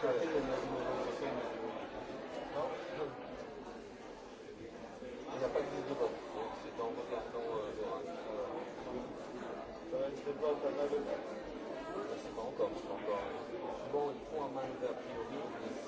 Il n'y a pas de de vote, donc c'est en regardant euh, le reste. Euh... Le reste de vote à la Je ne sais pas encore, je sais encore. Bon, il faut un mandat a priori, mais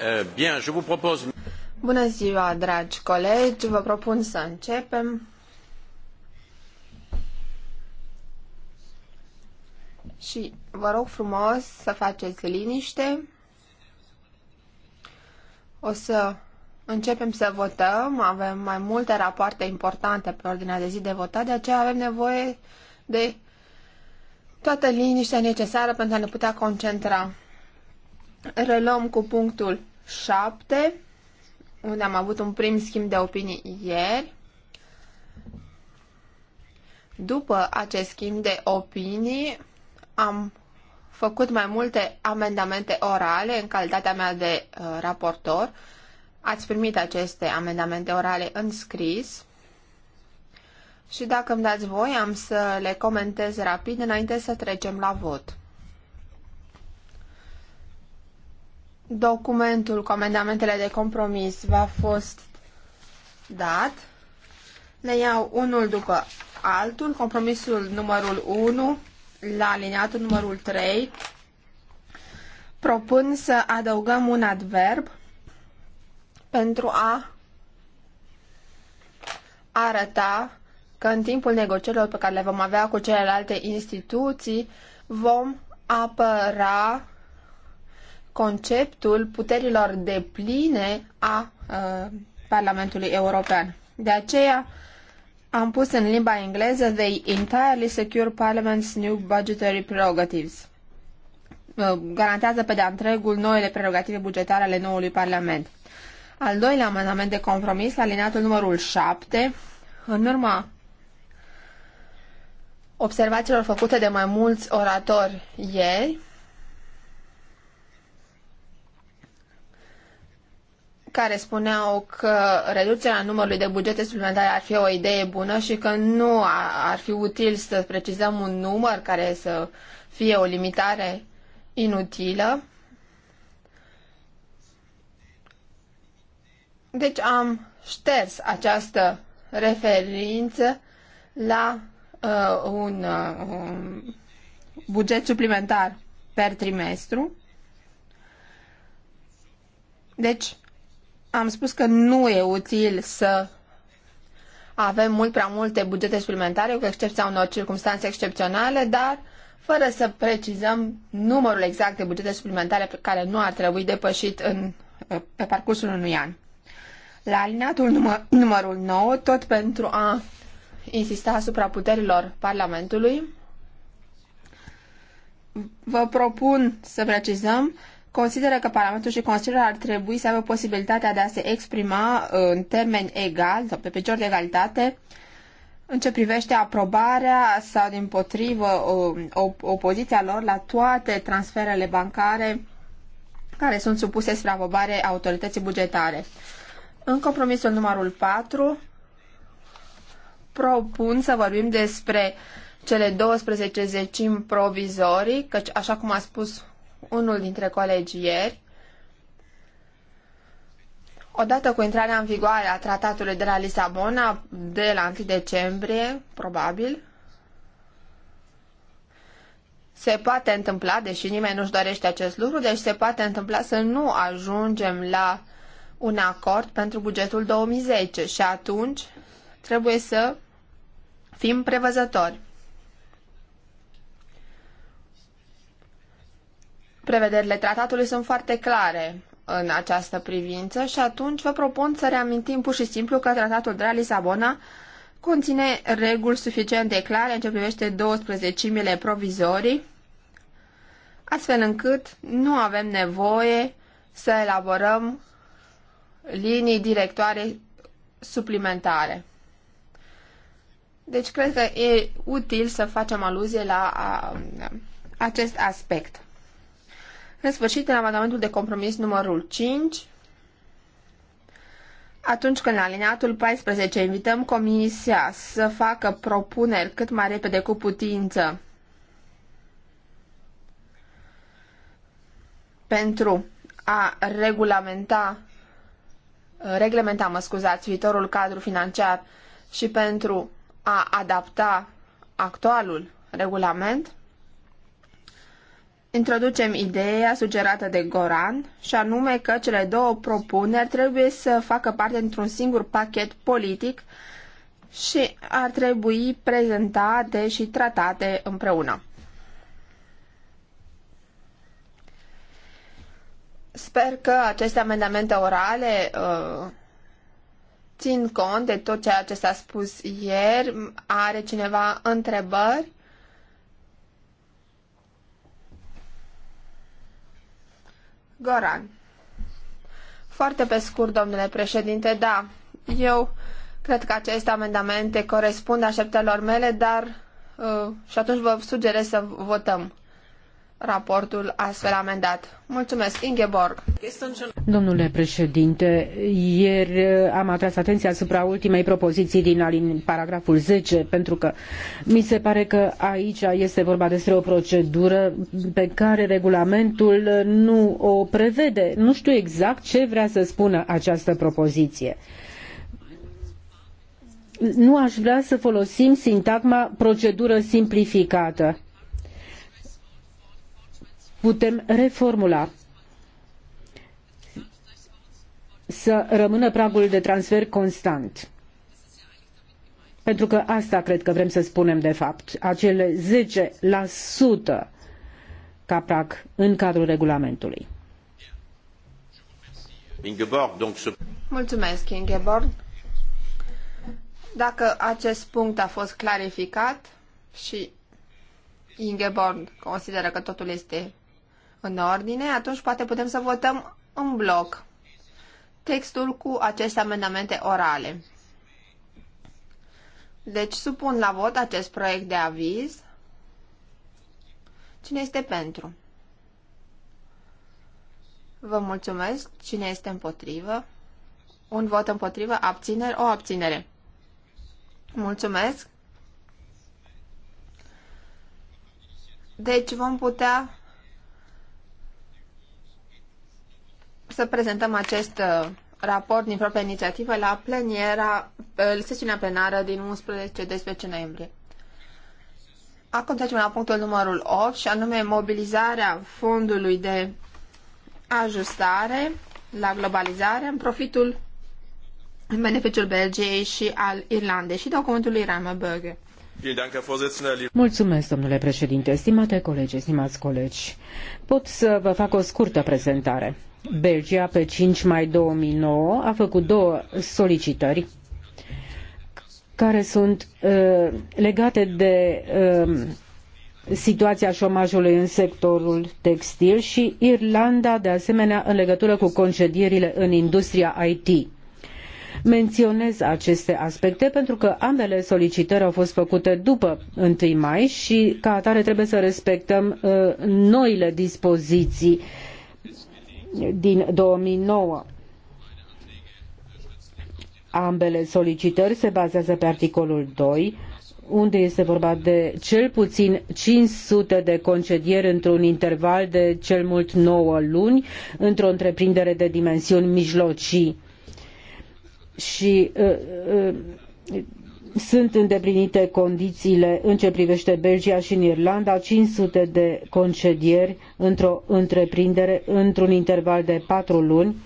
Eh, bien, je vous propose... Bună ziua, dragi colegi, vă propun să începem. Și vă rog frumos să faceți liniște. O să începem să votăm. Avem mai multe rapoarte importante pe ordinea de zi de votat, de aceea avem nevoie de toată liniștea necesară pentru a ne putea concentra. Reluăm cu punctul 7, unde am avut un prim schimb de opinii ieri. După acest schimb de opinii, am făcut mai multe amendamente orale în calitatea mea de uh, raportor. Ați primit aceste amendamente orale în scris și dacă îmi dați voi am să le comentez rapid înainte să trecem la vot. Documentul cu amendamentele de compromis va fost dat. Ne iau unul după altul, compromisul numărul 1 la alineatul numărul 3. Propun să adăugăm un adverb pentru a arăta că în timpul negocierilor pe care le vom avea cu celelalte instituții vom apăra conceptul puterilor de pline a uh, Parlamentului European. De aceea am pus în limba engleză The Entirely Secure Parliament's New Budgetary Prerogatives. Uh, garantează pe de-a întregul noile prerogative bugetare ale noului Parlament. Al doilea amendament de compromis, alineatul numărul 7, în urma observațiilor făcute de mai mulți oratori ieri, care spuneau că reducerea numărului de bugete suplimentare ar fi o idee bună și că nu ar fi util să precizăm un număr care să fie o limitare inutilă. Deci am șters această referință la uh, un uh, buget suplimentar per trimestru. Deci, am spus că nu e util să avem mult prea multe bugete suplimentare, cu excepția unor circunstanțe excepționale, dar fără să precizăm numărul exact de bugete suplimentare pe care nu ar trebui depășit în, pe parcursul unui an. La alineatul număr, numărul 9, tot pentru a insista asupra puterilor Parlamentului, vă propun să precizăm consideră că Parlamentul și Consiliul ar trebui să aibă posibilitatea de a se exprima uh, în termeni egal sau pe picior de egalitate în ce privește aprobarea sau din potrivă opoziția lor la toate transferele bancare care sunt supuse spre aprobare autorității bugetare. În compromisul numărul 4 propun să vorbim despre cele 12 zecimi provizorii, căci așa cum a spus unul dintre colegi ieri, odată cu intrarea în vigoare a tratatului de la Lisabona, de la 1 decembrie, probabil, se poate întâmpla, deși nimeni nu-și dorește acest lucru, deci se poate întâmpla să nu ajungem la un acord pentru bugetul 2010 și atunci trebuie să fim prevăzători. Prevederile tratatului sunt foarte clare în această privință și atunci vă propun să reamintim pur și simplu că tratatul de la Lisabona conține reguli suficient de clare în ce privește 12 provizorii, astfel încât nu avem nevoie să elaborăm linii directoare suplimentare. Deci cred că e util să facem aluzie la a, acest aspect. În sfârșit, în amendamentul de compromis numărul 5, atunci când la alineatul 14 invităm Comisia să facă propuneri cât mai repede cu putință pentru a regulamenta, reglementa, mă scuzați, viitorul cadru financiar și pentru a adapta actualul regulament, introducem ideea sugerată de Goran, și anume că cele două propuneri trebuie să facă parte dintr-un singur pachet politic și ar trebui prezentate și tratate împreună. Sper că aceste amendamente orale uh, țin cont de tot ceea ce s-a spus ieri. Are cineva întrebări? Goran. Foarte pe scurt, domnule președinte, da, eu cred că aceste amendamente corespund așteptărilor mele, dar uh, și atunci vă sugerez să votăm raportul astfel amendat. Mulțumesc, Ingeborg. Domnule președinte, ieri uh, am atras atenția asupra ultimei propoziții din paragraful 10, pentru că mi se pare că aici este vorba despre o procedură pe care regulamentul uh, nu o prevede. Nu știu exact ce vrea să spună această propoziție nu aș vrea să folosim sintagma procedură simplificată putem reformula să rămână pragul de transfer constant. Pentru că asta cred că vrem să spunem de fapt, acele 10% ca prag în cadrul regulamentului. Ingeborg, donc... Mulțumesc, Ingeborg. Dacă acest punct a fost clarificat și Ingeborg consideră că totul este în ordine, atunci poate putem să votăm în bloc textul cu aceste amendamente orale. Deci supun la vot acest proiect de aviz. Cine este pentru? Vă mulțumesc. Cine este împotrivă? Un vot împotrivă, abțineri, o abținere. Mulțumesc. Deci vom putea să prezentăm acest uh, raport din propria inițiativă la pleniera, uh, sesiunea plenară din 11-12 noiembrie. Acum trecem la punctul numărul 8 și anume mobilizarea fondului de ajustare la globalizare în profitul în beneficiul Belgiei și al Irlandei și documentului Rama Böge. Mulțumesc, domnule președinte, stimate colegi, stimați colegi. Pot să vă fac o scurtă prezentare. Belgia pe 5 mai 2009 a făcut două solicitări care sunt uh, legate de uh, situația șomajului în sectorul textil și Irlanda, de asemenea, în legătură cu concedierile în industria IT. Menționez aceste aspecte pentru că ambele solicitări au fost făcute după 1 mai și ca atare trebuie să respectăm uh, noile dispoziții uh, din 2009. Ambele solicitări se bazează pe articolul 2, unde este vorba de cel puțin 500 de concedieri într-un interval de cel mult 9 luni într-o întreprindere de dimensiuni mijlocii. Și uh, uh, sunt îndeplinite condițiile în ce privește Belgia și în Irlanda, 500 de concedieri într-o întreprindere într-un interval de patru luni.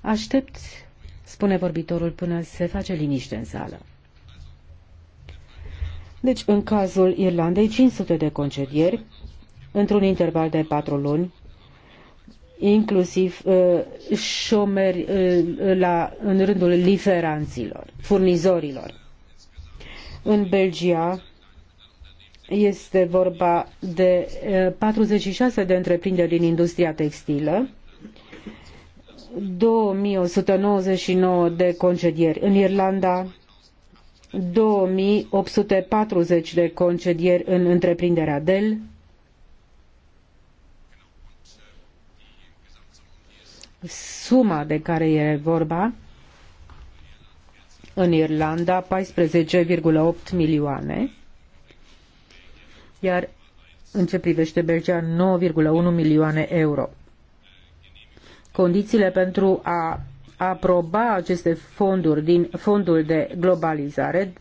Aștept, spune vorbitorul, până se face liniște în sală. Deci, în cazul Irlandei, 500 de concedieri, într-un interval de patru luni, inclusiv uh, șomeri uh, la, în rândul liferanților, furnizorilor. În Belgia este vorba de uh, 46 de întreprinderi din industria textilă, 2199 de concedieri. În Irlanda, 2840 de concedieri în întreprinderea Dell, suma de care e vorba, în Irlanda 14,8 milioane, iar în ce privește Belgia 9,1 milioane euro. Condițiile pentru a aproba aceste fonduri din fondul de globalizare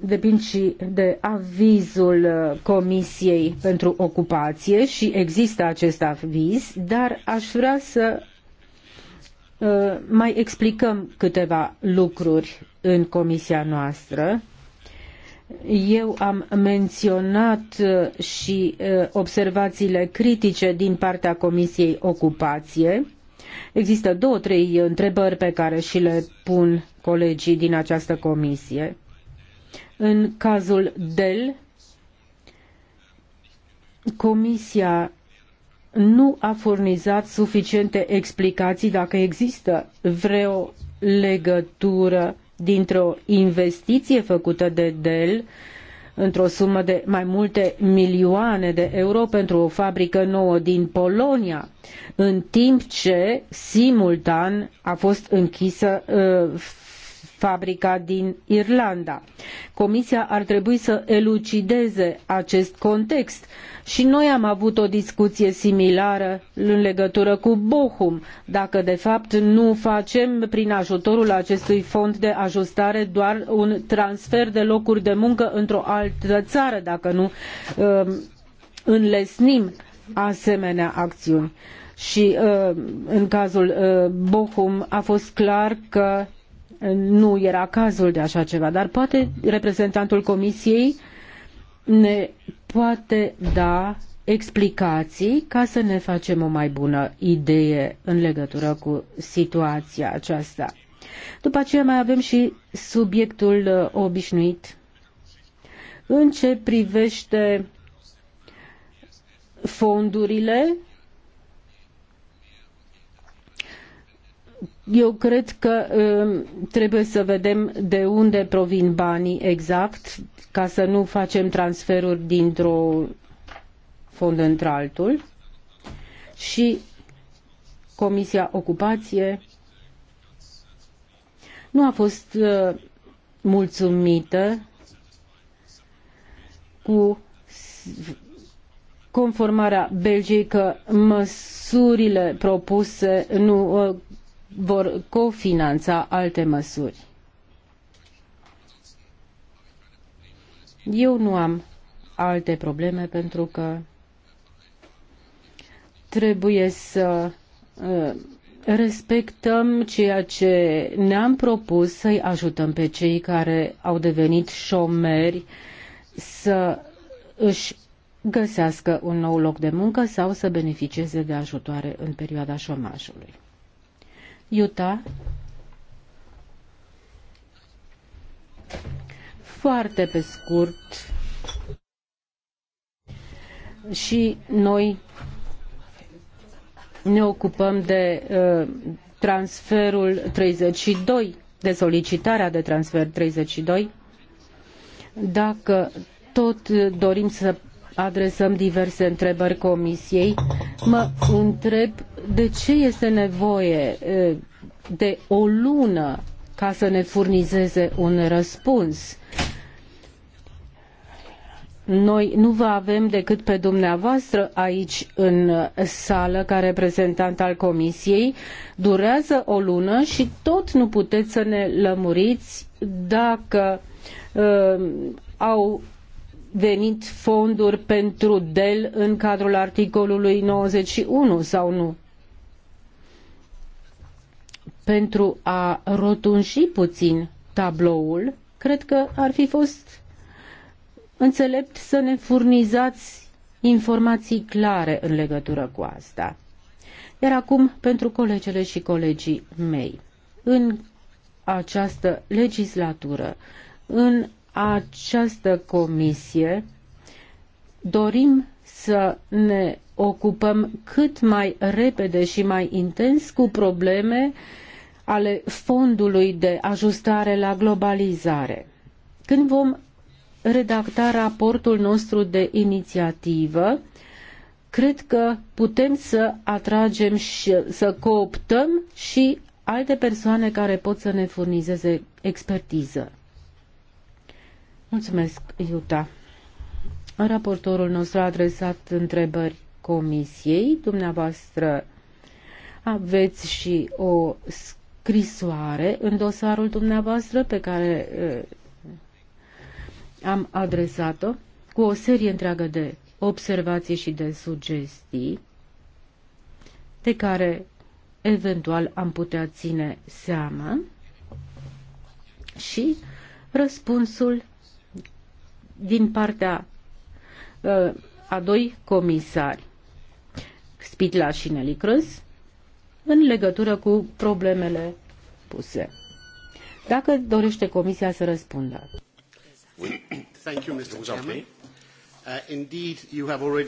depind și de avizul uh, Comisiei pentru Ocupație și există acest aviz, dar aș vrea să uh, mai explicăm câteva lucruri în comisia noastră. Eu am menționat uh, și observațiile critice din partea Comisiei Ocupație. Există două, trei întrebări pe care și le pun colegii din această comisie. În cazul Dell, Comisia nu a furnizat suficiente explicații dacă există vreo legătură dintr-o investiție făcută de Dell într-o sumă de mai multe milioane de euro pentru o fabrică nouă din Polonia, în timp ce simultan a fost închisă uh, fabrica din Irlanda. Comisia ar trebui să elucideze acest context și noi am avut o discuție similară în legătură cu Bochum, dacă de fapt nu facem prin ajutorul acestui fond de ajustare doar un transfer de locuri de muncă într-o altă țară, dacă nu um, înlesnim asemenea acțiuni. Și uh, în cazul uh, Bochum a fost clar că nu era cazul de așa ceva, dar poate reprezentantul Comisiei ne poate da explicații ca să ne facem o mai bună idee în legătură cu situația aceasta. După aceea mai avem și subiectul uh, obișnuit în ce privește fondurile eu cred că um, trebuie să vedem de unde provin banii exact, ca să nu facem transferuri dintr o fond într-altul. Și Comisia Ocupație nu a fost uh, mulțumită cu conformarea Belgiei că măsurile propuse nu uh, vor cofinanța alte măsuri. Eu nu am alte probleme pentru că trebuie să uh, respectăm ceea ce ne-am propus să-i ajutăm pe cei care au devenit șomeri să își găsească un nou loc de muncă sau să beneficieze de ajutoare în perioada șomajului. Utah. Foarte pe scurt. Și noi ne ocupăm de uh, transferul 32, de solicitarea de transfer 32. Dacă tot dorim să adresăm diverse întrebări comisiei, mă întreb de ce este nevoie de o lună ca să ne furnizeze un răspuns? Noi nu vă avem decât pe dumneavoastră aici în sală ca reprezentant al Comisiei. Durează o lună și tot nu puteți să ne lămuriți dacă uh, au venit fonduri pentru DEL în cadrul articolului 91 sau nu pentru a rotunji puțin tabloul, cred că ar fi fost înțelept să ne furnizați informații clare în legătură cu asta. Iar acum pentru colegele și colegii mei. În această legislatură, în această comisie, dorim să ne ocupăm cât mai repede și mai intens cu probleme uh, ale fondului de ajustare la globalizare. Când vom redacta raportul nostru de inițiativă, cred că putem să atragem și să cooptăm și alte persoane care pot să ne furnizeze expertiză. Mulțumesc, Iuta. Raportorul nostru a adresat întrebări comisiei. Dumneavoastră aveți și o scrisoare în dosarul dumneavoastră pe care am adresat-o cu o serie întreagă de observații și de sugestii de care eventual am putea ține seama și răspunsul din partea a doi comisari, Spitla și Nelly în legătură cu problemele puse. Dacă dorește Comisia să răspundă. Uh,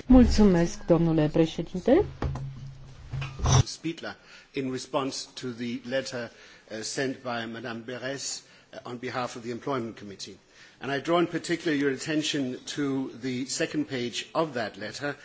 Mulțumesc, domnule președinte. Spiedler, in response to the letter uh, sent by Madame Beres uh, on behalf of the Employment Committee. And I draw in particular your attention to the second page of that letter,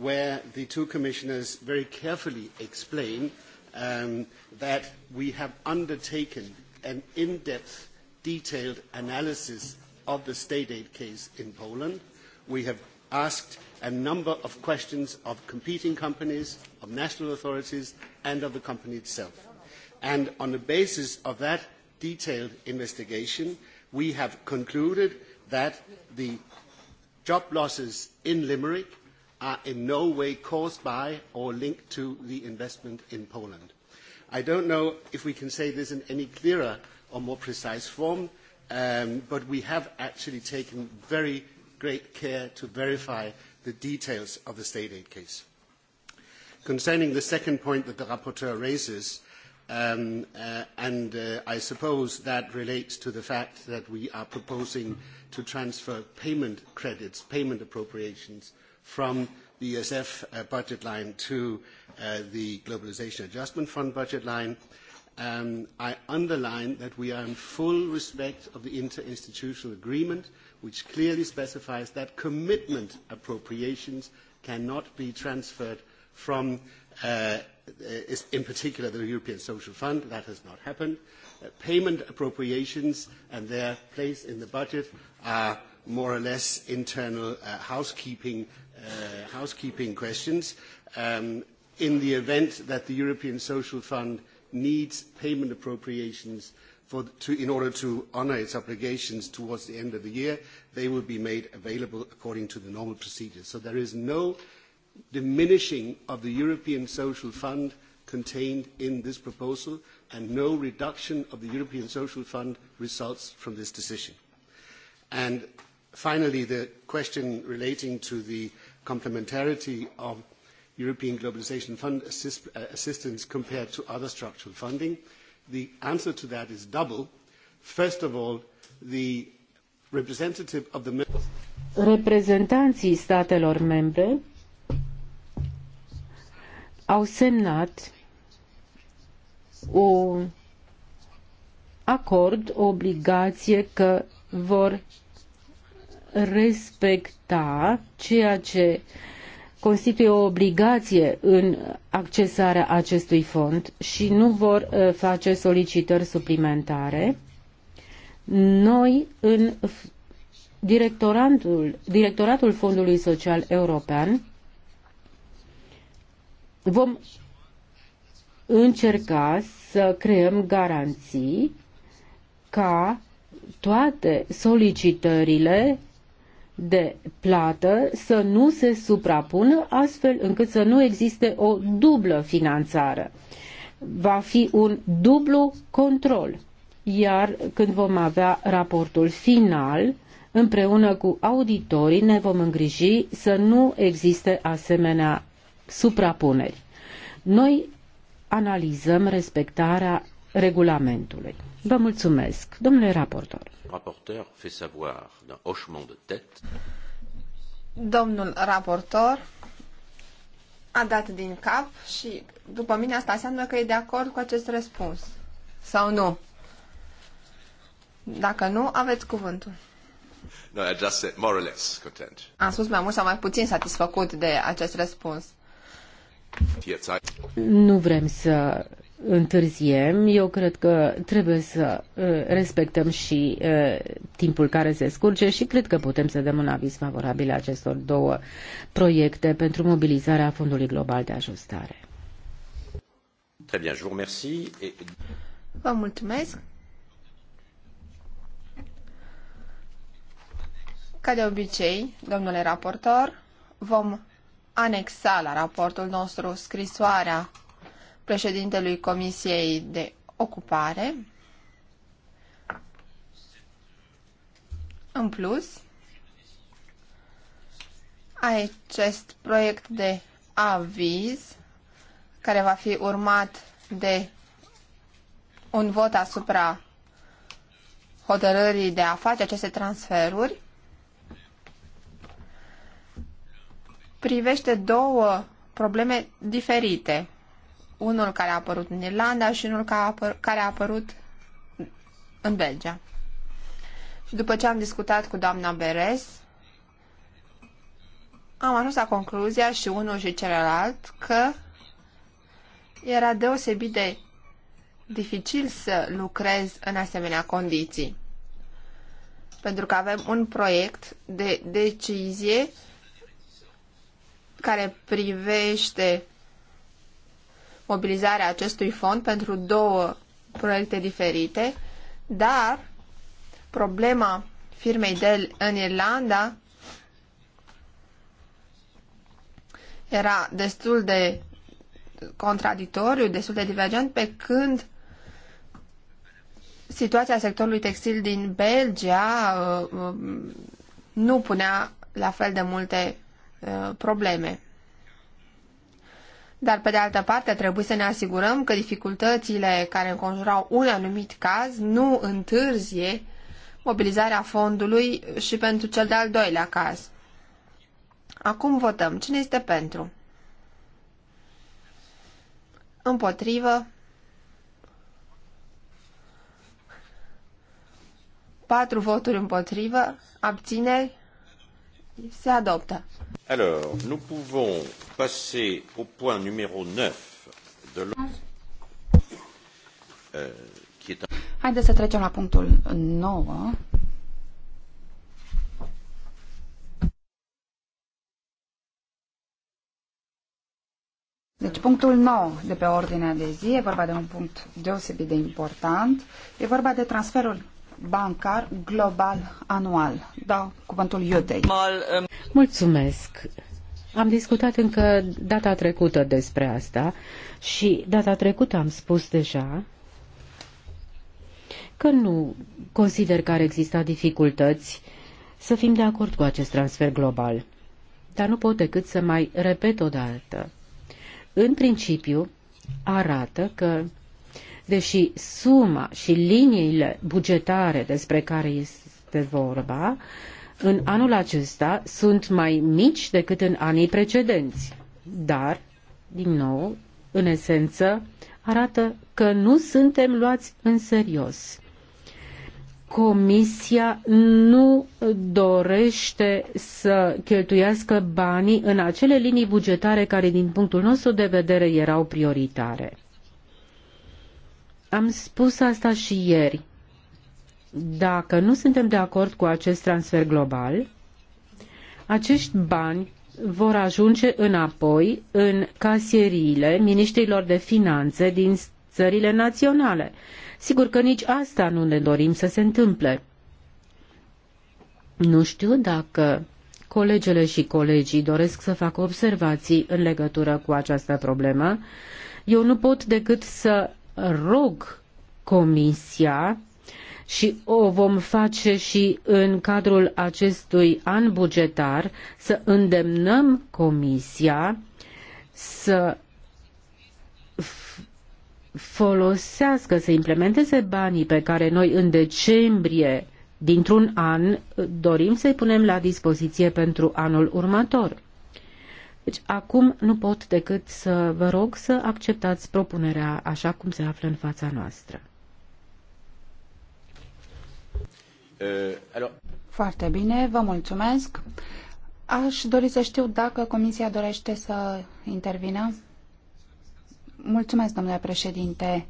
where the two commissioners very carefully explain uh, um, that we have undertaken an in-depth, detailed analysis of the state aid case in Poland. We have asked a number of questions of competing companies, of national authorities, and of the company itself. And on the basis of that detailed investigation, we have concluded that the job losses in Limerick are in no way caused by or linked to the investment in Poland. I don't know if we can say this in any clearer or more precise form, um, but we have actually taken very great care to verify the details of the state aid case. Concerning the second point that the rapporteur raises, um, uh, and uh, I suppose that relates to the fact that we are proposing to transfer payment credits, payment appropriations, from the ESF uh, budget line to uh, the Globalisation Adjustment Fund budget line. Um, I underline that we are in full respect of the interinstitutional agreement, which clearly specifies that commitment appropriations cannot be transferred from, uh, in particular, the European Social Fund. That has not happened. Uh, payment appropriations and their place in the budget are more or less internal uh, housekeeping Uh, housekeeping questions. Um, in the event that the European Social Fund needs payment appropriations for, to, in order to honour its obligations towards the end of the year, they will be made available according to the normal procedures. So there is no diminishing of the European Social Fund contained in this proposal and no reduction of the European Social Fund results from this decision. And finally, the question relating to the complementarity of European Globalisation Fund assist, uh, assistance compared to other structural funding? The answer to that is double. First of all, the representative of the Reprezentanții statelor membre au semnat un acord, o obligație că vor respecta ceea ce constituie o obligație în accesarea acestui fond și nu vor uh, face solicitări suplimentare. Noi, în directoratul, directoratul Fondului Social European, vom încerca să creăm garanții ca toate solicitările de plată să nu se suprapună astfel încât să nu existe o dublă finanțare. Va fi un dublu control. Iar când vom avea raportul final, împreună cu auditorii ne vom îngriji să nu existe asemenea suprapuneri. Noi analizăm respectarea regulamentului. Vă mulțumesc, domnule raportor. Raporteur fait savoir d'un hochement de tête. Domnul raportor a dat din cap și după mine asta înseamnă că e de acord cu acest răspuns. Sau nu? Dacă nu, aveți cuvântul. No, I just said more or less content. Am spus mai mult sau mai puțin satisfăcut de acest răspuns. Nu vrem să întârziem, eu cred că trebuie să uh, respectăm și uh, timpul care se scurge și cred că putem să dăm un aviz favorabil acestor două proiecte pentru mobilizarea Fondului Global de Ajustare. Très bien, je vous remercie. Vă mulțumesc. Ca de obicei, domnule raportor, vom anexa la raportul nostru scrisoarea președintelui Comisiei de Ocupare. În plus, acest proiect de aviz care va fi urmat de un vot asupra hotărârii de a face aceste transferuri privește două probleme diferite unul care a apărut în Irlanda și unul care a apărut în Belgia. Și după ce am discutat cu doamna Beres, am ajuns la concluzia și unul și celălalt că era deosebit de dificil să lucrez în asemenea condiții. Pentru că avem un proiect de decizie care privește mobilizarea acestui fond pentru două proiecte diferite, dar problema firmei Dell în Irlanda era destul de contradictoriu, destul de divergent, pe când situația sectorului textil din Belgia uh, uh, nu punea la fel de multe uh, probleme. Dar, pe de altă parte, trebuie să ne asigurăm că dificultățile care înconjurau un anumit caz nu întârzie mobilizarea fondului și pentru cel de-al doilea caz. Acum votăm. Cine este pentru? Împotrivă. 4 voturi împotrivă. Abțineri. Se adoptă. Alors, nous pouvons passer au point numéro 9 de l'ordre. Euh, Haideți să trecem la punctul 9 Deci punctul 9 de pe ordinea de zi e vorba de un punct deosebit de important. E vorba de transferul bancar global anual. Da, cuvântul Iudei. Um, Mulțumesc. Am discutat încă data trecută despre asta și data trecută am spus deja că nu consider că ar exista dificultăți să fim de acord cu acest transfer global. Dar nu pot decât să mai repet o dată. În principiu, arată că deși suma și liniile bugetare despre care este vorba în anul acesta sunt mai mici decât în anii precedenți. Dar, din nou, în esență, arată că nu suntem luați în serios. Comisia nu dorește să cheltuiască banii în acele linii bugetare care, din punctul nostru de vedere, erau prioritare. Am spus asta și ieri. Dacă nu suntem de acord cu acest transfer global, acești bani vor ajunge înapoi în caseriile ministrilor de finanțe din țările naționale. Sigur că nici asta nu ne dorim să se întâmple. Nu știu dacă colegele și colegii doresc să facă observații în legătură cu această problemă. Eu nu pot decât să rog Comisia și o vom face și în cadrul acestui an bugetar să îndemnăm Comisia să folosească, să implementeze banii pe care noi în decembrie dintr-un an dorim să-i punem la dispoziție pentru anul următor. Deci acum nu pot decât să vă rog să acceptați propunerea așa cum se află în fața noastră. Eh, Foarte bine, vă mulțumesc. Aș dori să știu dacă Comisia dorește să intervină. Mulțumesc, domnule președinte.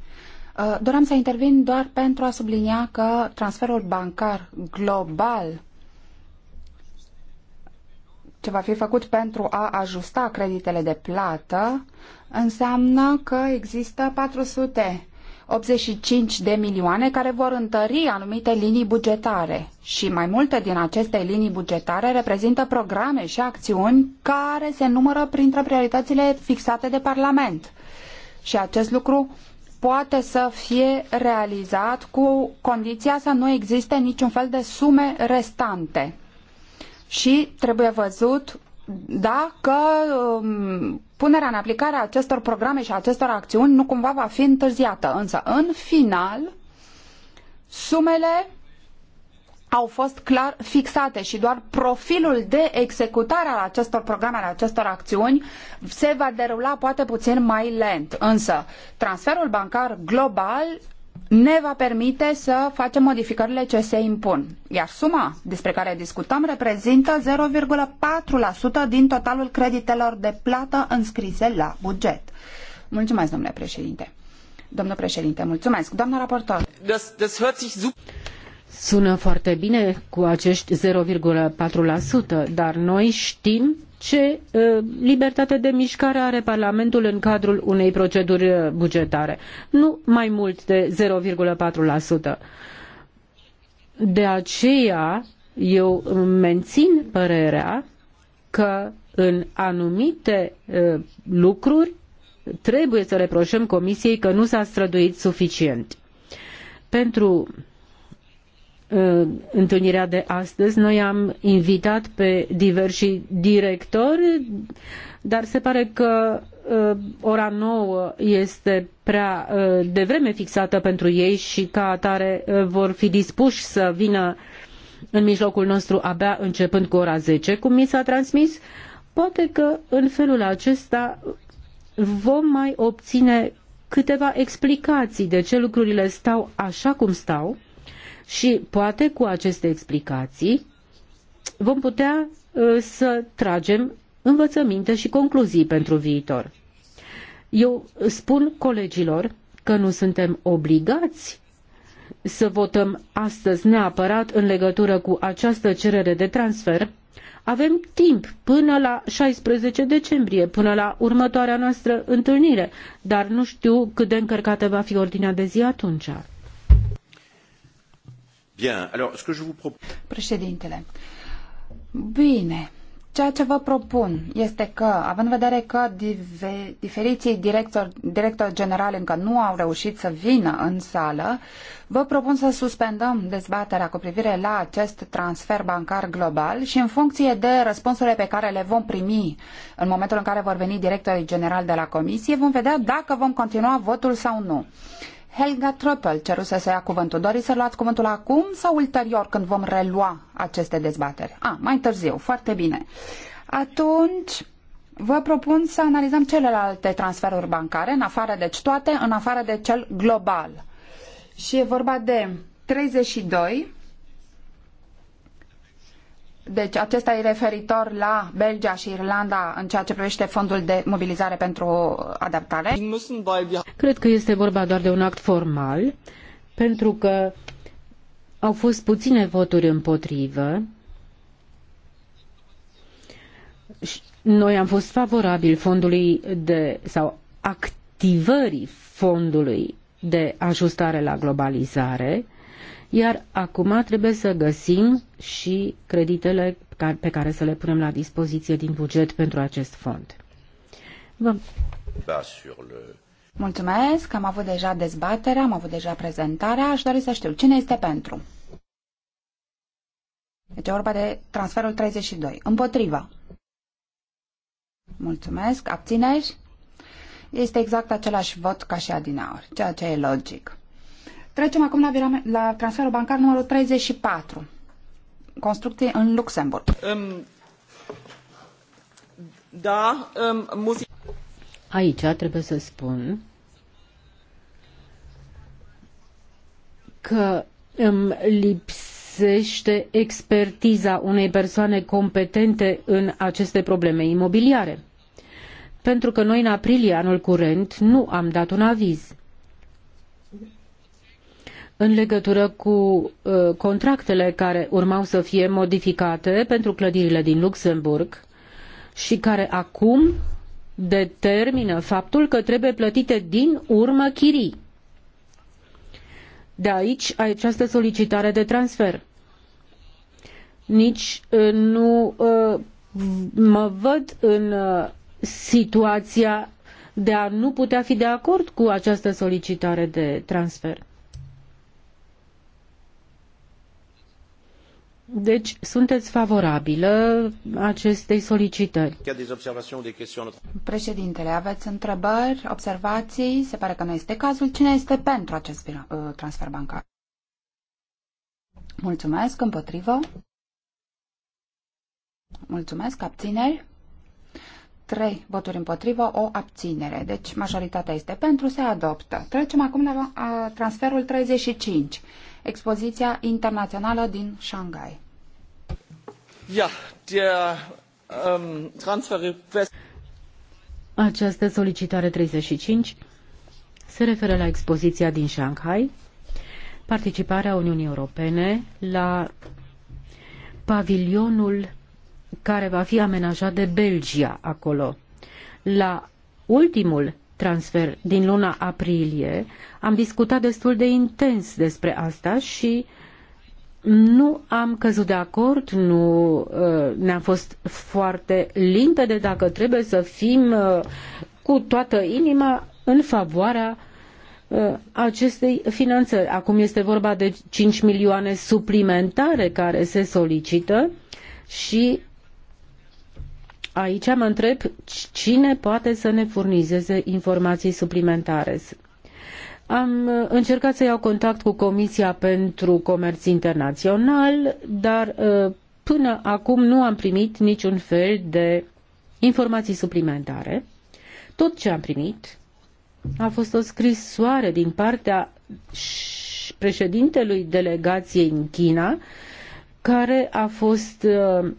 Eh, doream să intervin doar pentru a sublinia că transferul bancar global ce va fi făcut pentru a ajusta creditele de plată înseamnă că există 400 85 de milioane care vor întări anumite linii bugetare și mai multe din aceste linii bugetare reprezintă programe și acțiuni care se numără printre prioritățile fixate de Parlament. Și acest lucru poate să fie realizat cu condiția să nu existe niciun fel de sume restante și trebuie văzut dacă um, punerea în aplicare a acestor programe și a acestor acțiuni nu cumva va fi întârziată. Însă, în final, sumele au fost clar fixate și doar profilul de executare al acestor programe, al acestor acțiuni, se va derula poate puțin mai lent. Însă, transferul bancar global ne va permite să facem modificările ce se impun. Iar suma despre care discutăm reprezintă 0,4% din totalul creditelor de plată înscrise la buget. Mulțumesc, domnule președinte. Domnul președinte, mulțumesc. Doamna raportor. Das, das hört sich super. Sună foarte bine cu acești 0,4%, dar noi știm ce uh, libertate de mișcare are Parlamentul în cadrul unei proceduri uh, bugetare. Nu mai mult de 0,4%. De aceea eu mențin părerea că în anumite uh, lucruri trebuie să reproșăm Comisiei că nu s-a străduit suficient. Pentru Uh, întâlnirea de astăzi. Noi am invitat pe diversi directori, dar se pare că uh, ora 9 este prea uh, devreme fixată pentru ei și ca atare vor fi dispuși să vină în mijlocul nostru abia începând cu ora 10, cum mi s-a transmis. Poate că în felul acesta vom mai obține câteva explicații de ce lucrurile stau așa cum stau și poate cu aceste explicații vom putea uh, să tragem învățăminte și concluzii pentru viitor. Eu spun colegilor că nu suntem obligați să votăm astăzi neapărat în legătură cu această cerere de transfer, avem timp până la 16 decembrie, până la următoarea noastră întâlnire, dar nu știu cât de încărcată va fi ordinea de zi atunci. Bien, alors, ce que je vous Președintele, bine, ceea ce vă propun este că, având în vedere că dive, diferiții directori, directori generali încă nu au reușit să vină în sală, vă propun să suspendăm dezbaterea cu privire la acest transfer bancar global și în funcție de răspunsurile pe care le vom primi în momentul în care vor veni directorii generali de la comisie, vom vedea dacă vom continua votul sau nu. Helga Tröppel ceruse să ia cuvântul. Doriți să luați cuvântul acum sau ulterior când vom relua aceste dezbateri? A, ah, mai târziu. Foarte bine. Atunci, vă propun să analizăm celelalte transferuri bancare, în afară deci toate, în afară de cel global. Și e vorba de 32, deci acesta e referitor la Belgia și Irlanda în ceea ce privește fondul de mobilizare pentru adaptare. Cred că este vorba doar de un act formal, pentru că au fost puține voturi împotrivă. Noi am fost favorabili fondului de sau activării fondului de ajustare la globalizare iar acum trebuie să găsim și creditele pe care să le punem la dispoziție din buget pentru acest fond. Vă... Da, Mulțumesc, am avut deja dezbaterea, am avut deja prezentarea. Aș dori să știu cine este pentru. Deci e vorba de transferul 32. Împotriva. Mulțumesc. Abțineri? Este exact același vot ca și adinaur, ceea ce e logic. Trecem acum la, virame, la transferul bancar numărul 34, construcție în Luxemburg. Um, da, um, muzic... Aici trebuie să spun că îmi lipsește expertiza unei persoane competente în aceste probleme imobiliare. Pentru că noi în aprilie anul curent nu am dat un aviz în legătură cu uh, contractele care urmau să fie modificate pentru clădirile din Luxemburg și care acum determină faptul că trebuie plătite din urmă chirii. De aici această solicitare de transfer. Nici uh, nu uh, mă văd în situația de a nu putea fi de acord cu această solicitare de transfer. Deci, sunteți favorabilă acestei solicitări? Președintele, aveți întrebări, observații? Se pare că nu este cazul. Cine este pentru acest uh, transfer bancar? Mulțumesc, împotrivă. Mulțumesc, abțineri. 3 voturi împotrivă, o abținere. Deci majoritatea este pentru, se adoptă. Trecem acum la uh, transferul 35, expoziția internațională din Shanghai. Ja, der um, transfer request... Această solicitare 35 se referă la expoziția din Shanghai, participarea Uniunii Europene la pavilionul care va fi amenajat de Belgia acolo. La ultimul transfer din luna aprilie am discutat destul de intens despre asta și nu am căzut de acord, nu uh, ne-am fost foarte de dacă trebuie să fim uh, cu toată inima în favoarea uh, acestei finanțări. Acum este vorba de 5 milioane suplimentare care se solicită și aici mă întreb cine poate să ne furnizeze informații suplimentare. Am uh, încercat să iau contact cu Comisia pentru Comerț Internațional, dar uh, până acum nu am primit niciun fel de informații suplimentare. Tot ce am primit a fost o scrisoare din partea președintelui delegației în China, care a fost uh,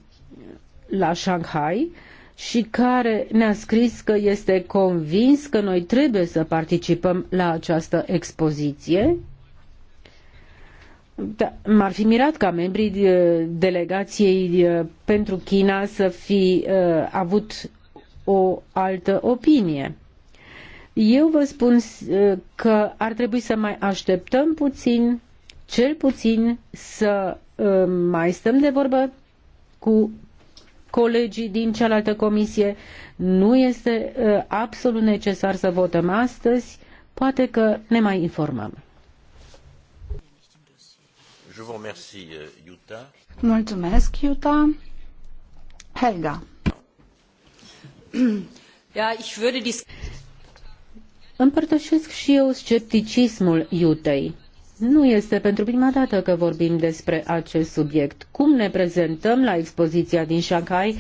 la Shanghai și care ne-a scris că este convins că noi trebuie să participăm la această expoziție. Da, m-ar fi mirat ca membrii uh, delegației uh, pentru China să fi uh, avut o altă opinie. Eu vă spun că ar trebui să mai așteptăm puțin, cel puțin să mai stăm de vorbă cu colegii din cealaltă comisie. Nu este uh, absolut necesar să votăm astăzi, poate că ne mai informăm. Uh, Mulțumesc, Iuta. Helga. Ja, ich würde dies... Împărtășesc și eu scepticismul Iutei nu este pentru prima dată că vorbim despre acest subiect. Cum ne prezentăm la expoziția din Shanghai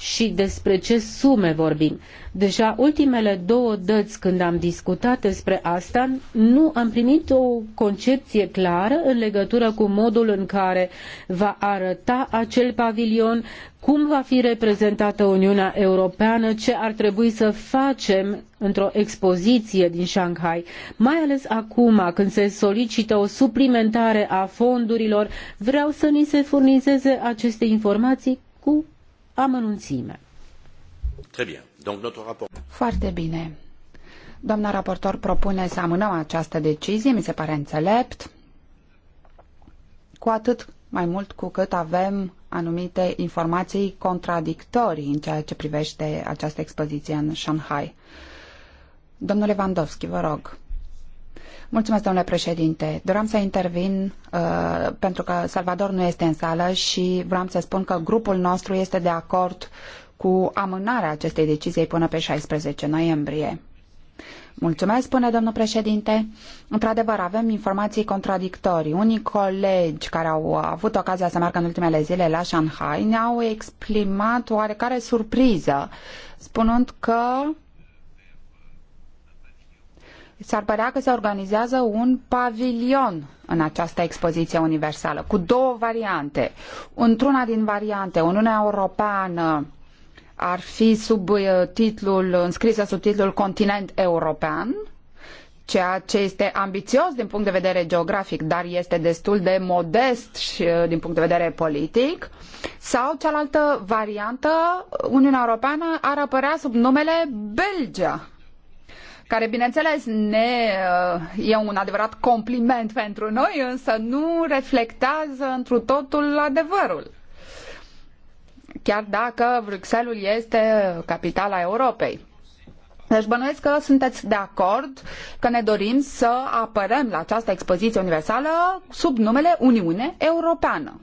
și despre ce sume vorbim. Deja ultimele două dăți când am discutat despre asta, nu am primit o concepție clară în legătură cu modul în care va arăta acel pavilion, cum va fi reprezentată Uniunea Europeană, ce ar trebui să facem într-o expoziție din Shanghai, mai ales acum când se solicită o suplimentare a fondurilor, vreau să ni se furnizeze aceste informații cu amănunțime. Foarte bine. Doamna raportor propune să amânăm această decizie, mi se pare înțelept, cu atât mai mult cu cât avem anumite informații contradictorii în ceea ce privește această expoziție în Shanghai. Domnule Vandovski, vă rog. Mulțumesc, domnule președinte. Doream să intervin uh, pentru că Salvador nu este în sală și vreau să spun că grupul nostru este de acord cu amânarea acestei decizii până pe 16 noiembrie. Mulțumesc, spune domnul președinte. Într-adevăr, avem informații contradictorii. Unii colegi care au avut ocazia să meargă în ultimele zile la Shanghai ne-au exprimat oarecare surpriză, spunând că s-ar părea că se organizează un pavilion în această expoziție universală, cu două variante. Într-una din variante, Uniunea Europeană ar fi sub uh, titlul, înscrisă sub titlul Continent European, ceea ce este ambițios din punct de vedere geografic, dar este destul de modest și uh, din punct de vedere politic, sau cealaltă variantă, Uniunea Europeană ar apărea sub numele Belgia care, bineînțeles, ne, uh, e un adevărat compliment pentru noi, însă nu reflectează întru totul adevărul. Chiar dacă Bruxelles este capitala Europei. Deci bănuiesc că sunteți de acord că ne dorim să apărăm la această expoziție universală sub numele Uniune Europeană.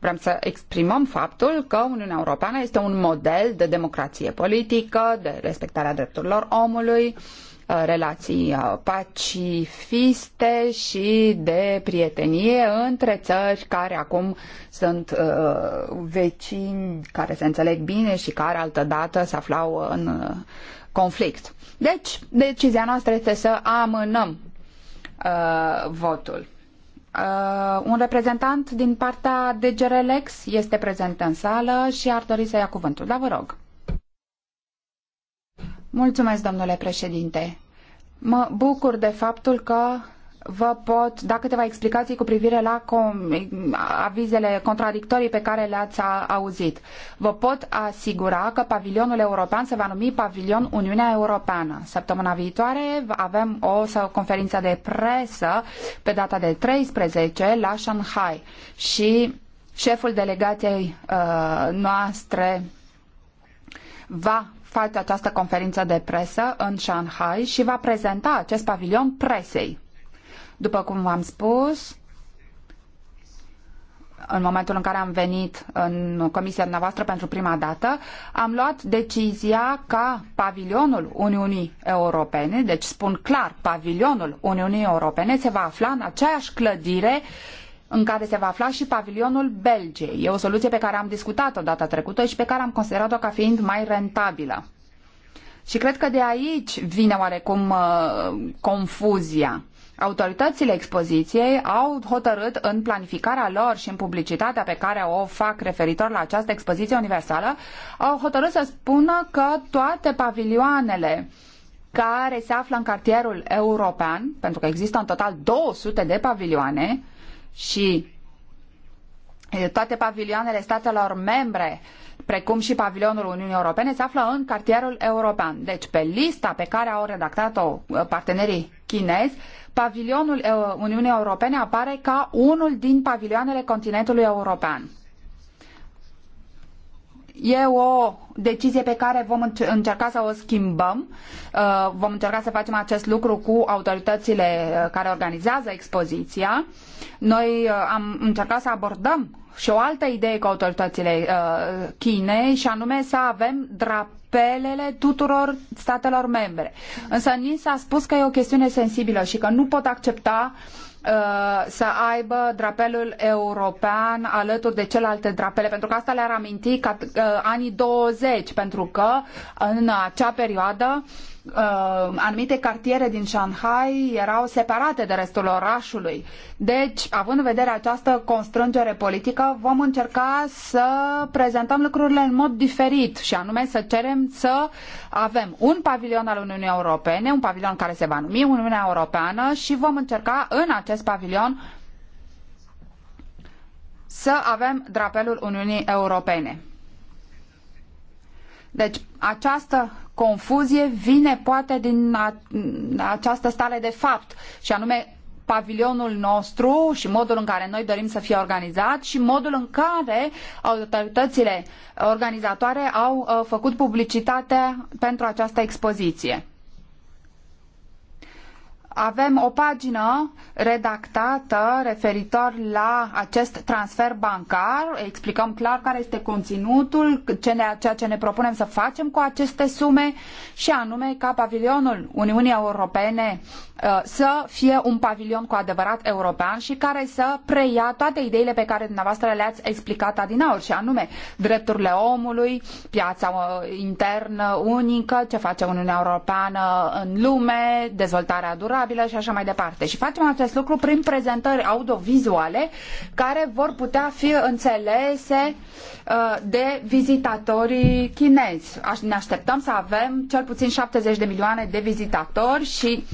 Vrem să exprimăm faptul că Uniunea Europeană este un model de democrație politică, de respectarea drepturilor omului, uh, relații uh, pacifiste și de prietenie între țări care acum sunt uh, vecini, care se înțeleg bine și care altădată se aflau în conflict. Deci, decizia noastră este să amânăm uh, votul. Uh, un reprezentant din partea de Gerelex este prezent în sală și ar dori să ia cuvântul. Da, vă rog. Mulțumesc, domnule președinte. Mă bucur de faptul că vă pot da câteva explicații cu privire la com avizele contradictorii pe care le-ați auzit. Vă pot asigura că pavilionul european se va numi Pavilion Uniunea Europeană. Săptămâna viitoare avem o conferință de presă pe data de 13 la Shanghai și șeful delegației uh, noastre va face această conferință de presă în Shanghai și va prezenta acest pavilion presei. După cum v-am spus, în momentul în care am venit în comisia dumneavoastră pentru prima dată, am luat decizia ca pavilionul Uniunii Europene, deci spun clar, pavilionul Uniunii Europene se va afla în aceeași clădire în care se va afla și pavilionul Belgiei. E o soluție pe care am discutat-o data trecută și pe care am considerat-o ca fiind mai rentabilă. Și cred că de aici vine oarecum uh, confuzia autoritățile expoziției au hotărât în planificarea lor și în publicitatea pe care o fac referitor la această expoziție universală, au hotărât să spună că toate pavilioanele care se află în cartierul european, pentru că există în total 200 de pavilioane și toate pavilioanele statelor membre uh, precum și pavilionul Uniunii Europene, se află în cartierul european. Deci, pe lista pe care au redactat-o uh, partenerii chinezi, pavilionul uh, Uniunii Europene apare ca unul din pavilioanele continentului european. E o decizie pe care vom încerca să o schimbăm. Uh, vom încerca să facem acest lucru cu autoritățile care organizează expoziția. Noi am încercat să abordăm și o altă idee cu autoritățile uh, Chinei și anume să avem drapelele tuturor statelor membre. Însă ni s-a spus că e o chestiune sensibilă și că nu pot accepta uh, să aibă drapelul european alături de celelalte drapele, pentru că asta le-ar aminti ca uh, anii 20, pentru că în acea perioadă uh, Uh, anumite cartiere din Shanghai erau separate de restul orașului. Deci, având în vedere această constrângere politică, vom încerca să prezentăm lucrurile în mod diferit și anume să cerem să avem un pavilion al Uniunii Europene, un pavilion care se va numi Uniunea Europeană și vom încerca în acest pavilion să avem drapelul Uniunii Europene. Deci această confuzie vine poate din această stare de fapt și anume pavilionul nostru și modul în care noi dorim să fie organizat și modul în care autoritățile organizatoare au uh, făcut publicitate pentru această expoziție avem o pagină redactată referitor la acest transfer bancar. Explicăm clar care este conținutul, ceea ce ne propunem să facem cu aceste sume și anume ca pavilionul Uniunii Europene uh, să fie un pavilion cu adevărat european și care să preia toate ideile pe care dumneavoastră le-ați explicat adinaur și anume drepturile omului, piața uh, internă unică, ce face Uniunea Europeană în lume, dezvoltarea durabilă durabilă și așa mai departe. Și facem acest lucru prin prezentări audiovizuale care vor putea fi înțelese uh, de vizitatorii chinezi. Ne așteptăm să avem cel puțin 70 de milioane de vizitatori și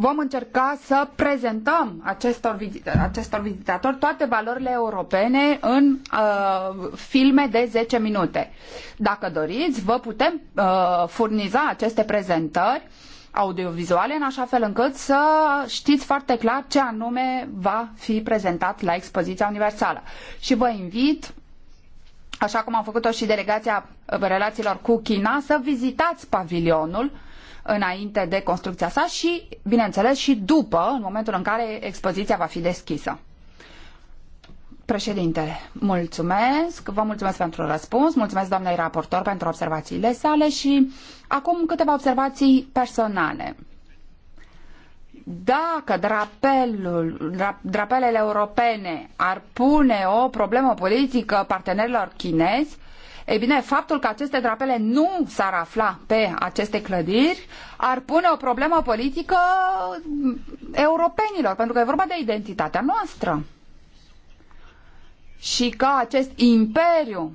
vom încerca să prezentăm acestor, vizita- acestor vizitatori toate valorile europene în uh, filme de 10 minute. Dacă doriți, vă putem uh, furniza aceste prezentări audiovizuale în așa fel încât să știți foarte clar ce anume va fi prezentat la expoziția universală. Și vă invit așa cum a făcut-o și delegația relațiilor cu China, să vizitați pavilionul înainte de construcția sa și, bineînțeles, și după, în momentul în care expoziția va fi deschisă. Președinte, mulțumesc, vă mulțumesc pentru răspuns, mulțumesc doamnei raportor pentru observațiile sale și acum câteva observații personale. Dacă drapelul, drapelele europene ar pune o problemă politică partenerilor chinezi, e bine, faptul că aceste drapele nu s-ar afla pe aceste clădiri ar pune o problemă politică europenilor, pentru că e vorba de identitatea noastră și că acest imperiu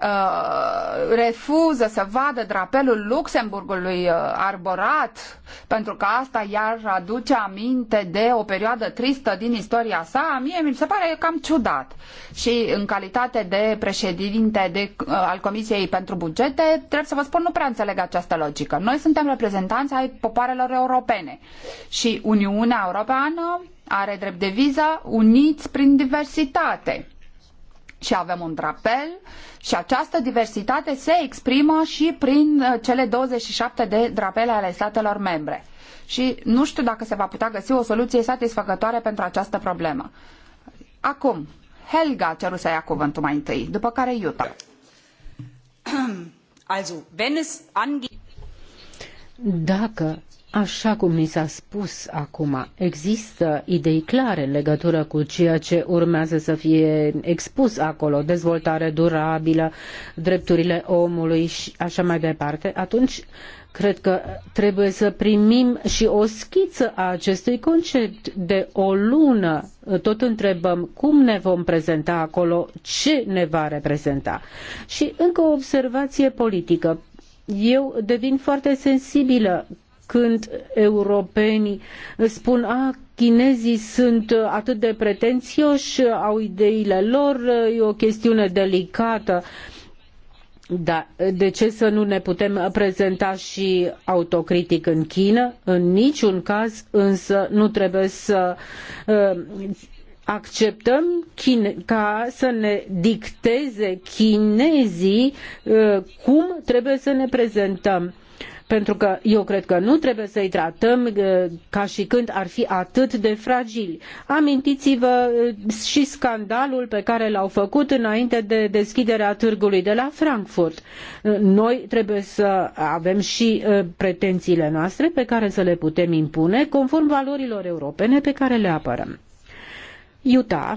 uh, refuză să vadă drapelul Luxemburgului uh, arborat, pentru că asta iar aduce aminte de o perioadă tristă din istoria sa, mie mi se pare cam ciudat. Și în calitate de președinte de, uh, al Comisiei pentru Bugete, trebuie să vă spun, nu prea înțeleg această logică. Noi suntem reprezentanți ai popoarelor europene și Uniunea Europeană are drept de viza uniți prin diversitate. Și avem un drapel și această diversitate se exprimă și prin uh, cele 27 de drapele ale statelor membre. Și nu știu dacă se va putea găsi o soluție satisfăcătoare pentru această problemă. Acum, Helga ceru să ia cuvântul mai întâi, după care Iuta. Also, wenn es ange- Dacă Așa cum ni s-a spus acum, există idei clare în legătură cu ceea ce urmează să fie expus acolo, dezvoltare durabilă, drepturile omului și așa mai departe, atunci cred că trebuie să primim și o schiță a acestui concept de o lună. Tot întrebăm cum ne vom prezenta acolo, ce ne va reprezenta. Și încă o observație politică eu devin foarte sensibilă când europenii spun a, chinezii sunt atât de pretențioși, au ideile lor, e o chestiune delicată. Da, de ce să nu ne putem prezenta și autocritic în China? În niciun caz, însă, nu trebuie să uh, acceptăm ca să ne dicteze chinezii uh, cum trebuie să ne prezentăm pentru că eu cred că nu trebuie să-i tratăm uh, ca și când ar fi atât de fragili. Amintiți-vă uh, și scandalul pe care l-au făcut înainte de deschiderea târgului de la Frankfurt. Uh, noi trebuie să avem și pretențiile noastre pe care să le putem impune conform valorilor europene pe care le apărăm. Utah.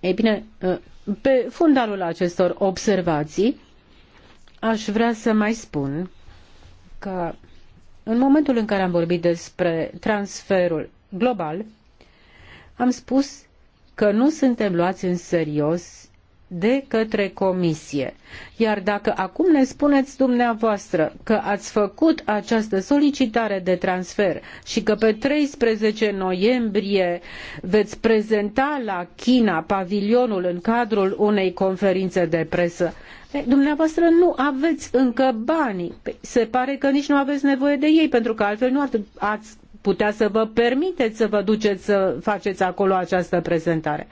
Ei bine, pe fundalul acestor observații, Aș vrea să mai spun că în momentul în care am vorbit despre transferul global, am spus că nu suntem luați în serios de către comisie. Iar dacă acum ne spuneți dumneavoastră că ați făcut această solicitare de transfer și că pe 13 noiembrie veți prezenta la China pavilionul în cadrul unei conferințe de presă, dumneavoastră nu aveți încă banii. Păi, se pare că nici nu aveți nevoie de ei, pentru că altfel nu ați putea să vă permiteți să vă duceți să faceți acolo această prezentare.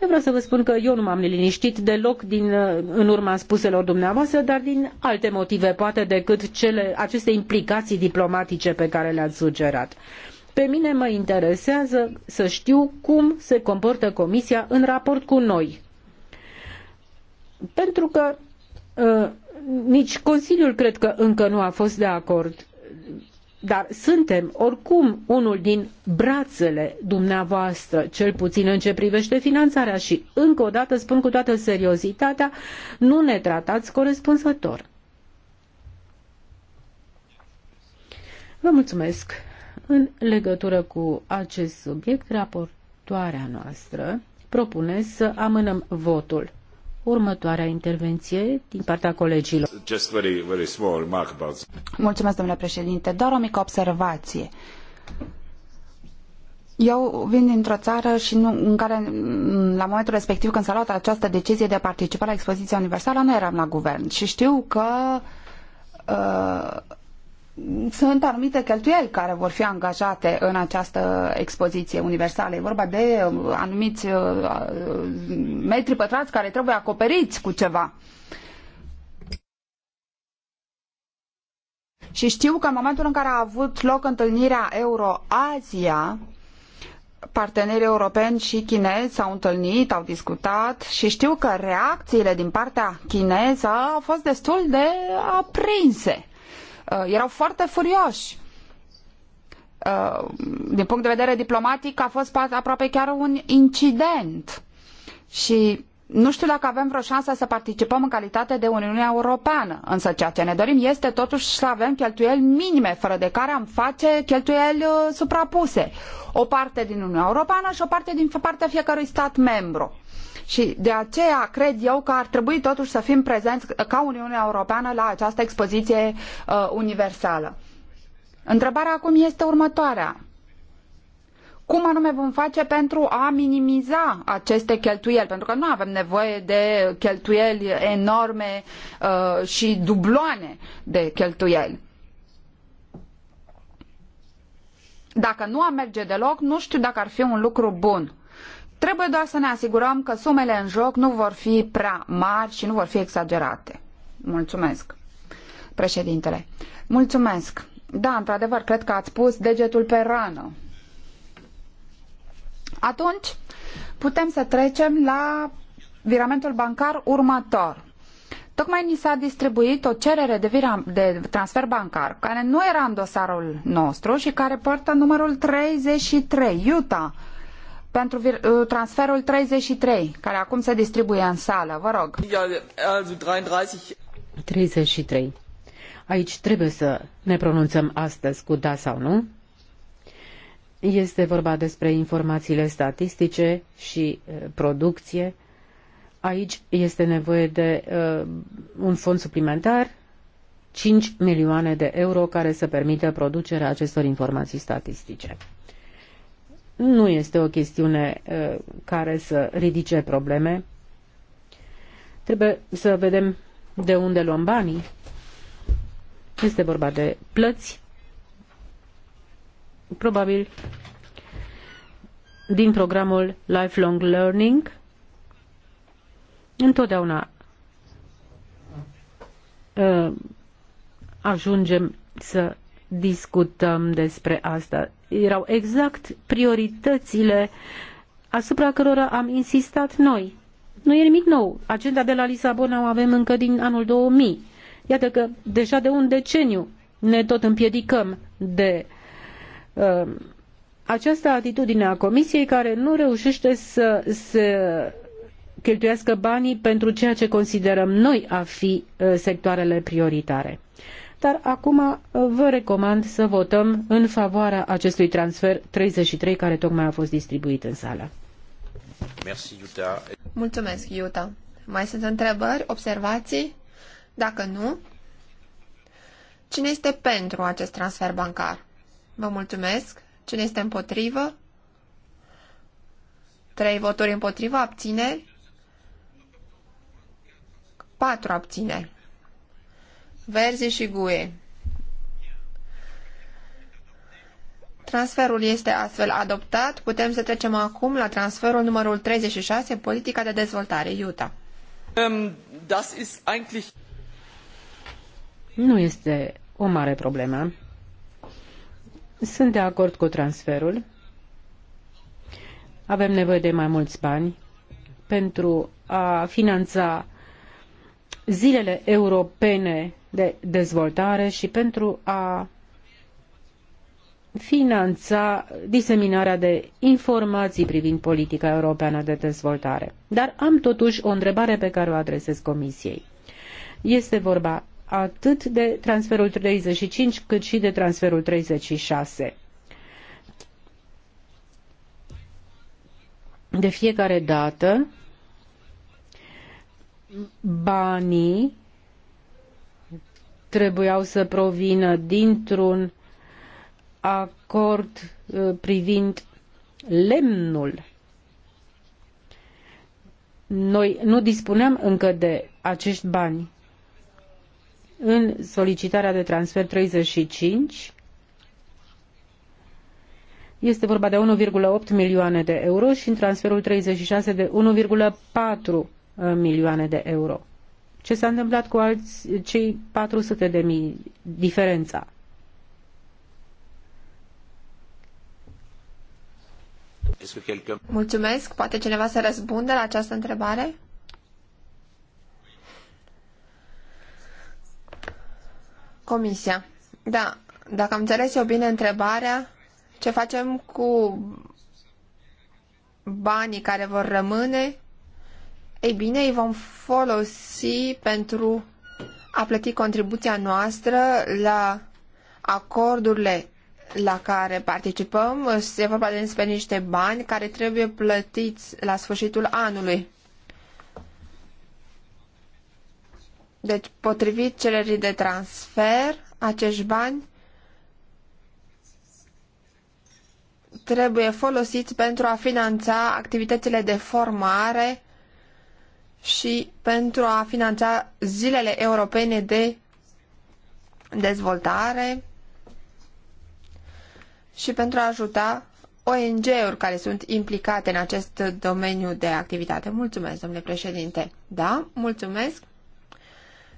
Eu vreau să vă spun că eu nu m-am liniștit deloc din, uh, în urma spuselor dumneavoastră, dar din alte motive poate decât cele, aceste implicații diplomatice pe care le-ați sugerat. Pe mine mă interesează să știu cum se comportă Comisia în raport cu noi. Pentru că uh, nici Consiliul cred că încă nu a fost de acord dar suntem oricum unul din brațele dumneavoastră, cel puțin în ce privește finanțarea și, încă o dată, spun cu toată seriozitatea, nu ne tratați corespunzător. Vă mulțumesc. În legătură cu acest subiect, raportoarea noastră propune să amânăm votul. Următoarea intervenție din partea colegilor. Just very, very small remark about... Mulțumesc, domnule președinte. Doar o mică observație. Eu vin dintr-o țară și nu, în care, la momentul respectiv, când s-a luat această decizie de a participa la expoziția universală, nu eram la guvern. Și știu că uh, sunt anumite cheltuieli care vor fi angajate în această expoziție universală. E vorba de uh, anumiți uh, uh, metri pătrați care trebuie acoperiți cu ceva. Și știu că în momentul în care a avut loc întâlnirea Euroasia, partenerii europeni și chinezi s-au întâlnit, au discutat și știu că reacțiile din partea chineză au fost destul de aprinse. Uh, erau foarte furioși. Uh, din punct de vedere diplomatic a fost aproape chiar un incident. Și nu știu dacă avem vreo șansă să participăm în calitate de Uniunea Europeană, însă ceea ce ne dorim este totuși să avem cheltuieli minime, fără de care am face cheltuieli uh, suprapuse. O parte din Uniunea Europeană și o parte din partea fiecărui stat membru. Și de aceea cred eu că ar trebui totuși să fim prezenți ca Uniunea Europeană la această expoziție uh, universală. Întrebarea acum este următoarea. Cum anume vom face pentru a minimiza aceste cheltuieli? Pentru că nu avem nevoie de cheltuieli enorme uh, și dubloane de cheltuieli. Dacă nu am merge deloc, nu știu dacă ar fi un lucru bun. Trebuie doar să ne asigurăm că sumele în joc nu vor fi prea mari și nu vor fi exagerate. Mulțumesc, președintele. Mulțumesc. Da, într-adevăr, cred că ați pus degetul pe rană. Atunci, putem să trecem la viramentul bancar următor. Tocmai ni s-a distribuit o cerere de, viram, de transfer bancar care nu era în dosarul nostru și care poartă numărul 33, Utah pentru uh, transferul 33, care acum se distribuie în sală. Vă rog. 33. Aici trebuie să ne pronunțăm astăzi cu da sau nu. Este vorba despre informațiile statistice și uh, producție. Aici este nevoie de uh, un fond suplimentar, 5 milioane de euro, care să permită producerea acestor informații statistice nu este o chestiune care să ridice probleme. Trebuie să vedem de unde luăm banii. Este vorba de plăți. Probabil din programul Lifelong Learning. Întotdeauna ajungem să discutăm despre asta. Erau exact prioritățile asupra cărora am insistat noi. Nu e nimic nou. Agenda de la Lisabona o avem încă din anul 2000. Iată că deja de un deceniu ne tot împiedicăm de uh, această atitudine a Comisiei care nu reușește să, să cheltuiască banii pentru ceea ce considerăm noi a fi uh, sectoarele prioritare. Dar acum uh, vă recomand să votăm în favoarea acestui transfer 33 care tocmai a fost distribuit în sală. Merci, Iuta. Mulțumesc, Iuta. Mai sunt întrebări, observații? Dacă nu, cine este pentru acest transfer bancar? Vă mulțumesc. Cine este împotrivă? Trei voturi împotrivă, abțineri? Patru abțineri. Verzi și GUE. Transferul este astfel adoptat. Putem să trecem acum la transferul numărul 36, politica de dezvoltare, Iuta. Um, das eigentlich... Nu este o mare problemă. Sunt de acord cu transferul. Avem nevoie de mai mulți bani pentru a finanța zilele europene de dezvoltare și pentru a finanța diseminarea de informații privind politica europeană de dezvoltare. Dar am totuși o întrebare pe care o adresez Comisiei. Este vorba atât de transferul 35 cât și de transferul 36. De fiecare dată banii trebuiau să provină dintr-un acord uh, privind lemnul. Noi nu dispuneam încă de acești bani. În solicitarea de transfer 35 este vorba de 1,8 milioane de euro și în transferul 36 de 1,4 milioane de euro. Ce s-a întâmplat cu alți, cei 400 de mii, diferența? Mulțumesc. Poate cineva să răspundă la această întrebare? Comisia. Da, dacă am înțeles eu bine întrebarea, ce facem cu banii care vor rămâne ei bine, îi vom folosi pentru a plăti contribuția noastră la acordurile la care participăm. Se vorba despre niște bani care trebuie plătiți la sfârșitul anului. Deci, potrivit cererii de transfer, acești bani trebuie folosiți pentru a finanța activitățile de formare și pentru a finanța zilele europene de dezvoltare și pentru a ajuta ONG-uri care sunt implicate în acest domeniu de activitate. Mulțumesc, domnule președinte. Da, mulțumesc.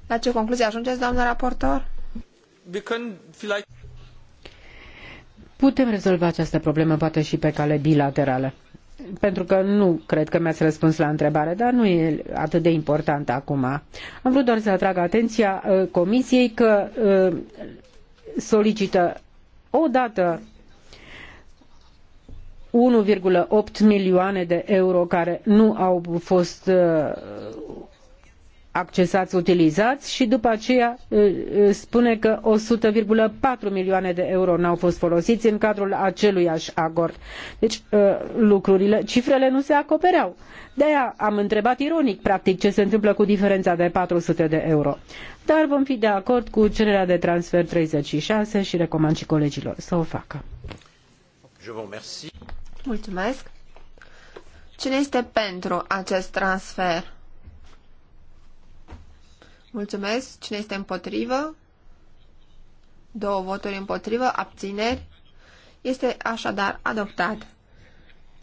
La ce concluzie ajungeți, doamnă raportor? Putem rezolva această problemă poate și pe cale bilaterală pentru că nu cred că mi-ați răspuns la întrebare, dar nu e atât de important acum. Am vrut doar să atrag atenția uh, Comisiei că uh, solicită odată 1,8 milioane de euro care nu au fost uh, accesați, utilizați și după aceea uh, uh, spune că 100,4 milioane de euro n-au fost folosiți în cadrul aceluiași acord. Deci uh, lucrurile, cifrele nu se acopereau. De aia am întrebat ironic, practic, ce se întâmplă cu diferența de 400 de euro. Dar vom fi de acord cu cererea de transfer 36 și recomand și colegilor să o facă. Mulțumesc. Cine este pentru acest transfer? Mulțumesc. Cine este împotrivă? Două voturi împotrivă, abțineri. Este așadar adoptat.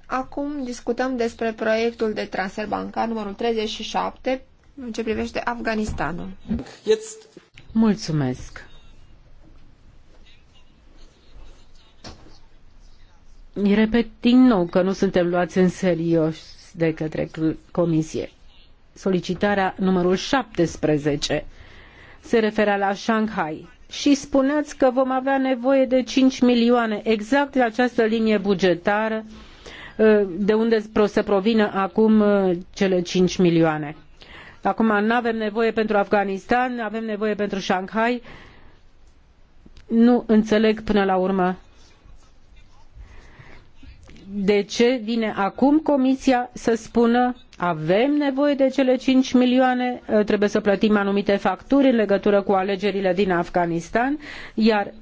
Acum discutăm despre proiectul de transfer bancar numărul 37 în ce privește Afganistanul. Mulțumesc. Repet din nou că nu suntem luați în serios de către comisie solicitarea numărul 17 se referea la Shanghai și spuneați că vom avea nevoie de 5 milioane exact de această linie bugetară ă, de unde să provină acum ă, cele 5 milioane. Acum nu avem nevoie pentru Afganistan, avem nevoie pentru Shanghai. Nu înțeleg până la urmă de ce vine acum Comisia să spună avem nevoie de cele cinci milioane, ă, trebuie să plătim anumite facturi în legătură cu alegerile din Afganistan, iar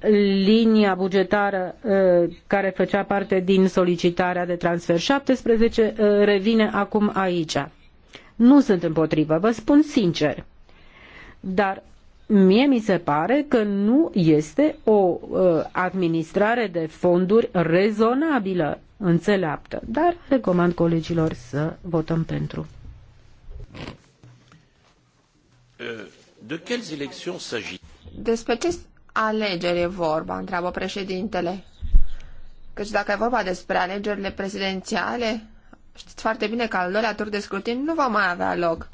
linia bugetară ă, care făcea parte din solicitarea de transfer 17 ă, revine acum aici. Nu sunt împotrivă, vă spun sincer. Dar mie mi se pare că nu este o administrare de fonduri rezonabilă înțeleaptă, dar recomand colegilor să votăm pentru. De quelles élections s'agit? Despre ce alegeri e vorba, întreabă președintele. Căci dacă e vorba despre alegerile prezidențiale, știți foarte bine că al doilea tur de scrutin nu va mai avea loc.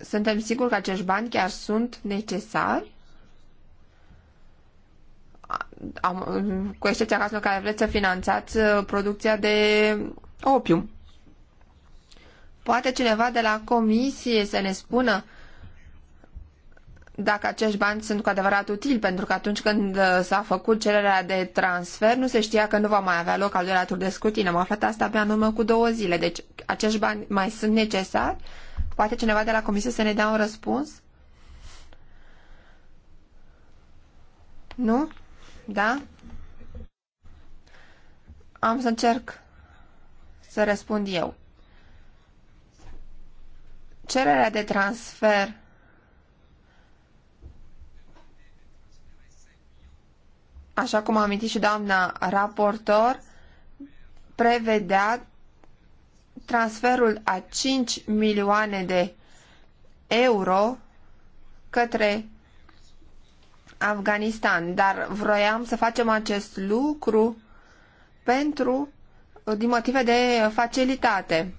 Suntem siguri că acești bani chiar sunt necesari? am, cu excepția caselor care vreți să finanțați uh, producția de opium. Poate cineva de la comisie să ne spună dacă acești bani sunt cu adevărat utili, pentru că atunci când uh, s-a făcut cererea de transfer, nu se știa că nu va mai avea loc al doilea tur de scrutin. Am aflat asta abia în urmă cu două zile. Deci acești bani mai sunt necesari? Poate cineva de la comisie să ne dea un răspuns? Nu? Da? Am să încerc să răspund eu. Cererea de transfer așa cum a amintit și doamna raportor, prevedea transferul a 5 milioane de euro către Afganistan, dar vroiam să facem acest lucru pentru din motive de facilitate.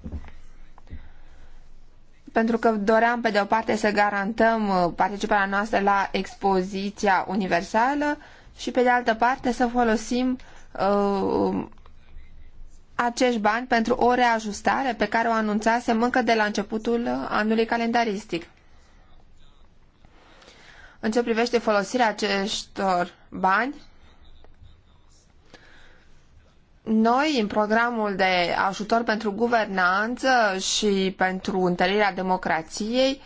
Pentru că doream, pe de o parte, să garantăm participarea noastră la expoziția universală și, pe de altă parte, să folosim uh, acești bani pentru o reajustare pe care o anunțasem încă de la începutul anului calendaristic în ce privește folosirea acestor bani, noi, în programul de ajutor pentru guvernanță și pentru întărirea democrației,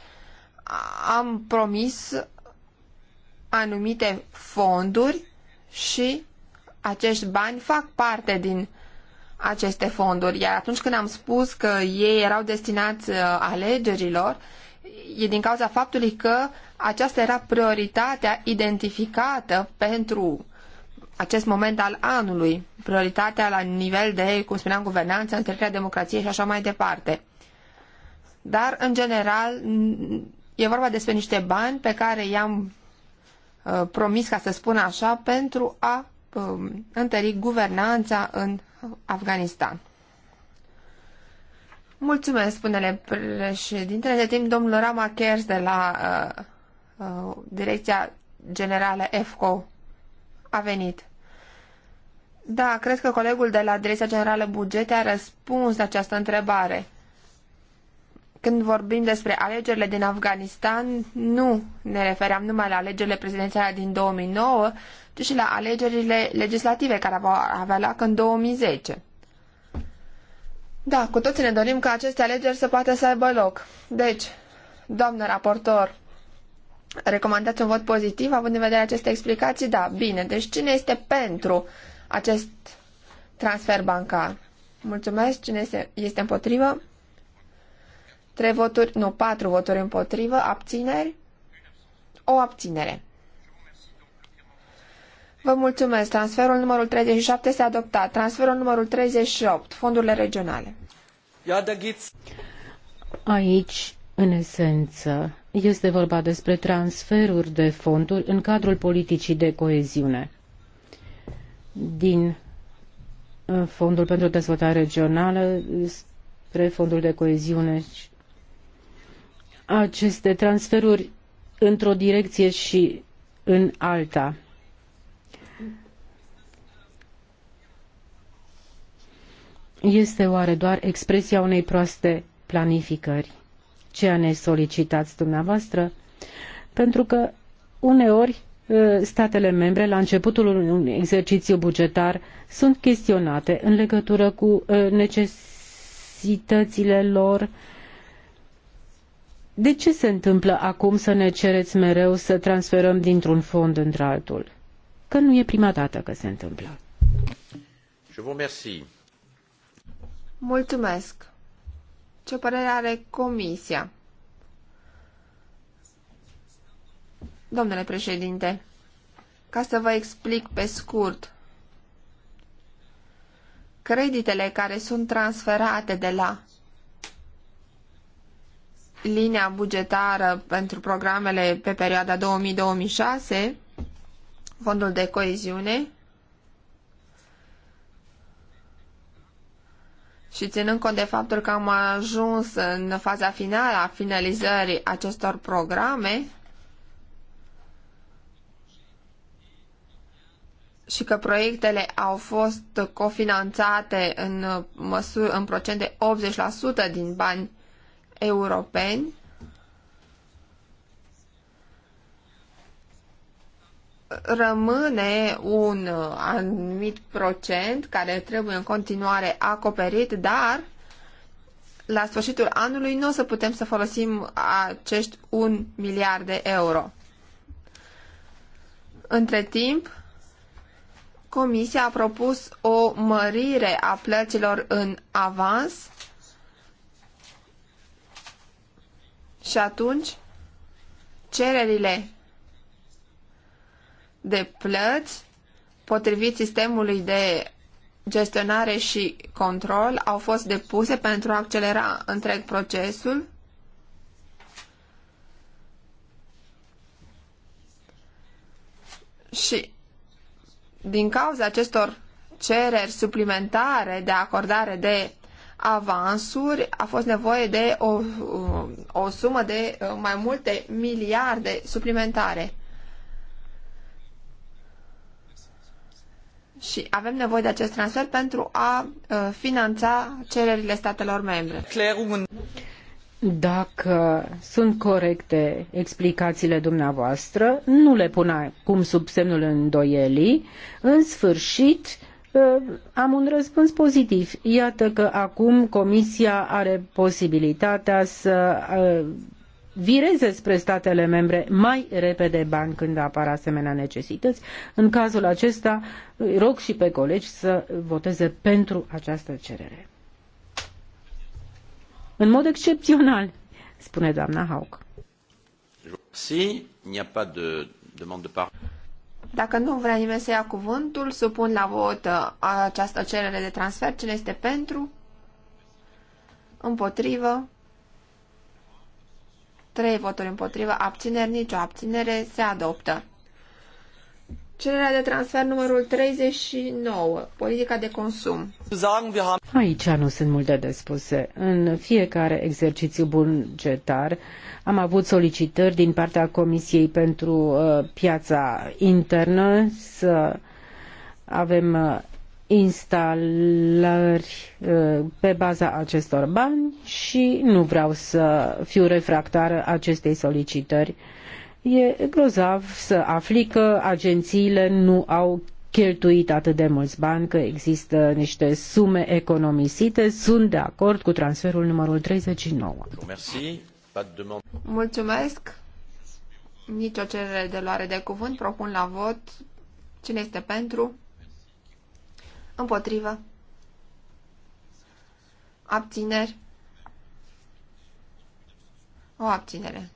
am promis anumite fonduri și acești bani fac parte din aceste fonduri. Iar atunci când am spus că ei erau destinați uh, alegerilor, e din cauza faptului că aceasta era prioritatea identificată pentru acest moment al anului, prioritatea la nivel de, cum spuneam, guvernanță, întâlnirea democrației și așa mai departe. Dar, în general, e vorba despre niște bani pe care i-am uh, promis, ca să spun așa, pentru a um, întări guvernanța în Afganistan. Mulțumesc, spunele președintele. De timp, domnul Rama Kers de la uh, uh, Direcția Generală EFCO a venit. Da, cred că colegul de la Direcția Generală Bugete a răspuns la această întrebare. Când vorbim despre alegerile din Afganistan, nu ne refeream numai la alegerile prezidențiale din 2009, ci și la alegerile legislative care vor avea loc în 2010. Da, cu toții ne dorim ca aceste alegeri să poată să aibă loc. Deci, doamnă raportor, recomandați un vot pozitiv având în vedere aceste explicații? Da, bine. Deci cine este pentru acest transfer bancar? Mulțumesc. Cine este, este împotrivă? Trei voturi, nu, patru voturi împotrivă. Abțineri? O abținere. Vă mulțumesc. Transferul numărul 37 este adoptat. Transferul numărul 38, fondurile regionale. Aici, în esență, este vorba despre transferuri de fonduri în cadrul politicii de coeziune. Din uh, Fondul pentru Dezvoltare Regională spre Fondul de Coeziune. Aceste transferuri într-o direcție și în alta este oare doar expresia unei proaste planificări? Ceea ne solicitați dumneavoastră? Pentru că uneori ă, statele membre la începutul unui exercițiu bugetar sunt chestionate în legătură cu ă, necesitățile lor. De ce se întâmplă acum să ne cereți mereu să transferăm dintr-un fond într-altul? Că nu e prima dată că se întâmplă. Je vous remercie. Mulțumesc. Ce părere are comisia? Domnule președinte, ca să vă explic pe scurt, creditele care sunt transferate de la linia bugetară pentru programele pe perioada 2000-2006, fondul de coeziune, și ținând cont de faptul că am ajuns în faza finală a finalizării acestor programe și că proiectele au fost cofinanțate în, măsur, în procent de 80% din bani europeni, rămâne un uh, anumit procent care trebuie în continuare acoperit, dar la sfârșitul anului nu o să putem să folosim acești un miliard de euro. Între timp, Comisia a propus o mărire a plăților în avans și atunci cererile de plăți potrivit sistemului de gestionare și control au fost depuse pentru a accelera întreg procesul. Și din cauza acestor cereri suplimentare de acordare de avansuri, a fost nevoie de o, o sumă de mai multe miliarde suplimentare. și avem nevoie de acest transfer pentru a uh, finanța cererile statelor membre. Dacă sunt corecte explicațiile dumneavoastră, nu le pun acum sub semnul îndoielii. În sfârșit, uh, am un răspuns pozitiv. Iată că acum Comisia are posibilitatea să uh, vireze spre statele membre mai repede bani când apar asemenea necesități. În cazul acesta, rog și pe colegi să voteze pentru această cerere. În mod excepțional, spune doamna Hauk. Dacă nu vrea nimeni să ia cuvântul, supun la vot uh, această cerere de transfer. Cine este pentru? Împotrivă? 3 voturi împotrivă, abțineri, nicio abținere, se adoptă. Cererea de transfer numărul 39, politica de consum. Aici nu sunt multe de spuse. În fiecare exercițiu bugetar am avut solicitări din partea Comisiei pentru uh, piața internă să avem uh, instalări uh, pe baza acestor bani și nu vreau să fiu refractară acestei solicitări. E grozav să afli că agențiile nu au cheltuit atât de mulți bani, că există niște sume economisite. Sunt de acord cu transferul numărul 39. Mulțumesc. Nici o cerere de luare de cuvânt. Propun la vot. Cine este pentru? Împotrivă. Abțineri. O abținere.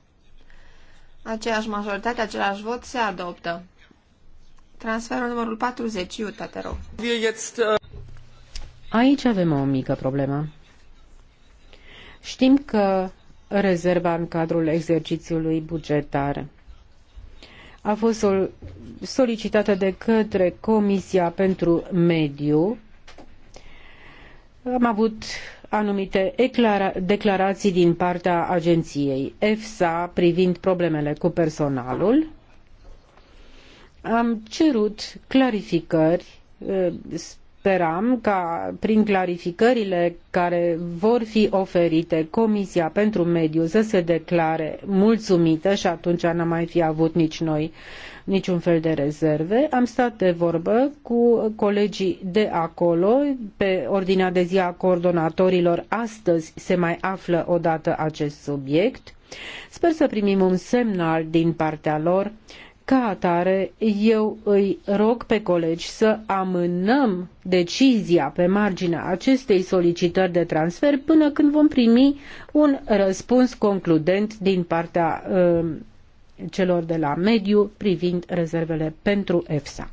Aceeași majoritate, același vot se adoptă. Transferul numărul 40, Iuta, te rog. Uh, Aici avem o mică problemă. Știm că rezerva în cadrul exercițiului bugetar a fost solicitată de către Comisia pentru Mediu. Am avut anumite declarații din partea agenției EFSA privind problemele cu personalul. Am cerut clarificări eh, sperăm ca prin clarificările care vor fi oferite Comisia pentru Mediu să se declare mulțumită și atunci n-am mai fi avut nici noi niciun fel de rezerve. Am stat de vorbă cu colegii de acolo. Pe ordinea de zi a coordonatorilor astăzi se mai află odată acest subiect. Sper să primim un semnal din partea lor ca atare, eu îi rog pe colegi să amânăm decizia pe marginea acestei solicitări de transfer până când vom primi un răspuns concludent din partea uh, celor de la mediu privind rezervele pentru EFSA.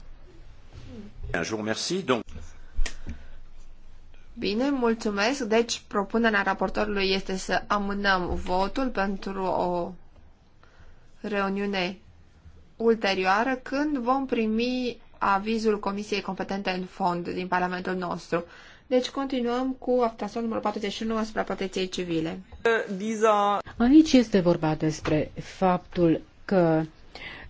Bine, mulțumesc. Deci, propunerea raportorului este să amânăm votul pentru o reuniune ulterioară când vom primi avizul Comisiei Competente în Fond din Parlamentul nostru. Deci continuăm cu aftason numărul 41 asupra protecției civile. Aici este vorba despre faptul că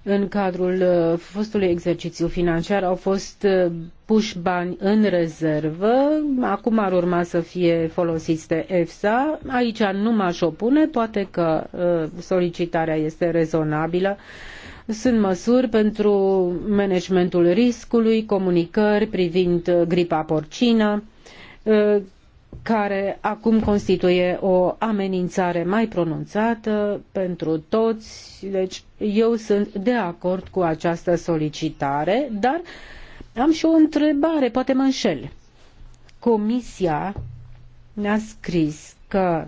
în cadrul uh, fostului exercițiu financiar au fost uh, puși bani în rezervă, acum ar urma să fie folosiți de EFSA. Aici nu m-aș opune, poate că uh, solicitarea este rezonabilă sunt măsuri pentru managementul riscului, comunicări privind gripa porcină, ă, care acum constituie o amenințare mai pronunțată pentru toți. Deci eu sunt de acord cu această solicitare, dar am și o întrebare, poate mă înșel. Comisia ne-a scris că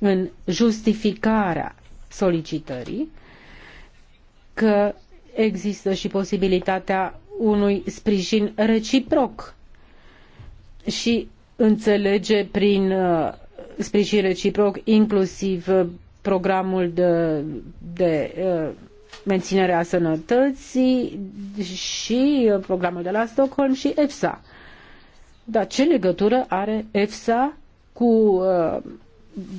în justificarea solicitării că există și posibilitatea unui sprijin reciproc și înțelege prin uh, sprijin reciproc inclusiv uh, programul de, de uh, menținere a sănătății și programul de la Stockholm și EFSA. Dar ce legătură are EFSA cu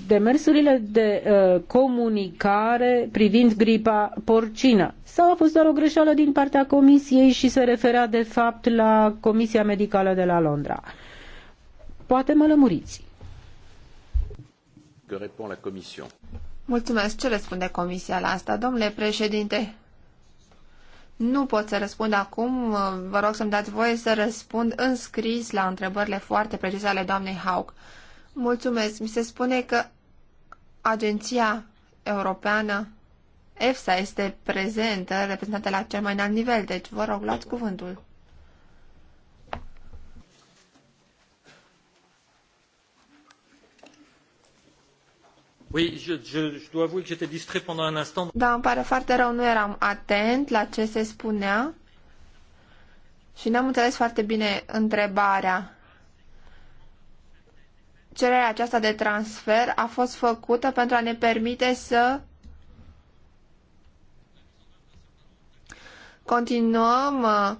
demersurile de uh, comunicare privind gripa porcină. Sau a fost doar o greșeală din partea comisiei și se referea de fapt la Comisia Medicală de la Londra. Poate mă lămuriți. la Mulțumesc. Ce răspunde comisia la asta, domnule președinte? Nu pot să răspund acum. Vă rog să-mi dați voie să răspund în scris la întrebările foarte precise ale doamnei Hauck. Mulțumesc. Mi se spune că Agenția Europeană EFSA este prezentă, reprezentată la cel mai înalt nivel, deci vă rog, luați cuvântul. Da, îmi pare foarte rău, nu eram atent la ce se spunea și n-am înțeles foarte bine întrebarea cererea aceasta de transfer a fost făcută pentru a ne permite să continuăm uh,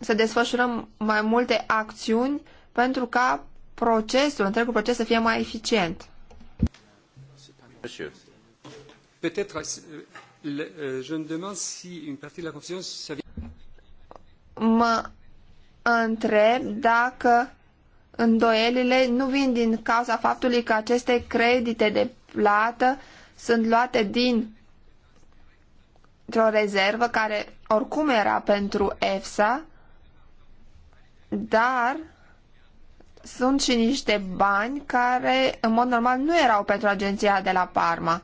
să desfășurăm mai multe acțiuni pentru ca procesul, întregul proces să fie mai eficient. Euh, euh, mă întreb dacă îndoielile nu vin din cauza faptului că aceste credite de plată sunt luate din o rezervă care oricum era pentru EFSA, dar sunt și niște bani care, în mod normal, nu erau pentru agenția de la Parma.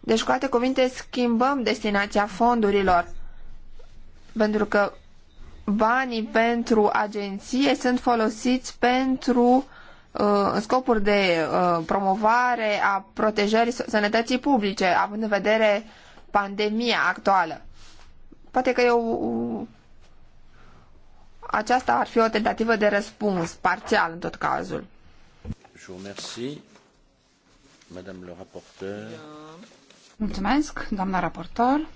Deci, cu alte cuvinte, schimbăm destinația fondurilor. Pentru că banii pentru agenție sunt folosiți pentru în uh, scopuri de uh, promovare a protejării sănătății publice, având în vedere pandemia actuală. Poate că eu aceasta ar fi o tentativă de răspuns, parțial în tot cazul. Mulțumesc, doamna raportor.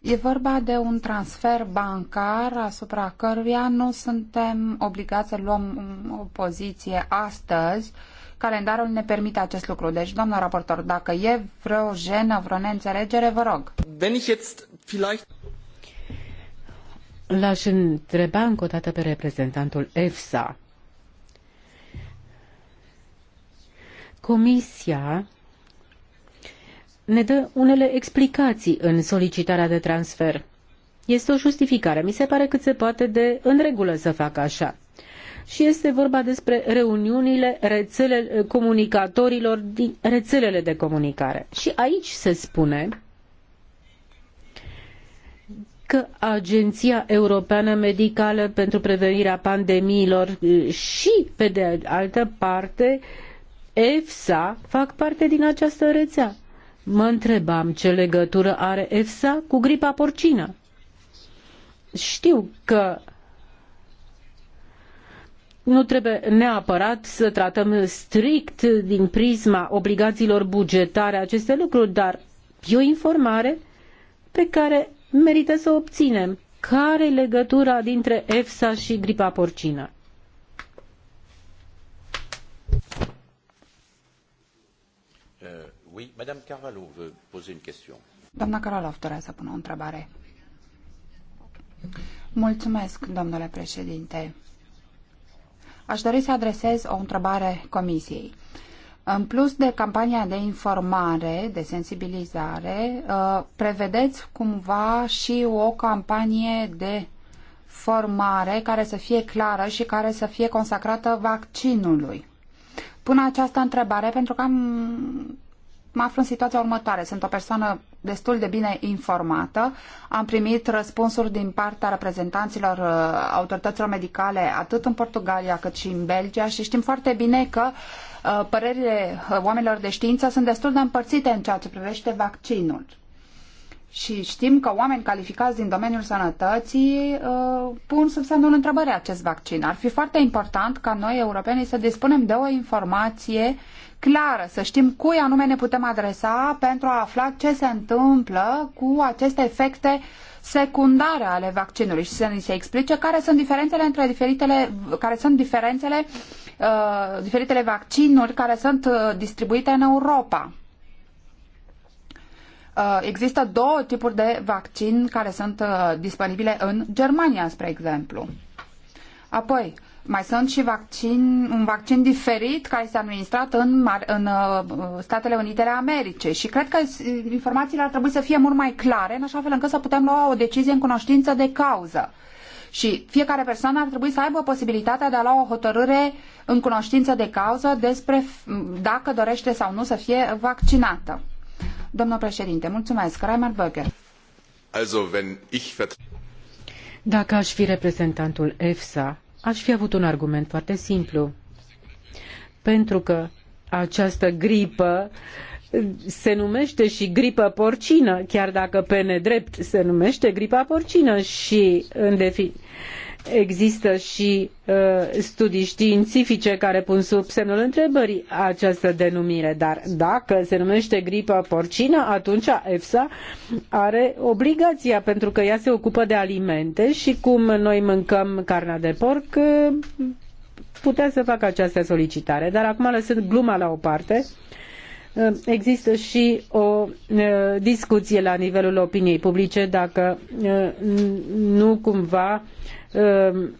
E vorba de un transfer bancar asupra căruia nu suntem obligați să luăm o poziție astăzi. Calendarul ne permite acest lucru. Deci, domnul raportor, dacă e vreo jenă, vreo neînțelegere, vă rog. L-aș întreba încă o dată pe reprezentantul EFSA. Comisia ne dă unele explicații în solicitarea de transfer. Este o justificare. Mi se pare cât se poate de în regulă să facă așa. Și este vorba despre reuniunile rețele, comunicatorilor din rețelele de comunicare. Și aici se spune că Agenția Europeană Medicală pentru Prevenirea Pandemiilor și, pe de altă parte, EFSA fac parte din această rețea. Mă întrebam ce legătură are EFSA cu gripa porcină. Știu că nu trebuie neapărat să tratăm strict din prisma obligațiilor bugetare aceste lucruri, dar e o informare pe care merită să o obținem. Care e legătura dintre EFSA și gripa porcină? Oui, Madame Carvalho veut poser une question. Doamna Carvalho dorea să pună o întrebare. Mulțumesc, domnule președinte. Aș dori să adresez o întrebare comisiei. În plus de campania de informare, de sensibilizare, uh, prevedeți cumva și o campanie de formare care să fie clară și care să fie consacrată vaccinului? Pun această întrebare pentru că am mă aflu în situația următoare. Sunt o persoană destul de bine informată. Am primit răspunsuri din partea reprezentanților uh, autorităților medicale atât în Portugalia cât și în Belgia și știm foarte bine că uh, părerile uh, oamenilor de știință sunt destul de împărțite în ceea ce privește vaccinul. Și știm că oameni calificați din domeniul sănătății uh, pun sub semnul întrebării acest vaccin. Ar fi foarte important ca noi, europenii, să dispunem de o informație clară, să știm cui anume ne putem adresa pentru a afla ce se întâmplă cu aceste efecte secundare ale vaccinului și să ni se explice care sunt diferențele între diferitele, care sunt diferențele, uh, diferitele vaccinuri care sunt uh, distribuite în Europa. Uh, există două tipuri de vaccin care sunt uh, disponibile în Germania, spre exemplu. Apoi, uh, mai sunt și vaccin, un vaccin diferit care este administrat în, în uh, Statele Unite ale Americii și cred că informațiile ar trebui să fie mult mai clare în așa fel încât să putem lua o decizie în cunoștință de cauză. Și fiecare persoană ar trebui să aibă posibilitatea de a lua o hotărâre în cunoștință de cauză despre dacă dorește sau nu să fie vaccinată. Domnul președinte, mulțumesc. Reimer Böger. Also, wenn ich... Dacă aș fi reprezentantul EFSA, aș fi avut un argument foarte simplu. Pentru că această gripă se numește și gripă porcină, chiar dacă pe nedrept se numește gripa porcină și în definitiv Există și uh, studii științifice care pun sub semnul întrebării această denumire, dar dacă se numește gripa porcină, atunci EFSA are obligația, pentru că ea se ocupă de alimente și cum noi mâncăm carnea de porc, uh, putea să facă această solicitare. Dar acum, lăsând gluma la o parte, uh, există și o discuție la nivelul opiniei publice dacă nu cumva Um,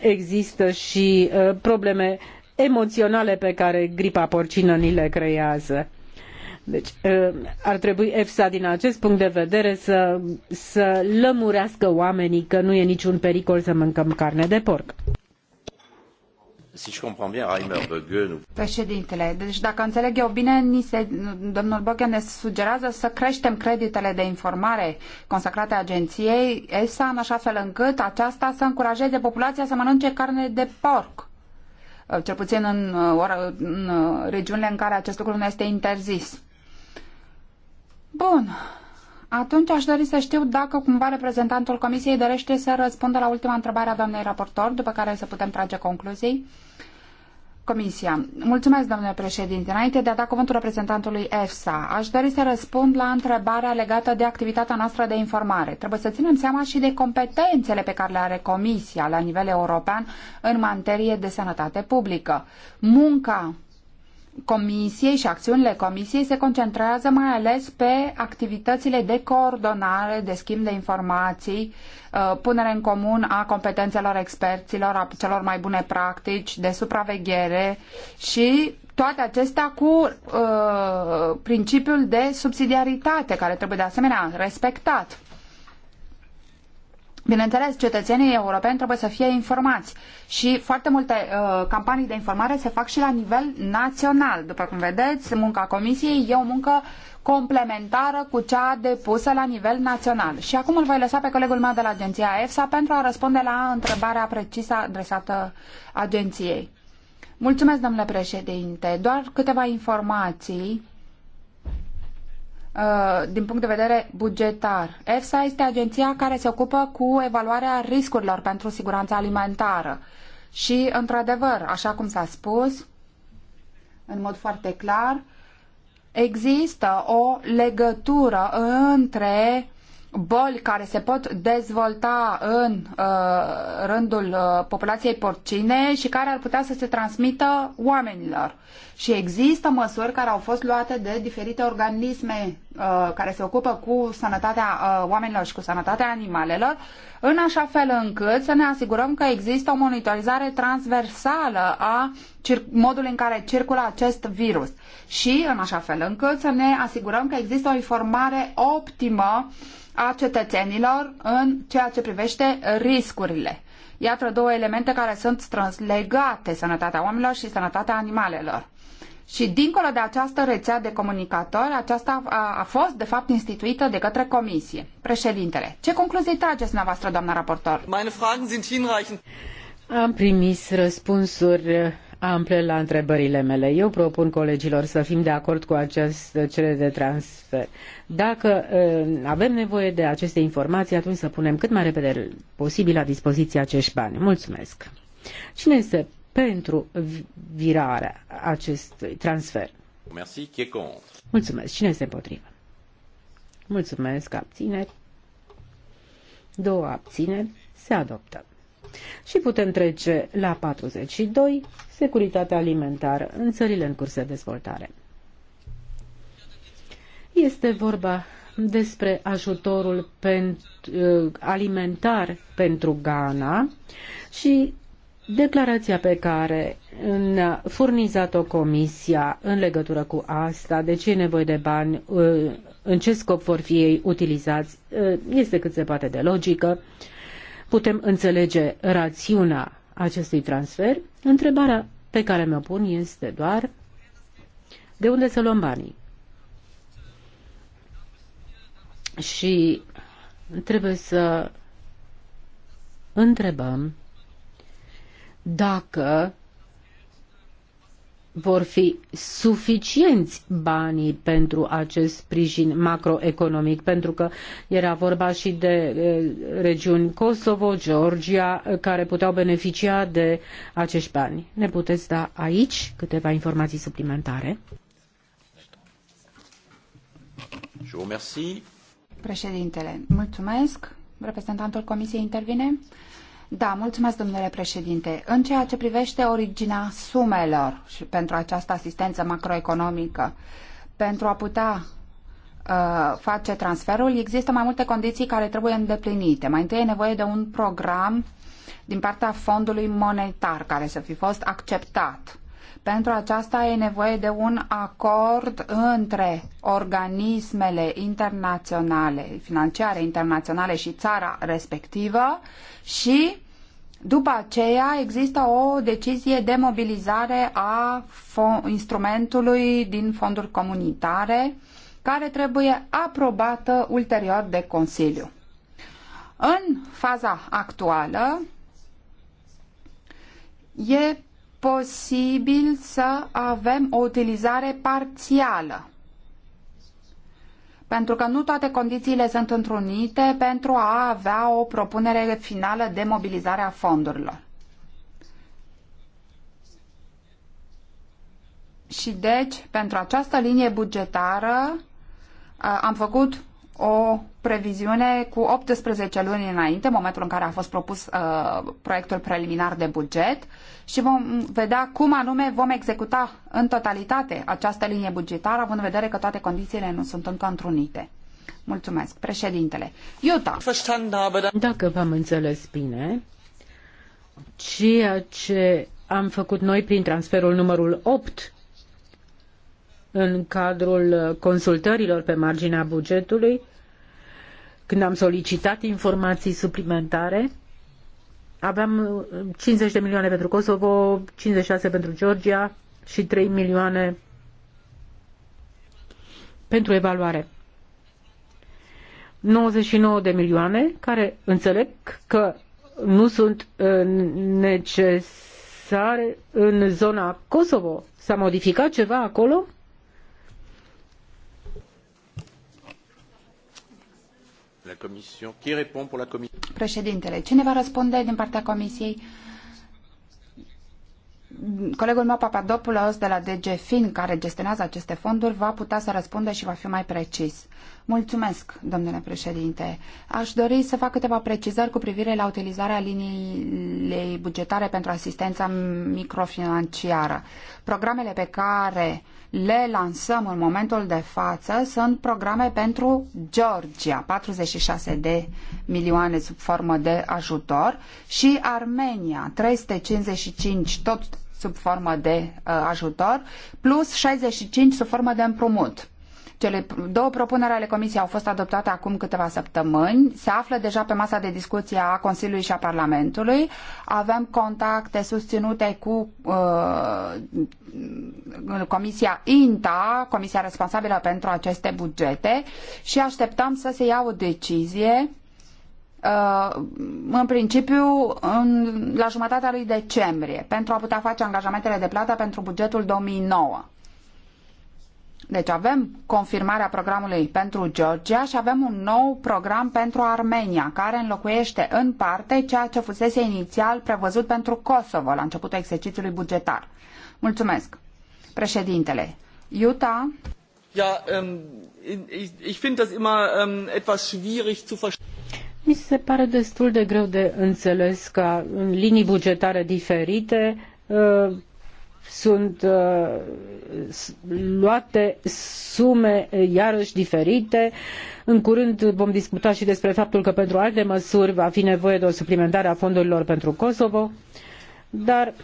există și uh, probleme emoționale pe care gripa porcină ni le creează. Deci uh, ar trebui EFSA din acest punct de vedere să, să lămurească oamenii că nu e niciun pericol să mâncăm carne de porc. Si je comprends bien, Reimer Președintele, deci dacă înțeleg eu bine, ni se, domnul Bögen ne sugerează să creștem creditele de informare consacrate agenției ESA în așa fel încât aceasta să încurajeze populația să mănânce carne de porc uh, cel puțin în, uh, în uh, regiunile în care acest lucru nu este interzis. Bun. Atunci aș dori să știu dacă cumva reprezentantul Comisiei dorește să răspundă la ultima întrebare a doamnei raportor, după care să putem trage concluzii. Comisia. Mulțumesc, domnule președinte. Înainte de a da cuvântul reprezentantului EFSA, aș dori să răspund la întrebarea legată de activitatea noastră de informare. Trebuie să ținem seama și de competențele pe care le are Comisia la nivel european în materie de sănătate publică. Munca Comisiei și acțiunile Comisiei se concentrează mai ales pe activitățile de coordonare, de schimb de informații, uh, punere în comun a competențelor experților, a celor mai bune practici, de supraveghere și toate acestea cu uh, principiul de subsidiaritate, care trebuie de asemenea respectat. Bineînțeles, cetățenii europeni trebuie să fie informați și foarte multe uh, campanii de informare se fac și la nivel național. După cum vedeți, munca comisiei e o muncă complementară cu cea depusă la nivel național. Și acum îl voi lăsa pe colegul meu de la agenția EFSA pentru a răspunde la întrebarea precisă adresată agenției. Mulțumesc, domnule președinte. Doar câteva informații Uh, din punct de vedere bugetar. EFSA este agenția care se ocupă cu evaluarea riscurilor pentru siguranța alimentară. Și, într-adevăr, așa cum s-a spus, în mod foarte clar, există o legătură între boli care se pot dezvolta în uh, rândul uh, populației porcine și care ar putea să se transmită oamenilor. Și există măsuri care au fost luate de diferite organisme uh, care se ocupă cu sănătatea uh, oamenilor și cu sănătatea animalelor, în așa fel încât să ne asigurăm că există o monitorizare transversală a modului în care circulă acest virus și în așa fel încât să ne asigurăm că există o informare optimă a cetățenilor în ceea ce privește riscurile. Iată două elemente care sunt strâns legate, sănătatea oamenilor și sănătatea animalelor. Și dincolo de această rețea de comunicatori, aceasta a, a fost, de fapt, instituită de către comisie. Președintele, ce concluzii trageți dumneavoastră, doamna raportor? Meine Fragen sind hinreichend. Am primit răspunsuri ample la întrebările mele. Eu propun colegilor să fim de acord cu acest cerere de transfer. Dacă uh, avem nevoie de aceste informații, atunci să punem cât mai repede posibil la dispoziție acești bani. Mulțumesc. Cine este pentru virarea acestui transfer? Merci, qui Mulțumesc. Cine este împotrivă? Mulțumesc. Abțineri. Două abțineri. Se adoptă. Și putem trece la 42, securitatea alimentară în țările în curs de dezvoltare. Este vorba despre ajutorul uh, alimentar pentru Ghana și declarația pe care ne-a furnizat-o Comisia în legătură cu asta, de ce e nevoie de bani, uh, în ce scop vor fi ei utilizați, uh, este cât se poate de logică Putem înțelege rațiunea acestui transfer. Întrebarea pe care mi-o pun este doar de unde să luăm banii. Și trebuie să întrebăm dacă vor fi suficienți banii pentru acest sprijin macroeconomic, pentru că era vorba și de regiuni Kosovo, Georgia, care puteau beneficia de acești bani. Ne puteți da aici câteva informații suplimentare? Președintele, mulțumesc. Reprezentantul Comisiei intervine. Da, mulțumesc, domnule președinte. În ceea ce privește originea sumelor și pentru această asistență macroeconomică, pentru a putea uh, face transferul, există mai multe condiții care trebuie îndeplinite. Mai întâi e nevoie de un program din partea fondului monetar care să fi fost acceptat. Pentru aceasta e nevoie de un acord între organismele internaționale, financiare internaționale și țara respectivă și după aceea există o decizie de mobilizare a instrumentului din fonduri comunitare care trebuie aprobată ulterior de Consiliu. În faza actuală e posibil să avem o utilizare parțială. Pentru că nu toate condițiile sunt întrunite pentru a avea o propunere finală de mobilizare a fondurilor. Și deci, pentru această linie bugetară, am făcut o previziune cu 18 luni înainte, momentul în care a fost propus uh, proiectul preliminar de buget și vom vedea cum anume vom executa în totalitate această linie bugetară, având în vedere că toate condițiile nu sunt încă întrunite. Mulțumesc, președintele. Iuta. Dacă v-am înțeles bine, ceea ce am făcut noi prin transferul numărul 8 în cadrul consultărilor pe marginea bugetului, când am solicitat informații suplimentare, aveam 50 uh, de milioane pentru Kosovo, 56 pentru Georgia și 3 milioane pentru evaluare. 99 de milioane, care înțeleg că nu sunt uh, necesare în zona Kosovo. S-a modificat ceva acolo? Președintele, cine va răspunde din partea comisiei? Colegul meu, Papadopoulos, de la DG Fin, care gestionează aceste fonduri, va putea să răspundă și va fi mai precis. Mulțumesc, domnule președinte. Aș dori să fac câteva precizări cu privire la utilizarea liniilei bugetare pentru asistența microfinanciară. Programele pe care uh, le lansăm în momentul de față sunt programe pentru Georgia, 46 de milioane sub formă de ajutor și Armenia, 355 tot sub formă de uh, ajutor, plus 65 sub formă de împrumut. Cele două propuneri ale Comisiei au fost adoptate acum câteva săptămâni, se află deja pe masa de discuție a Consiliului și a Parlamentului. Avem contacte susținute cu uh, Comisia INTA, Comisia responsabilă pentru aceste bugete și așteptăm să se ia o decizie uh, în principiu în, la jumătatea lui decembrie pentru a putea face angajamentele de plată pentru bugetul 2009. Deci avem confirmarea programului pentru Georgia și avem un nou program pentru Armenia, care înlocuiește în parte ceea ce fusese inițial prevăzut pentru Kosovo la începutul exercițiului bugetar. Mulțumesc. Președintele, Iuta. Ja, um, ich, ich finde das immer um, etwas schwierig zu verstehen. Mi se pare destul de greu de înțeles ca în linii bugetare diferite sunt uh, luate sume uh, iarăși diferite. În curând vom discuta și despre faptul că pentru alte măsuri va fi nevoie de o suplimentare a fondurilor pentru Kosovo, dar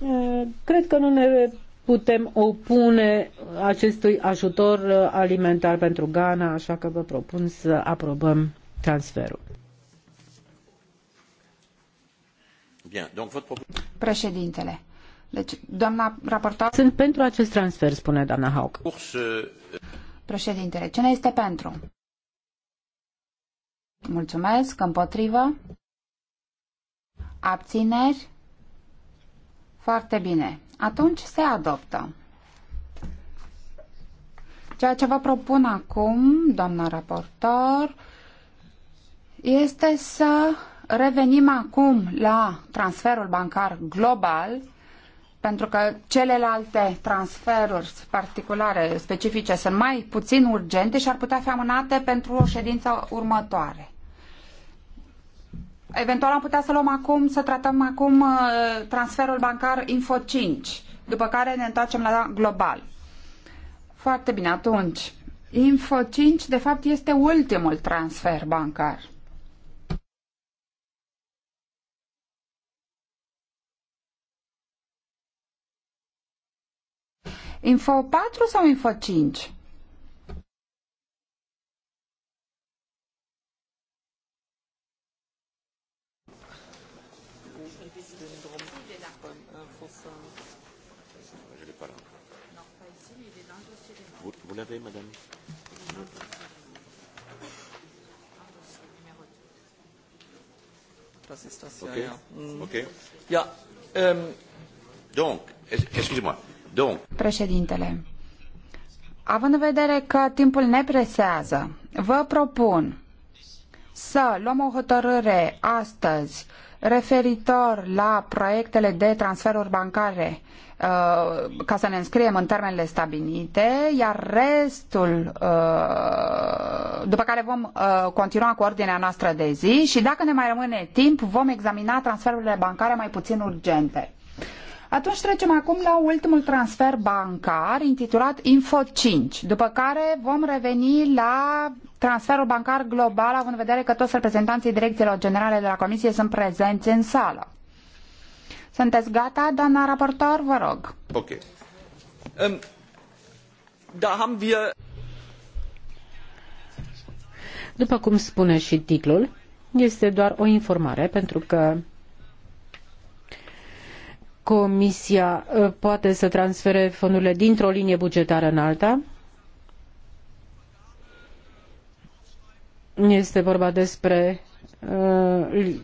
uh, cred că nu ne putem opune acestui ajutor uh, alimentar pentru Ghana, așa că vă propun să aprobăm transferul. Președintele, deci, doamna raportor... Sunt pentru acest transfer, spune doamna Hauk. Președintele, cine este pentru? Mulțumesc, împotrivă. Abțineri? Foarte bine. Atunci se adoptă. Ceea ce vă propun acum, doamna raportor, este să revenim acum la transferul bancar global pentru că celelalte transferuri particulare, specifice, sunt mai puțin urgente și ar putea fi amânate pentru o ședință următoare. Eventual am putea să luăm acum, să tratăm acum uh, transferul bancar Info 5, după care ne întoarcem la global. Foarte bine, atunci. Info 5, de fapt, este ultimul transfer bancar. Info 4 sau Info 5? Vous l'avez, madame Das ist das, okay. ja. ja. Mm. Okay. Ja, ähm, Donc, excusez-moi. Președintele, având în vedere că timpul ne presează, vă propun să luăm o hotărâre astăzi referitor la proiectele de transferuri bancare uh, ca să ne înscriem în termenele stabilite, iar restul, uh, după care vom uh, continua cu ordinea noastră de zi și dacă ne mai rămâne timp, vom examina transferurile bancare mai puțin urgente. Atunci trecem acum la ultimul transfer bancar intitulat Info 5, după care vom reveni la transferul bancar global, având în vedere că toți reprezentanții direcțiilor generale de la Comisie sunt prezenți în sală. Sunteți gata, doamna raportor? Vă rog. Ok. Um, da, am via... După cum spune și titlul, este doar o informare, pentru că Comisia uh, poate să transfere fondurile dintr-o linie bugetară în alta. Este vorba despre uh,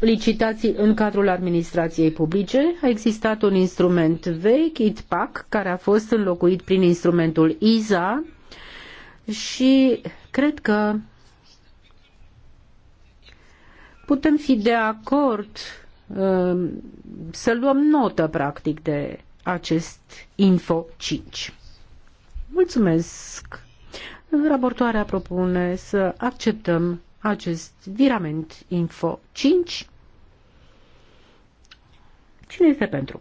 licitații în cadrul administrației publice. A existat un instrument vechi, ITPAC, care a fost înlocuit prin instrumentul ISA și cred că putem fi de acord uh, Um, să luăm notă, practic, de acest Info 5. Mulțumesc! Raportoarea propune să acceptăm acest virament Info 5. Cine este pentru?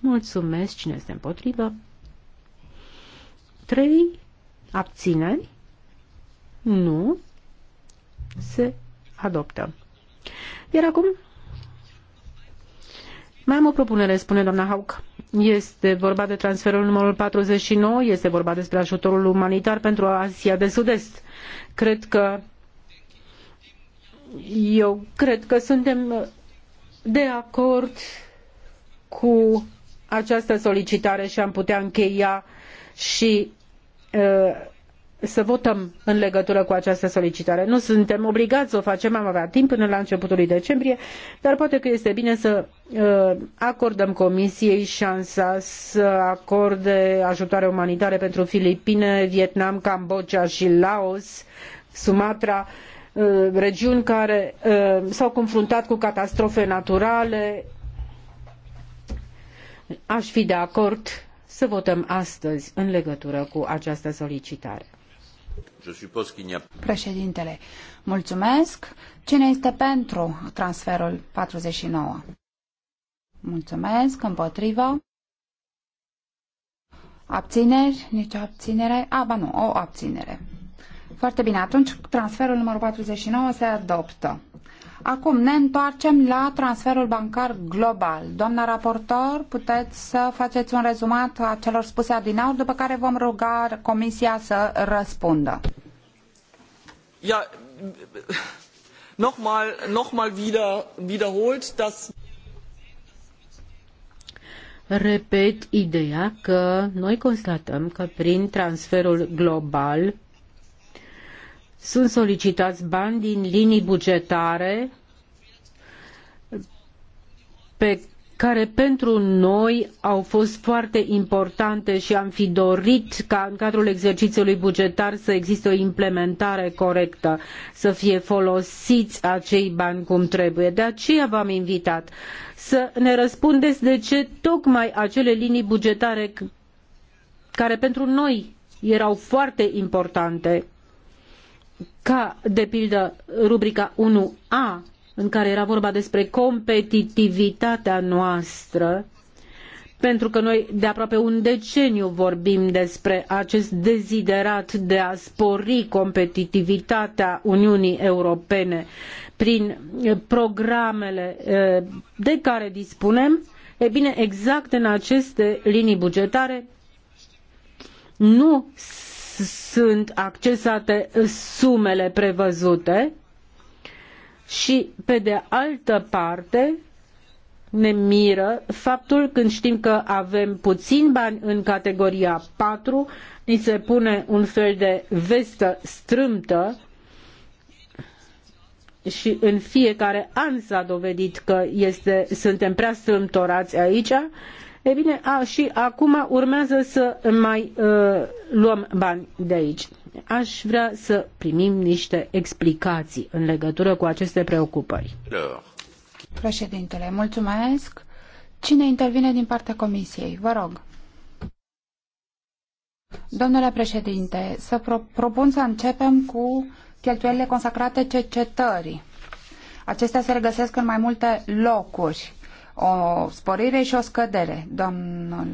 Mulțumesc. Cine este împotrivă? 3. Abțineri? Nu. Se adoptă. Iar acum mai am o propunere, spune doamna Hauk. Este vorba de transferul numărul 49, este vorba despre ajutorul umanitar pentru Asia de Sud-Est. Cred că eu cred că suntem de acord cu această solicitare și am putea încheia și uh, să votăm în legătură cu această solicitare. Nu suntem obligați să o facem, am avea timp până la începutul lui decembrie, dar poate că este bine să uh, acordăm Comisiei șansa să acorde ajutoare umanitare pentru Filipine, Vietnam, Cambodgia și Laos, Sumatra, uh, regiuni care uh, s-au confruntat cu catastrofe naturale. Aș fi de acord să votăm astăzi în legătură cu această solicitare. Președintele, mulțumesc. Cine este pentru transferul 49? Mulțumesc. Împotrivă? Abțineri? Nicio abținere? A, ba nu, o abținere. Foarte bine, atunci transferul numărul 49 se adoptă. Acum ne întoarcem la transferul bancar global. Doamna raportor, puteți să faceți un rezumat a celor spuse adinauri, după care vom ruga Comisia să răspundă. Ja, nochmal, nochmal wieder, wiederholt, dass Repet ideea că noi constatăm că prin transferul global sunt solicitați bani din linii bugetare pe care pentru noi au fost foarte importante și am fi dorit ca în cadrul exercițiului bugetar să existe o implementare corectă, să fie folosiți acei bani cum trebuie. De aceea v-am invitat să ne răspundeți de ce tocmai acele linii bugetare care pentru noi erau foarte importante ca, de pildă, rubrica 1A, în care era vorba despre competitivitatea noastră, pentru că noi de aproape un deceniu vorbim despre acest deziderat de a spori competitivitatea Uniunii Europene prin eh, programele eh, de care dispunem, e bine, exact în aceste linii bugetare nu sunt accesate sumele prevăzute și, pe de altă parte, ne miră faptul când știm că avem puțin bani în categoria patru, ni se pune un fel de vestă strâmtă și în fiecare an s-a dovedit că este, suntem prea strâmtorați aici E bine, a, și acum urmează să mai uh, luăm bani de aici. Aș vrea să primim niște explicații în legătură cu aceste preocupări. Președintele, mulțumesc. Cine intervine din partea comisiei? Vă rog. Domnule președinte, să pro propun să începem cu cheltuielile consacrate cercetării. Acestea se regăsesc în mai multe locuri o sporire și o scădere. Domnul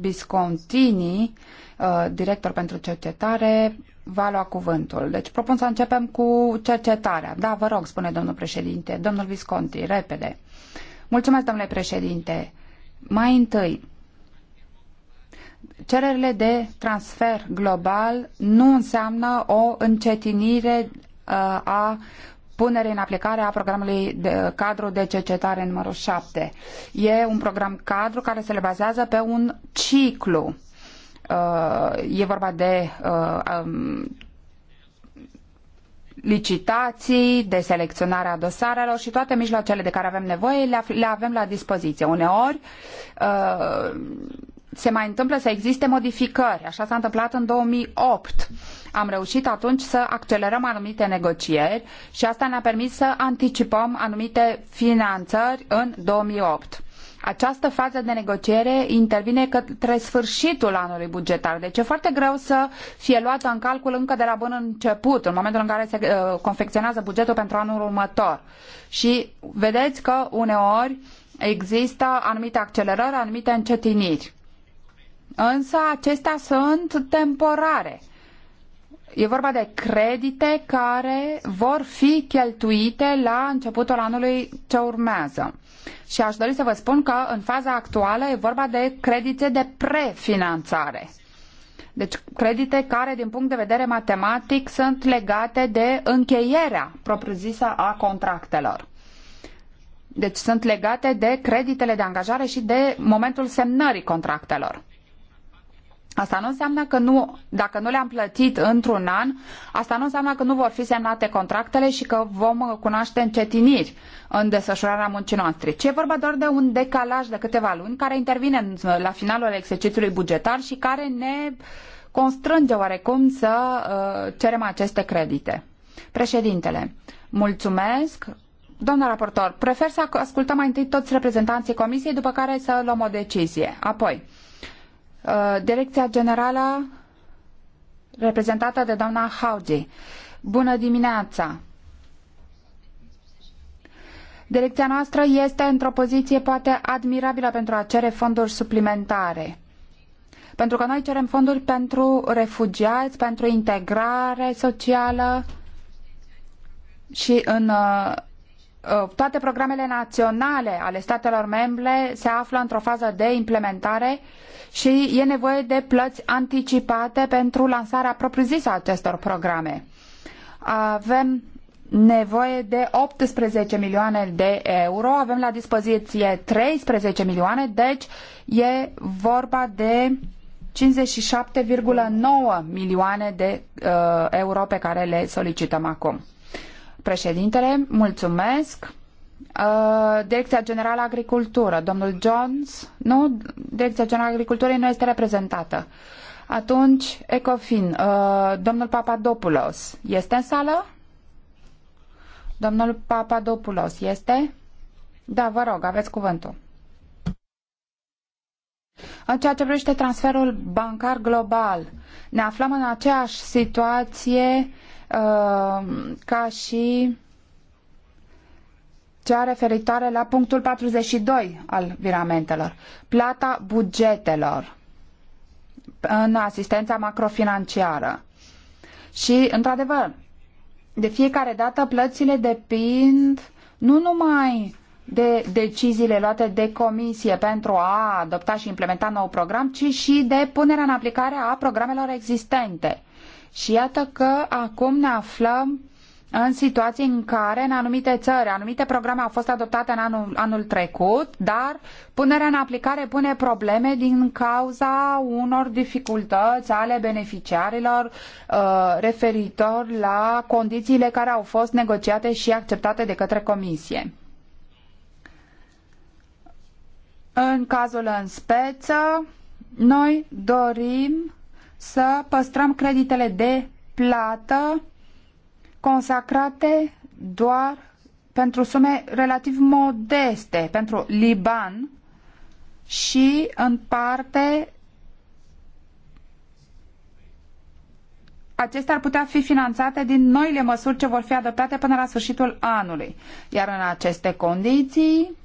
Biscontini, uh, director pentru cercetare, va lua cuvântul. Deci propun să începem cu cercetarea. Da, vă rog, spune domnul președinte. Domnul Visconti, repede. Mulțumesc, domnule președinte. Mai întâi, cererile de transfer global nu înseamnă o încetinire uh, a punere în aplicare a programului de cadru de cercetare numărul 7. E un program cadru care se bazează pe un ciclu. Uh, e vorba de uh, um, licitații, de selecționarea dosarelor și toate mijloacele de care avem nevoie le avem la dispoziție. Uneori uh, se mai întâmplă să existe modificări. Așa s-a întâmplat în 2008. Am reușit atunci să accelerăm anumite negocieri și asta ne-a permis să anticipăm anumite finanțări în 2008. Această fază de negociere intervine către sfârșitul anului bugetar, deci e foarte greu să fie luată în calcul încă de la bun început, în momentul în care se uh, confecționează bugetul pentru anul următor. Și vedeți că uneori există anumite accelerări, anumite încetiniri însă acestea sunt temporare. E vorba de credite care vor fi cheltuite la începutul anului ce urmează. Și aș dori să vă spun că în faza actuală e vorba de credite de prefinanțare. Deci credite care din punct de vedere matematic sunt legate de încheierea propriu-zisă a contractelor. Deci sunt legate de creditele de angajare și de momentul semnării contractelor. Asta nu înseamnă că nu, dacă nu le-am plătit într-un an, asta nu înseamnă că nu vor fi semnate contractele și că vom cunoaște încetiniri în desfășurarea muncii noastre, Ce vorba doar de un decalaj de câteva luni care intervine la finalul exercițiului bugetar și care ne constrânge oarecum să uh, cerem aceste credite. Președintele, mulțumesc. Domnul raportor, prefer să ascultăm mai întâi toți reprezentanții comisiei, după care să luăm o decizie. Apoi, Uh, Direcția Generală reprezentată de doamna Haugi. Bună dimineața! Direcția noastră este într-o poziție poate admirabilă pentru a cere fonduri suplimentare. Pentru că noi cerem fonduri pentru refugiați, pentru integrare socială și în uh, Uh, toate programele naționale ale statelor membre se află într-o fază de implementare și e nevoie de plăți anticipate pentru lansarea propriu-zisă a acestor programe. Avem nevoie de 18 milioane de euro, avem la dispoziție 13 milioane, deci e vorba de 57,9 milioane de uh, euro pe care le solicităm acum. Președintele, mulțumesc. Uh, Direcția Generală Agricultură, domnul Jones, nu, Direcția Generală Agriculturii nu este reprezentată. Atunci, Ecofin, uh, domnul Papadopoulos, este în sală? Domnul Papadopoulos este? Da, vă rog, aveți cuvântul. În ceea ce privește transferul bancar global, ne aflăm în aceeași situație uh, Uh, ca și cea referitoare la punctul 42 al viramentelor. Plata bugetelor în asistența macrofinanciară. Și, într-adevăr, de fiecare dată plățile depind nu numai de deciziile luate de comisie pentru a adopta și implementa nou program, ci și de punerea în aplicare a programelor existente. Și iată că acum ne aflăm în situații în care în anumite țări, anumite programe au fost adoptate în anul, anul trecut, dar punerea în aplicare pune probleme din cauza unor dificultăți ale beneficiarilor uh, referitor la condițiile care au fost negociate și acceptate de către Comisie. În cazul în speță, noi dorim să păstrăm creditele de plată consacrate doar pentru sume relativ modeste pentru Liban și în parte acestea ar putea fi finanțate din noile măsuri ce vor fi adoptate până la sfârșitul anului. Iar în aceste condiții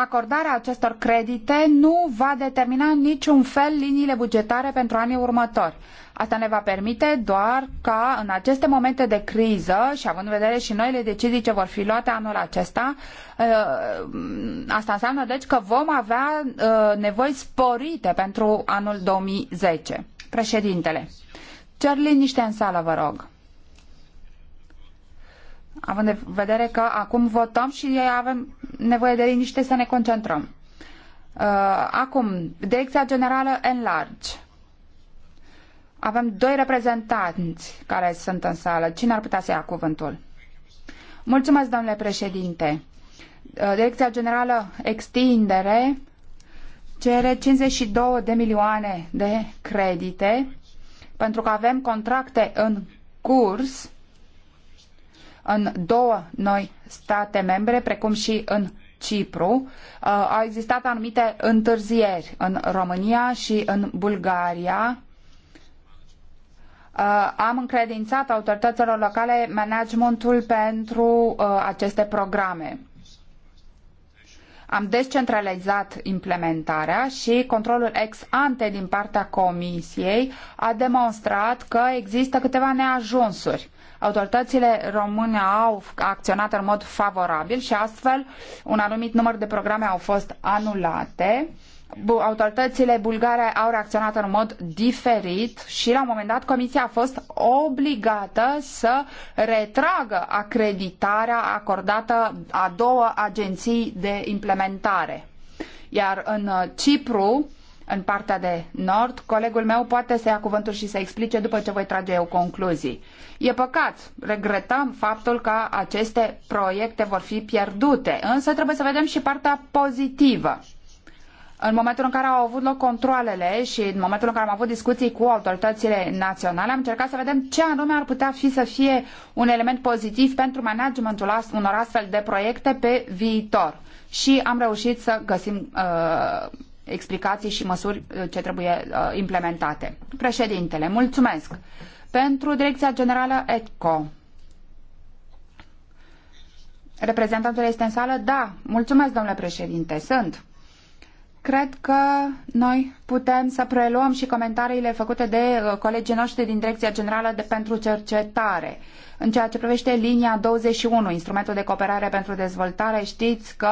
acordarea acestor credite nu va determina în niciun fel liniile bugetare pentru anii următori. Asta ne va permite doar ca în aceste momente de criză și având în vedere și noile decizii ce vor fi luate anul acesta, uh, asta înseamnă deci că vom avea uh, nevoi sporite pentru anul 2010. Președintele, cer liniște în sală, vă rog având în vedere că acum votăm și avem nevoie de liniște să ne concentrăm. Uh, acum, Direcția Generală Enlarge. Avem doi reprezentanți care sunt în sală. Cine ar putea să ia cuvântul? Mulțumesc, domnule președinte. Uh, Direcția Generală Extindere cere 52 de milioane de credite pentru că avem contracte în curs în două noi state membre, precum și în Cipru, uh, au existat anumite întârzieri în România și în Bulgaria. Uh, am încredințat autorităților locale managementul pentru uh, aceste programe. Am descentralizat implementarea și controlul ex ante din partea Comisiei a demonstrat că există câteva neajunsuri autoritățile române au acționat în mod favorabil și astfel un anumit număr de programe au fost anulate. Autoritățile bulgare au reacționat în mod diferit și la un moment dat comisia a fost obligată să retragă acreditarea acordată a două agenții de implementare. Iar în Cipru, în partea de nord. Colegul meu poate să ia cuvântul și să explice după ce voi trage eu concluzii. E păcat, regretăm faptul că aceste proiecte vor fi pierdute, însă trebuie să vedem și partea pozitivă. În momentul în care au avut loc controlele și în momentul în care am avut discuții cu autoritățile naționale, am încercat să vedem ce anume ar putea fi să fie un element pozitiv pentru managementul unor astfel de proiecte pe viitor. Și am reușit să găsim uh, explicații și măsuri uh, ce trebuie uh, implementate. Președintele, mulțumesc. Pentru Direcția Generală ETCO. Reprezentantul este în sală? Da. Mulțumesc, domnule președinte. Sunt cred că noi putem să preluăm și comentariile făcute de uh, colegii noștri din Direcția Generală de pentru Cercetare. În ceea ce privește linia 21, instrumentul de cooperare pentru dezvoltare, știți că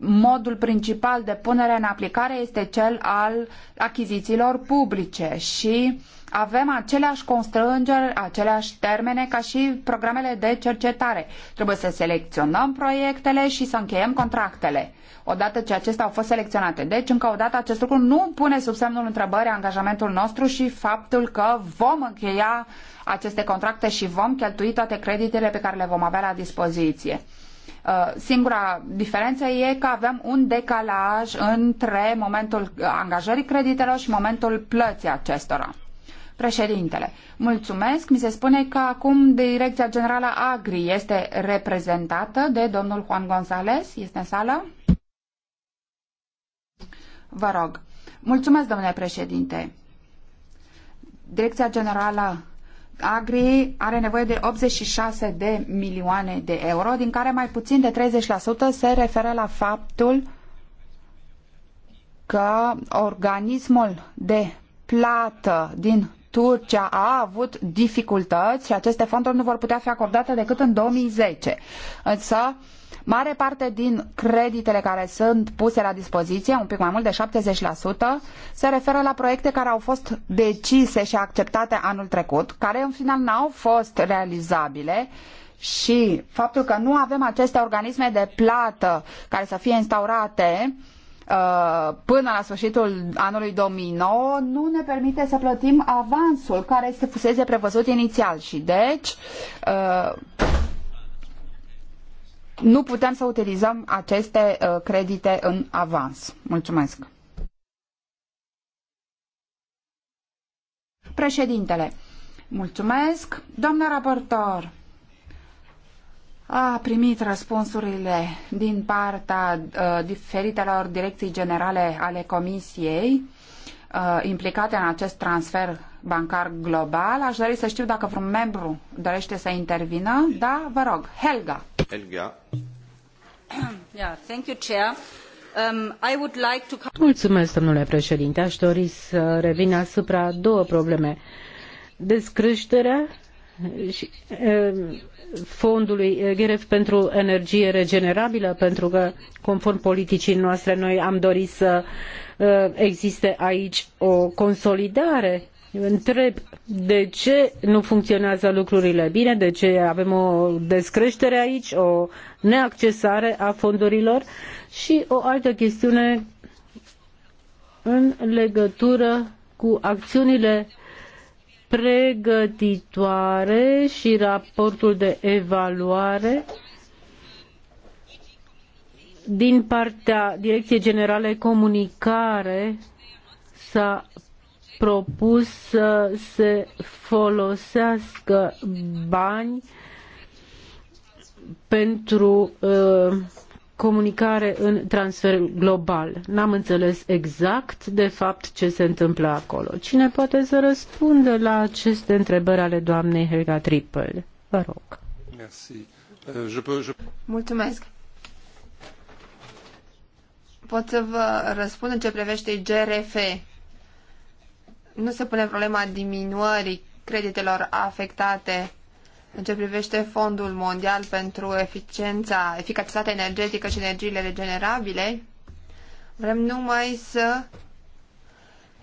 modul principal de punere în aplicare este cel al achizițiilor publice și avem aceleași constrângeri, aceleași termene ca și programele de cercetare. Trebuie să selecționăm proiectele și să încheiem contractele odată ce acestea au fost selecționate. Deci, încă o dată, acest lucru nu pune sub semnul întrebării angajamentul nostru și faptul că vom încheia aceste contracte și vom cheltui toate creditele pe care le vom avea la dispoziție. Uh, singura diferență e că avem un decalaj între momentul angajării creditelor și momentul plății acestora. Președintele, mulțumesc. Mi se spune că acum Direcția Generală Agri este reprezentată de domnul Juan González. Este în sală? Vă rog. Mulțumesc, domnule președinte. Direcția Generală Agri are nevoie de 86 de milioane de euro, din care mai puțin de 30% se referă la faptul că organismul de plată din Turcia a avut dificultăți și aceste fonduri nu vor putea fi acordate decât în 2010. Însă, Mare parte din creditele care sunt puse la dispoziție, un pic mai mult de 70%, se referă la proiecte care au fost decise și acceptate anul trecut, care în final n-au fost realizabile și faptul că nu avem aceste organisme de plată care să fie instaurate uh, până la sfârșitul anului 2009 nu ne permite să plătim avansul care este fuseze prevăzut inițial și deci uh, nu putem să utilizăm aceste uh, credite în avans. Mulțumesc. Președintele, mulțumesc. Doamna raportor, a primit răspunsurile din partea uh, diferitelor direcții generale ale Comisiei uh, implicate în acest transfer bancar global. Aș dori să știu dacă vreun membru dorește să intervină. Da, vă rog. Helga. Helga. yeah, thank you, Chair. Um, I would like to... Mulțumesc, domnule președinte. Aș dori să revin asupra două probleme. Descrâșterea și um, fondului GREF pentru energie regenerabilă, pentru că, conform politicii noastre, noi am dorit să uh, existe aici o consolidare întreb de ce nu funcționează lucrurile bine, de ce avem o descreștere aici, o neaccesare a fondurilor și o altă chestiune în legătură cu acțiunile pregătitoare și raportul de evaluare din partea Direcției Generale Comunicare s-a propus să se folosească bani pentru uh, comunicare în transfer global. N-am înțeles exact, de fapt, ce se întâmplă acolo. Cine poate să răspundă la aceste întrebări ale doamnei Helga Trippel? Vă rog. Euh, Mulțumesc. Pot să vă răspund în ce privește GRF nu se pune problema diminuării creditelor afectate în ce privește Fondul Mondial pentru eficiența, eficacitatea energetică și energiile regenerabile, vrem numai să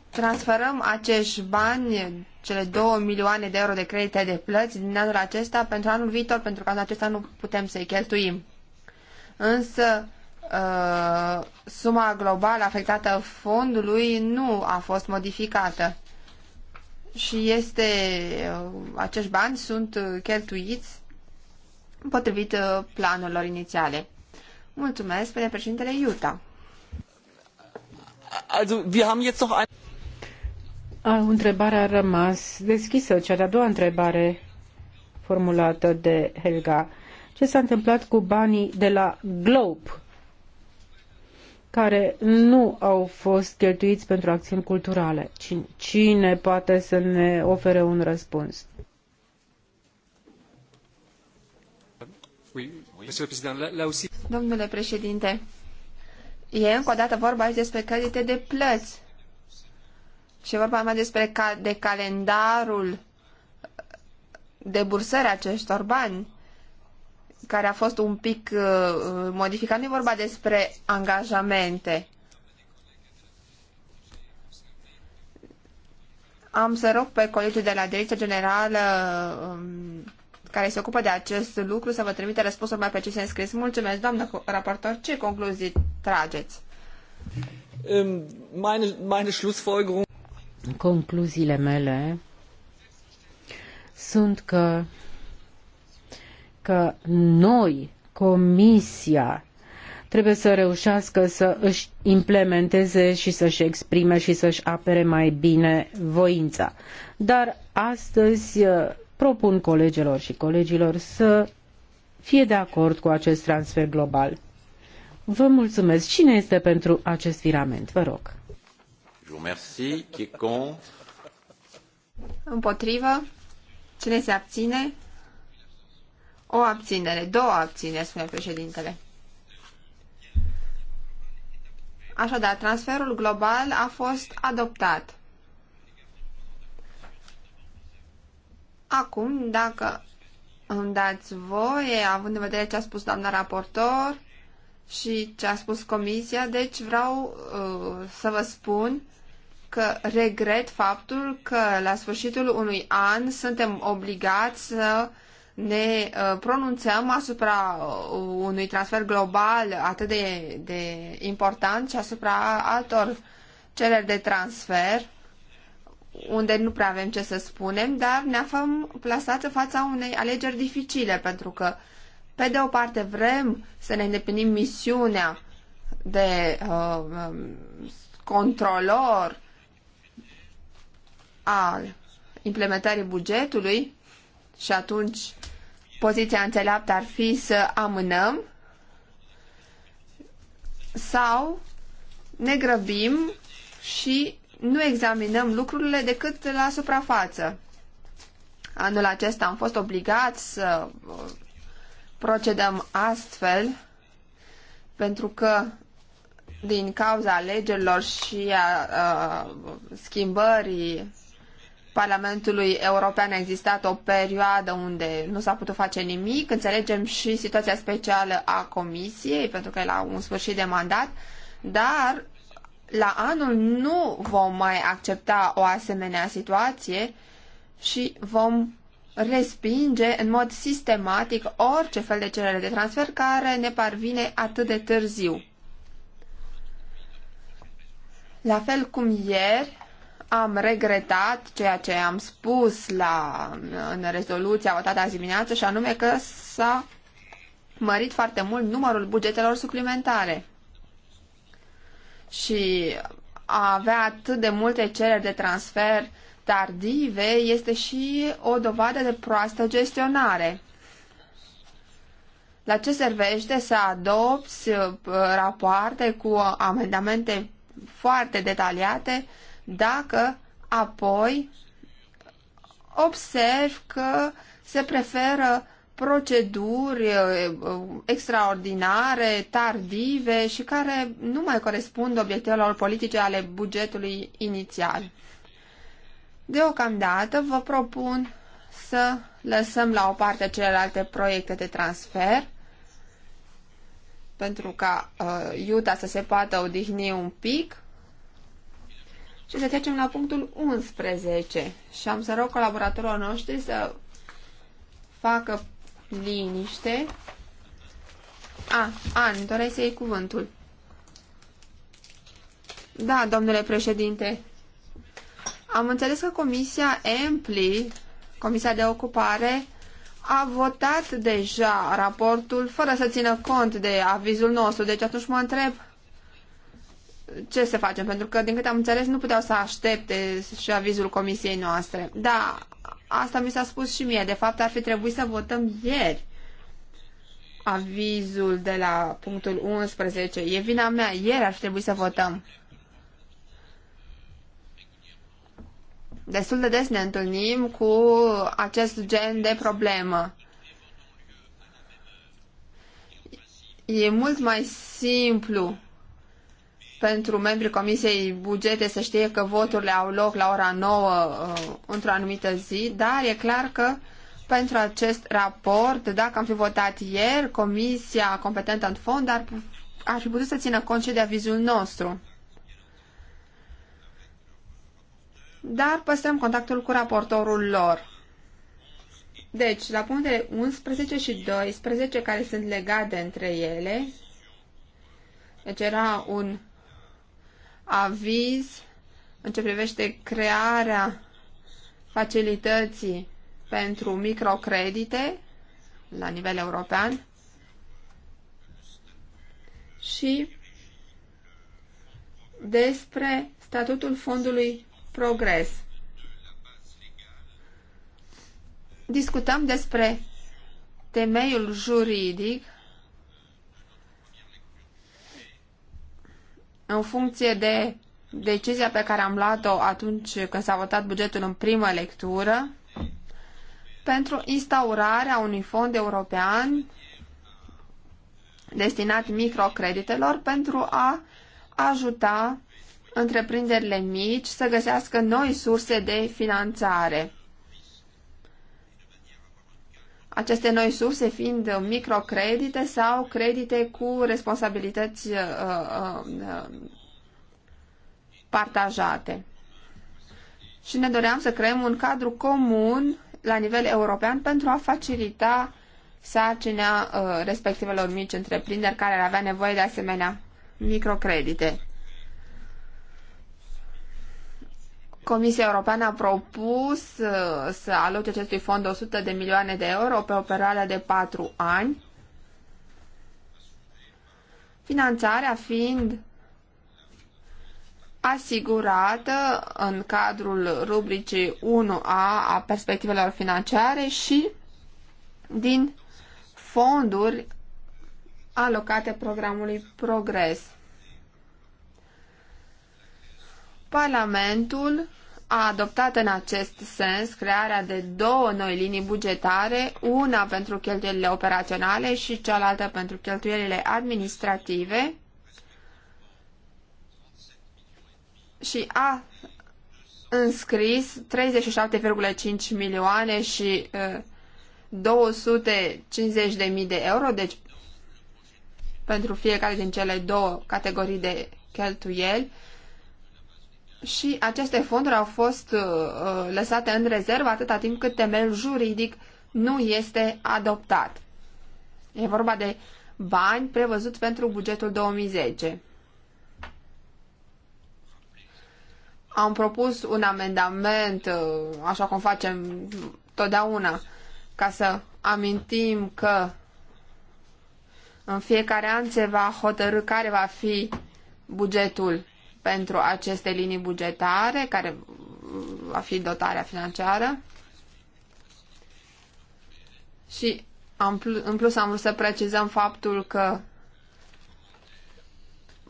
transferăm acești bani, cele 2 milioane de euro de credite de plăți din anul acesta pentru anul viitor, pentru că anul acesta nu putem să-i cheltuim. Însă, uh, suma globală afectată fondului nu a fost modificată și este, uh, acești bani sunt uh, cheltuiți potrivit uh, planurilor inițiale. Mulțumesc, spune președintele Iuta. Also, wir haben jetzt noch ein... Întrebarea a rămas deschisă, cea de-a doua întrebare formulată de Helga. Ce s-a întâmplat cu banii de la Globe? care nu au fost cheltuiți pentru acțiuni culturale. Cine poate să ne ofere un răspuns? Domnule președinte, e încă o dată vorba aici despre credite de plăți. Și vorba mai despre ca, de calendarul de bursări acestor bani care a fost un pic uh, modificat. Nu e vorba despre angajamente. Am să rog pe colegiul de la Direcția Generală um, care se ocupă de acest lucru să vă trimite răspunsul mai precis în scris. Mulțumesc, doamnă raportor. Ce concluzii trageți? Meine, meine Schlussfolgerung... Concluziile mele sunt că că noi, Comisia, trebuie să reușească să își implementeze și să-și exprime și să-și apere mai bine voința. Dar astăzi uh, propun colegilor și colegilor să fie de acord cu acest transfer global. Vă mulțumesc. Cine este pentru acest virament? Vă rog. Împotrivă. Cine se abține? O abținere, două abțineri, spune președintele. Așadar, transferul global a fost adoptat. Acum, dacă îmi dați voie, având în vedere ce a spus doamna raportor și ce a spus comisia, deci vreau uh, să vă spun că regret faptul că la sfârșitul unui an suntem obligați să uh, ne uh, pronunțăm asupra uh, unui transfer global atât de, de important și asupra altor cereri de transfer unde nu prea avem ce să spunem, dar ne aflăm plasați în fața unei alegeri dificile, pentru că, pe de o parte, vrem să ne îndeplinim misiunea de uh, um, controlor al implementării bugetului și atunci poziția înțeleaptă ar fi să amânăm sau ne grăbim și nu examinăm lucrurile decât la suprafață. Anul acesta am fost obligați să uh, procedăm astfel pentru că din cauza alegerilor și a, a uh, schimbării Parlamentului European a existat o perioadă unde nu s-a putut face nimic, înțelegem și situația specială a Comisiei, pentru că e la un sfârșit de mandat, dar la anul nu vom mai accepta o asemenea situație și vom respinge în mod sistematic orice fel de cerere de transfer care ne parvine atât de târziu. La fel cum ieri, am regretat ceea ce am spus la, în rezoluția votată azi dimineață și anume că s-a mărit foarte mult numărul bugetelor suplimentare. Și a avea atât de multe cereri de transfer tardive este și o dovadă de proastă gestionare. La ce servește să adopți uh, rapoarte cu amendamente foarte detaliate dacă apoi observ că se preferă proceduri eh, eh, extraordinare, tardive și care nu mai corespund obiectivelor politice ale bugetului inițial. Deocamdată vă propun să lăsăm la o parte celelalte proiecte de transfer pentru ca uh, Iuta să se poată odihni un pic și să trecem la punctul 11. Și am să rog colaboratorilor noștri să facă liniște. A, Ani, doresc să iei cuvântul. Da, domnule președinte. Am înțeles că Comisia Empli, Comisia de Ocupare, a votat deja raportul fără să țină cont de avizul nostru, deci atunci mă întreb ce să facem, pentru că, din câte am înțeles, nu puteau să aștepte și avizul comisiei noastre. Da, asta mi s-a spus și mie. De fapt, ar fi trebuit să votăm ieri avizul de la punctul 11. E vina mea. Ieri ar fi trebuit să votăm. Destul de des ne întâlnim cu acest gen de problemă. E mult mai simplu pentru membrii Comisiei Bugete să știe că voturile au loc la ora 9 uh, într-o anumită zi, dar e clar că pentru acest raport, dacă am fi votat ieri, Comisia competentă în fond ar, ar fi putut să țină cont și de avizul nostru. Dar păstrăm contactul cu raportorul lor. Deci, la punctele 11 și 12, care sunt legate între ele, deci era un aviz în ce privește crearea facilității pentru microcredite la nivel european și despre statutul fondului progres. Discutăm despre temeiul juridic în funcție de decizia pe care am luat-o atunci când s-a votat bugetul în primă lectură, pentru instaurarea unui fond european destinat microcreditelor pentru a ajuta întreprinderile mici să găsească noi surse de finanțare. Aceste noi surse fiind microcredite sau credite cu responsabilități uh, uh, uh, partajate. Și ne doream să creăm un cadru comun la nivel european pentru a facilita sarcinea uh, respectivelor mici întreprinderi care ar avea nevoie de asemenea microcredite. Comisia Europeană a propus uh, să aloce acestui fond 100 de milioane de euro pe o perioadă de 4 ani, finanțarea fiind asigurată în cadrul rubricii 1A a perspectivelor financiare și din fonduri alocate programului Progres. Parlamentul a adoptat în acest sens crearea de două noi linii bugetare, una pentru cheltuielile operaționale și cealaltă pentru cheltuielile administrative și a înscris 37,5 milioane și uh, 250.000 de euro, deci pentru fiecare din cele două categorii de cheltuieli și aceste fonduri au fost uh, uh, lăsate în rezervă atâta timp cât temel juridic nu este adoptat. E vorba de bani prevăzuți pentru bugetul 2010. Am propus un amendament, uh, așa cum facem totdeauna, ca să amintim că în fiecare an se va hotărâ care va fi bugetul pentru aceste linii bugetare, care va fi dotarea financiară. Și am, în plus am vrut să precizăm faptul că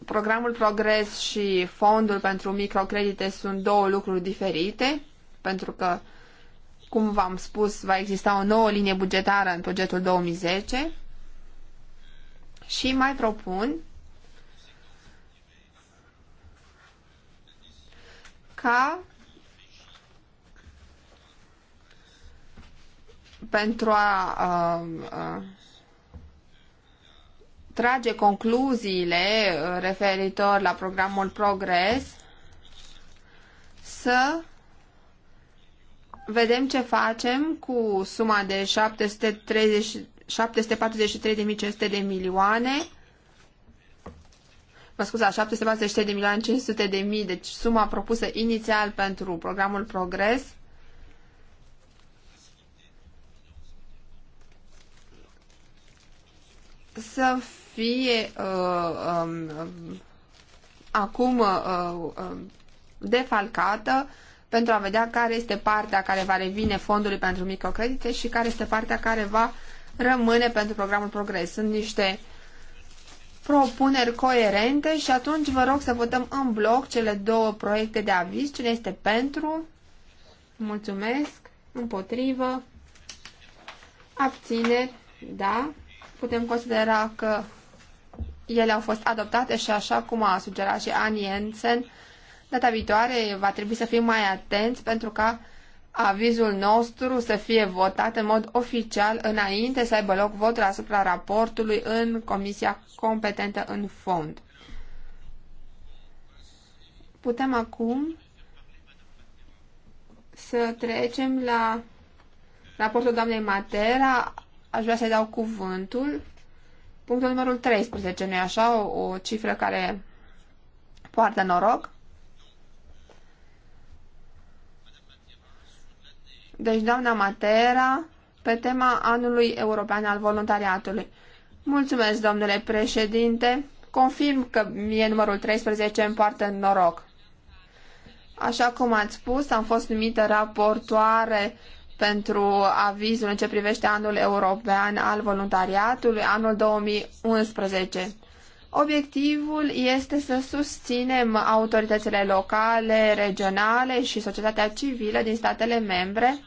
programul Progres și fondul pentru microcredite sunt două lucruri diferite, pentru că, cum v-am spus, va exista o nouă linie bugetară în bugetul 2010 și mai propun ca pentru a, a, a trage concluziile referitor la programul Progres să vedem ce facem cu suma de 743.500 de milioane mă scuze, la 743 de milioane 500 de mii, deci suma propusă inițial pentru programul Progres, să fie uh, um, um acum uh, uh, defalcată pentru a vedea care este partea care va revine fondului pentru microcredite și care este partea care va rămâne pentru programul Progres. Sunt niște uh, propuneri coerente și atunci vă rog să votăm în bloc cele două proiecte de aviz. Cine este pentru? Mulțumesc. Împotrivă. Abțineri. Da. Putem considera că ele au fost adoptate și așa cum a sugerat și Ani Jensen, data viitoare va trebui să fim mai atenți pentru ca avizul nostru să fie votat în mod oficial înainte să aibă loc votul asupra raportului în comisia competentă în fond. Putem acum să trecem la raportul doamnei Matera. Aș vrea să-i dau cuvântul. Punctul numărul 13, nu-i așa? O, o cifră care poartă noroc. deci doamna Matera, pe tema anului european al voluntariatului. Mulțumesc, domnule președinte. Confirm că mie numărul 13 îmi poartă noroc. Așa cum ați spus, am fost numită raportoare pentru avizul în ce privește anul european al voluntariatului, anul 2011. Obiectivul este să susținem autoritățile locale, regionale și societatea civilă din statele membre,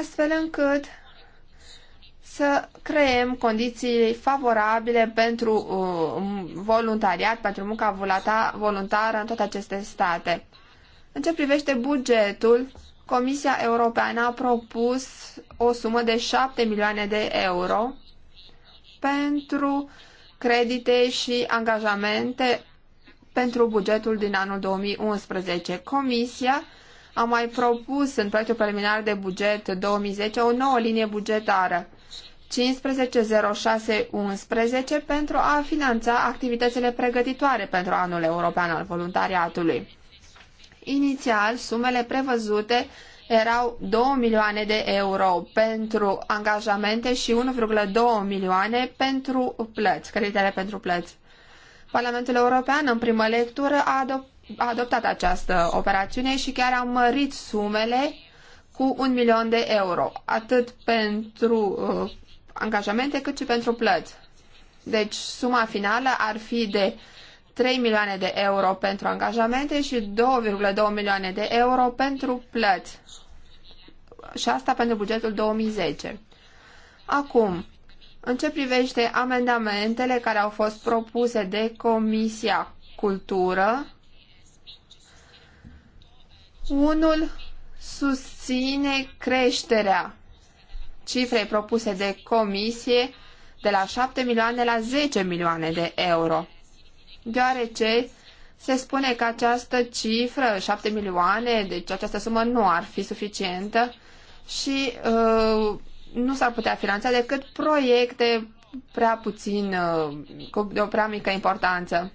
astfel încât să creăm condiții favorabile pentru uh, voluntariat, pentru munca voluntară în toate aceste state. În ce privește bugetul, Comisia Europeană a propus o sumă de 7 milioane de euro pentru uh, credite și angajamente pentru bugetul din anul 2011. Comisia a mai propus în proiectul preliminar de buget 2010 o nouă linie bugetară 150611 pentru a finanța activitățile pregătitoare pentru anul european al voluntariatului. Inițial, sumele prevăzute erau 2 milioane de euro pentru angajamente și 1,2 milioane pentru plăți, creditele pentru plăți. Parlamentul European, în primă lectură, a, adop- a adoptat această operațiune și chiar a mărit sumele cu un milion de euro, atât pentru uh, angajamente cât și pentru plăți. Deci suma finală ar fi de 3 milioane de euro pentru angajamente și 2,2 milioane de euro pentru plăți. Și asta pentru bugetul 2010. Acum, în ce privește amendamentele care au fost propuse de Comisia Cultură, unul susține creșterea cifrei propuse de comisie de la 7 milioane la 10 milioane de euro deoarece se spune că această cifră, 7 milioane, deci această sumă nu ar fi suficientă și uh, nu s-ar putea finanța decât proiecte prea puțin, uh, cu de o prea mică importanță.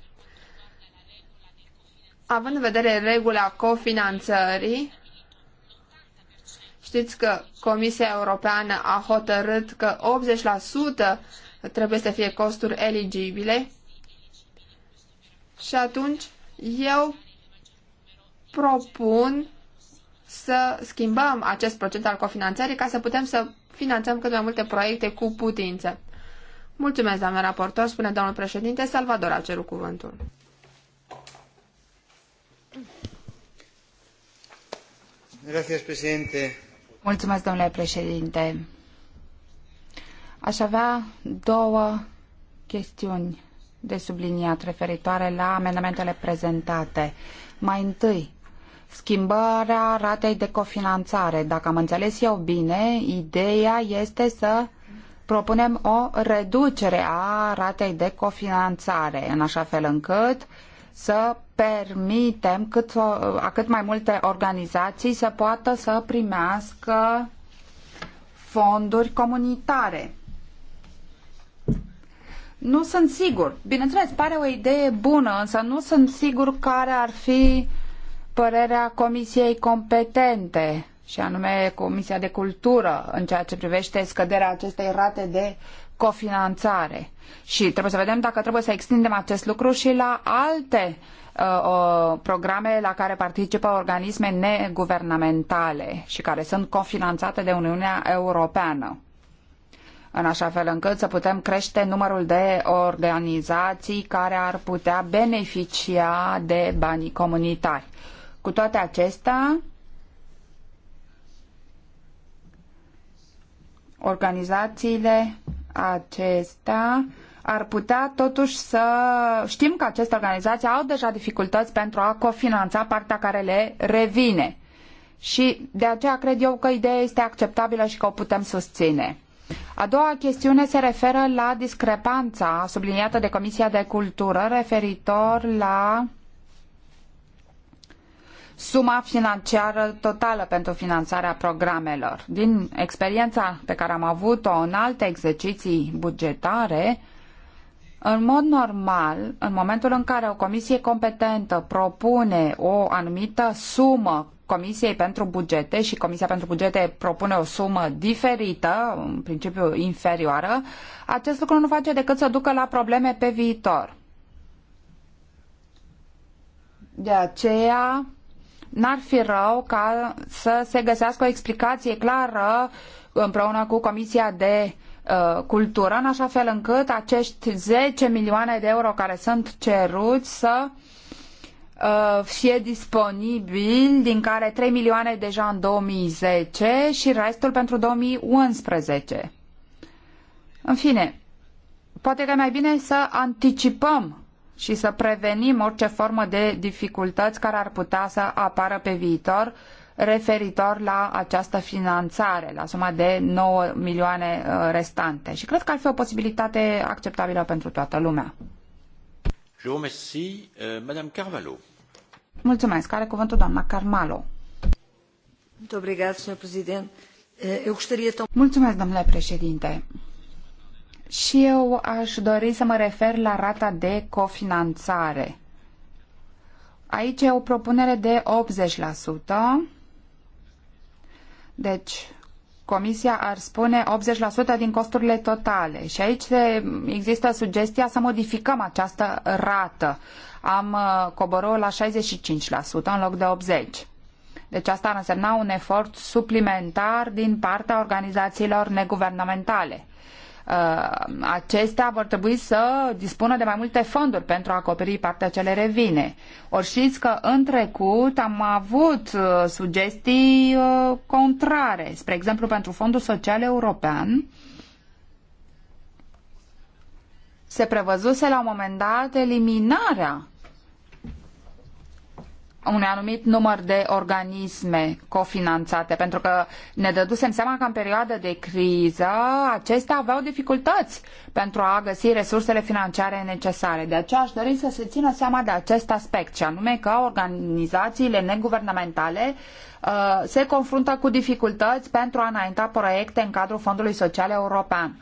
Având în vedere regula cofinanțării, știți că Comisia Europeană a hotărât că 80% trebuie să fie costuri eligibile, și atunci eu propun să schimbăm acest procent al cofinanțării ca să putem să finanțăm cât mai multe proiecte cu putință. Mulțumesc, doamne raportor, spune domnul președinte. Salvador a cerut cuvântul. Gracias, presidente. Mulțumesc, domnule președinte. Aș avea două chestiuni de subliniat referitoare la amendamentele prezentate. Mai întâi, schimbarea ratei de cofinanțare. Dacă am înțeles eu bine, ideea este să propunem o reducere a ratei de cofinanțare, în așa fel încât să permitem cât, a cât mai multe organizații să poată să primească fonduri comunitare. Nu sunt sigur. Bineînțeles, pare o idee bună, însă nu sunt sigur care ar fi părerea comisiei competente, și anume Comisia de Cultură, în ceea ce privește scăderea acestei rate de cofinanțare. Și trebuie să vedem dacă trebuie să extindem acest lucru și la alte uh, uh, programe la care participă organisme neguvernamentale și care sunt cofinanțate de Uniunea Europeană în așa fel încât să putem crește numărul de organizații care ar putea beneficia de banii comunitari. Cu toate acestea, organizațiile acestea ar putea totuși să știm că aceste organizații au deja dificultăți pentru a cofinanța partea care le revine. Și de aceea cred eu că ideea este acceptabilă și că o putem susține. A doua chestiune se referă la discrepanța subliniată de Comisia de Cultură referitor la suma financiară totală pentru finanțarea programelor. Din experiența pe care am avut-o în alte exerciții bugetare, în mod normal, în momentul în care o comisie competentă propune o anumită sumă Comisiei pentru Bugete și Comisia pentru Bugete propune o sumă diferită, în principiu inferioară, acest lucru nu face decât să ducă la probleme pe viitor. De aceea, n-ar fi rău ca să se găsească o explicație clară împreună cu Comisia de uh, Cultură, în așa fel încât acești 10 milioane de euro care sunt ceruți să uh, uh, fie disponibil, din care 3 milioane deja în 2010 și restul pentru 2011. În fine, poate că e mai bine să anticipăm și să prevenim orice formă de dificultăți care ar putea să apară pe viitor referitor la această finanțare, la suma de 9 milioane uh, restante. Și cred că ar fi o posibilitate acceptabilă pentru toată lumea. Euh, eh, Mulțumesc. domnule președinte. Și eu aș dori să mă refer la rata de cofinanțare. Aici e o propunere de 80%. Deci, Comisia ar spune 80% din costurile totale și aici există sugestia să modificăm această rată. Am uh, coborât la 65% în loc de 80%. Deci asta ar însemna un efort suplimentar din partea organizațiilor neguvernamentale. Uh, acestea vor trebui să dispună de mai multe fonduri pentru a acoperi partea ce le revine. Ori știți că în trecut am avut uh, sugestii uh, contrare, spre exemplu pentru Fondul Social European, se prevăzuse la un moment dat eliminarea un anumit număr de organisme cofinanțate, pentru că ne dădusem seama că în perioada de criză acestea aveau dificultăți pentru a găsi resursele financiare necesare. De aceea aș dori să se țină seama de acest aspect, și anume că organizațiile neguvernamentale uh, se confruntă cu dificultăți pentru a înainta proiecte în cadrul Fondului Social European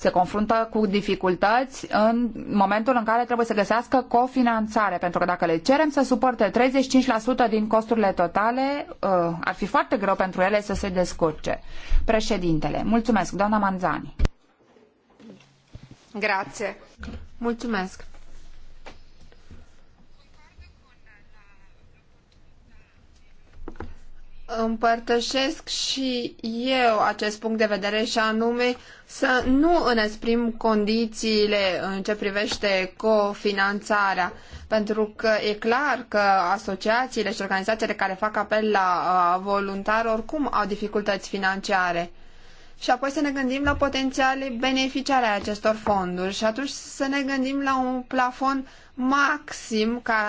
se confruntă cu dificultăți în momentul în care trebuie să găsească cofinanțare, pentru că dacă le cerem să suporte 35% din costurile totale, uh, ar fi foarte greu pentru ele să se descurce. Președintele, mulțumesc, doamna Manzani. Grație. Mulțumesc. împărtășesc și eu acest punct de vedere și anume să nu înăsprim condițiile în ce privește cofinanțarea, pentru că e clar că asociațiile și organizațiile care fac apel la uh, voluntari oricum au dificultăți financiare. Și apoi să ne gândim la potențiale beneficiare ale acestor fonduri și atunci să ne gândim la un plafon maxim ca,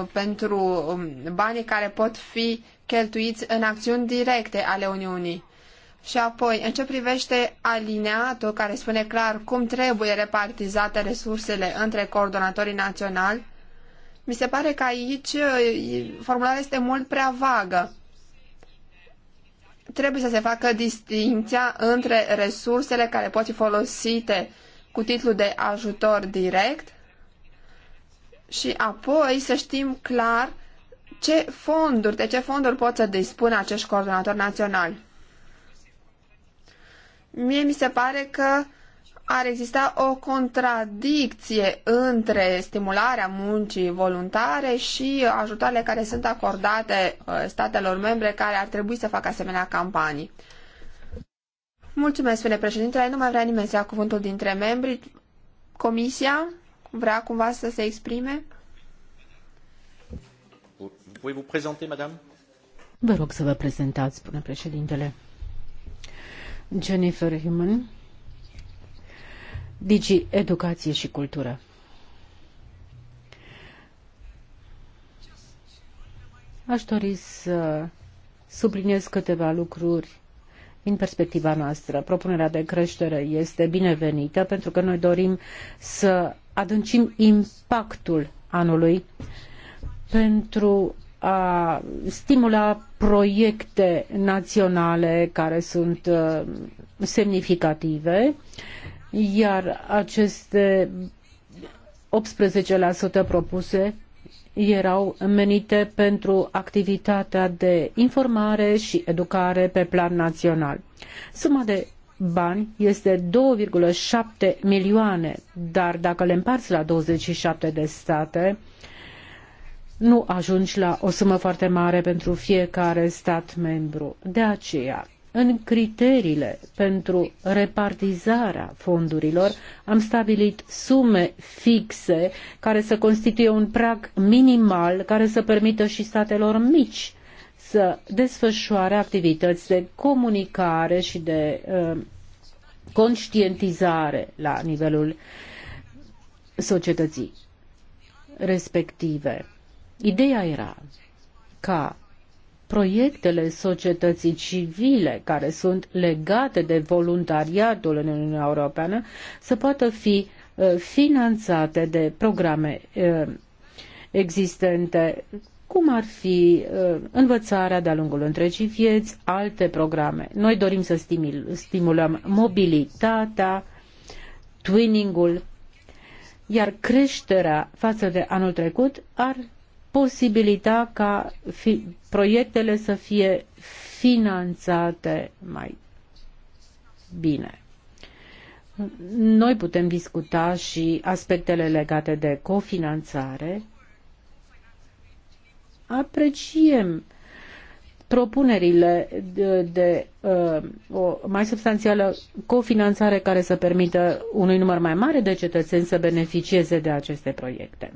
uh, pentru um, banii care pot fi cheltuiți în acțiuni directe ale Uniunii. Și apoi, în ce privește alineatul care spune clar cum trebuie repartizate resursele între coordonatorii naționali, mi se pare că aici formularea este mult prea vagă. Trebuie să se facă distinția între resursele care pot fi folosite cu titlu de ajutor direct și apoi să știm clar ce fonduri, de ce fonduri pot să dispună acești coordonatori naționali? Mie mi se pare că ar exista o contradicție între stimularea muncii voluntare și ajutoarele care sunt acordate uh, statelor membre care ar trebui să facă asemenea campanii. Mulțumesc, spune președintele. Nu mai vrea nimeni să ia cuvântul dintre membri. Comisia vrea cumva să se exprime? pouvez vous présenter, madame? Vă rog să vă prezentați, spune președintele. Jennifer Human, Digi Educație și Cultură. Aș dori să subliniez câteva lucruri din perspectiva noastră. Propunerea de creștere este binevenită pentru că noi dorim să adâncim impactul anului pentru a stimula proiecte naționale care sunt semnificative, iar aceste 18% propuse erau menite pentru activitatea de informare și educare pe plan național. Suma de bani este 2,7 milioane, dar dacă le împarți la 27 de state, nu ajungi la o sumă foarte mare pentru fiecare stat membru. De aceea, în criteriile pentru repartizarea fondurilor am stabilit sume fixe care să constituie un prag minimal care să permită și statelor mici să desfășoare activități de comunicare și de uh, conștientizare la nivelul societății respective. Ideea era ca proiectele societății civile care sunt legate de voluntariatul în Uniunea Europeană să poată fi uh, finanțate de programe uh, existente, cum ar fi uh, învățarea de-a lungul întregii vieți, alte programe. Noi dorim să stimulăm mobilitatea, twinning-ul, iar creșterea față de anul trecut ar posibilita ca fi, proiectele să fie finanțate mai bine. Noi putem discuta și aspectele legate de cofinanțare. Apreciem propunerile de, de uh, o mai substanțială cofinanțare care să permită unui număr mai mare de cetățeni să beneficieze de aceste proiecte.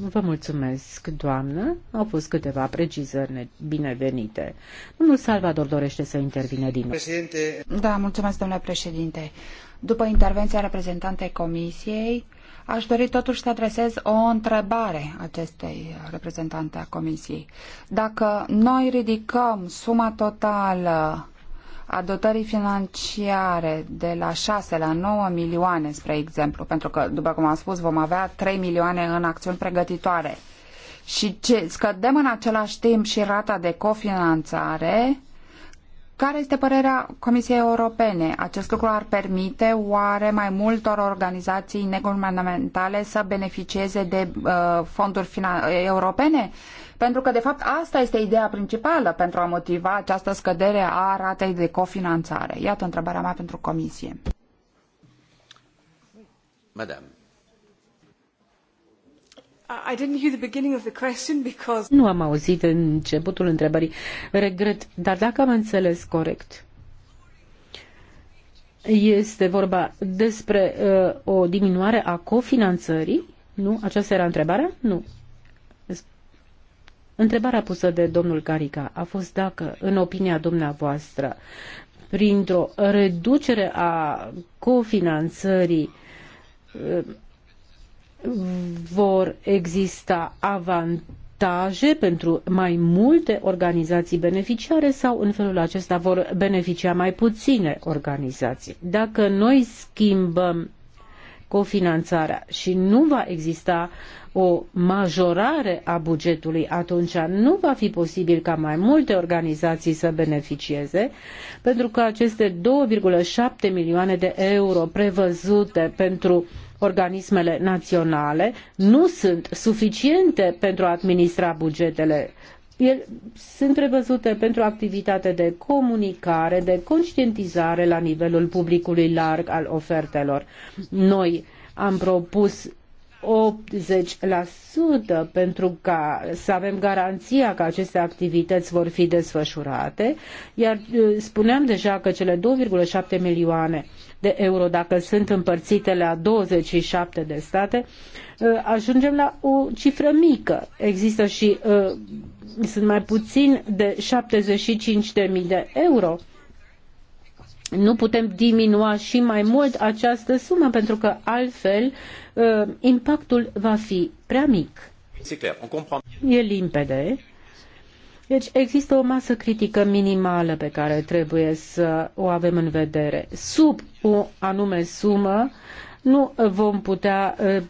Vă mulțumesc, doamnă. Au fost câteva precizări binevenite. Domnul Salvador dorește să intervine din nou. Președinte... Da, mulțumesc, domnule președinte. După intervenția reprezentantei comisiei, aș dori totuși să adresez o întrebare acestei reprezentante a comisiei. Dacă noi ridicăm suma totală a dotării financiare de la 6 la 9 milioane, spre exemplu, pentru că, după cum am spus, vom avea 3 milioane în acțiuni pregătitoare și ce, scădem în același timp și rata de cofinanțare, care este părerea Comisiei Europene? Acest lucru ar permite oare mai multor organizații neguvernamentale să beneficieze de uh, fonduri europene? Pentru că, de fapt, asta este ideea principală pentru a motiva această scădere a ratei de cofinanțare. Iată întrebarea mea pentru Comisie. Madame. I didn't hear the beginning of the question because... Nu am auzit începutul întrebării. Regret, dar dacă am înțeles corect, este vorba despre uh, o diminuare a cofinanțării? Nu? Aceasta era întrebarea? Nu. Întrebarea pusă de domnul Carica a fost dacă, în opinia dumneavoastră, printr-o reducere a cofinanțării ă, vor exista avantaje pentru mai multe organizații beneficiare sau în felul acesta vor beneficia mai puține organizații. Dacă noi schimbăm cofinanțarea și nu va exista o majorare a bugetului, atunci nu va fi posibil ca mai multe organizații să beneficieze, pentru că aceste 2,7 milioane de euro prevăzute pentru organismele naționale nu sunt suficiente pentru a administra bugetele el, sunt prevăzute pentru activitate de comunicare, de conștientizare la nivelul publicului larg al ofertelor. Noi am propus 80% pentru ca să avem garanția că aceste activități vor fi desfășurate, iar uh, spuneam deja că cele 2,7 milioane de euro, dacă sunt împărțite la 27 de state, uh, ajungem la o cifră mică. Există și uh, sunt mai puțin de 75.000 de euro. Nu putem diminua și mai mult această sumă pentru că altfel uh, impactul va fi prea mic. E limpede. Deci există o masă critică minimală pe care trebuie să o avem în vedere. Sub o anume sumă nu vom putea uh,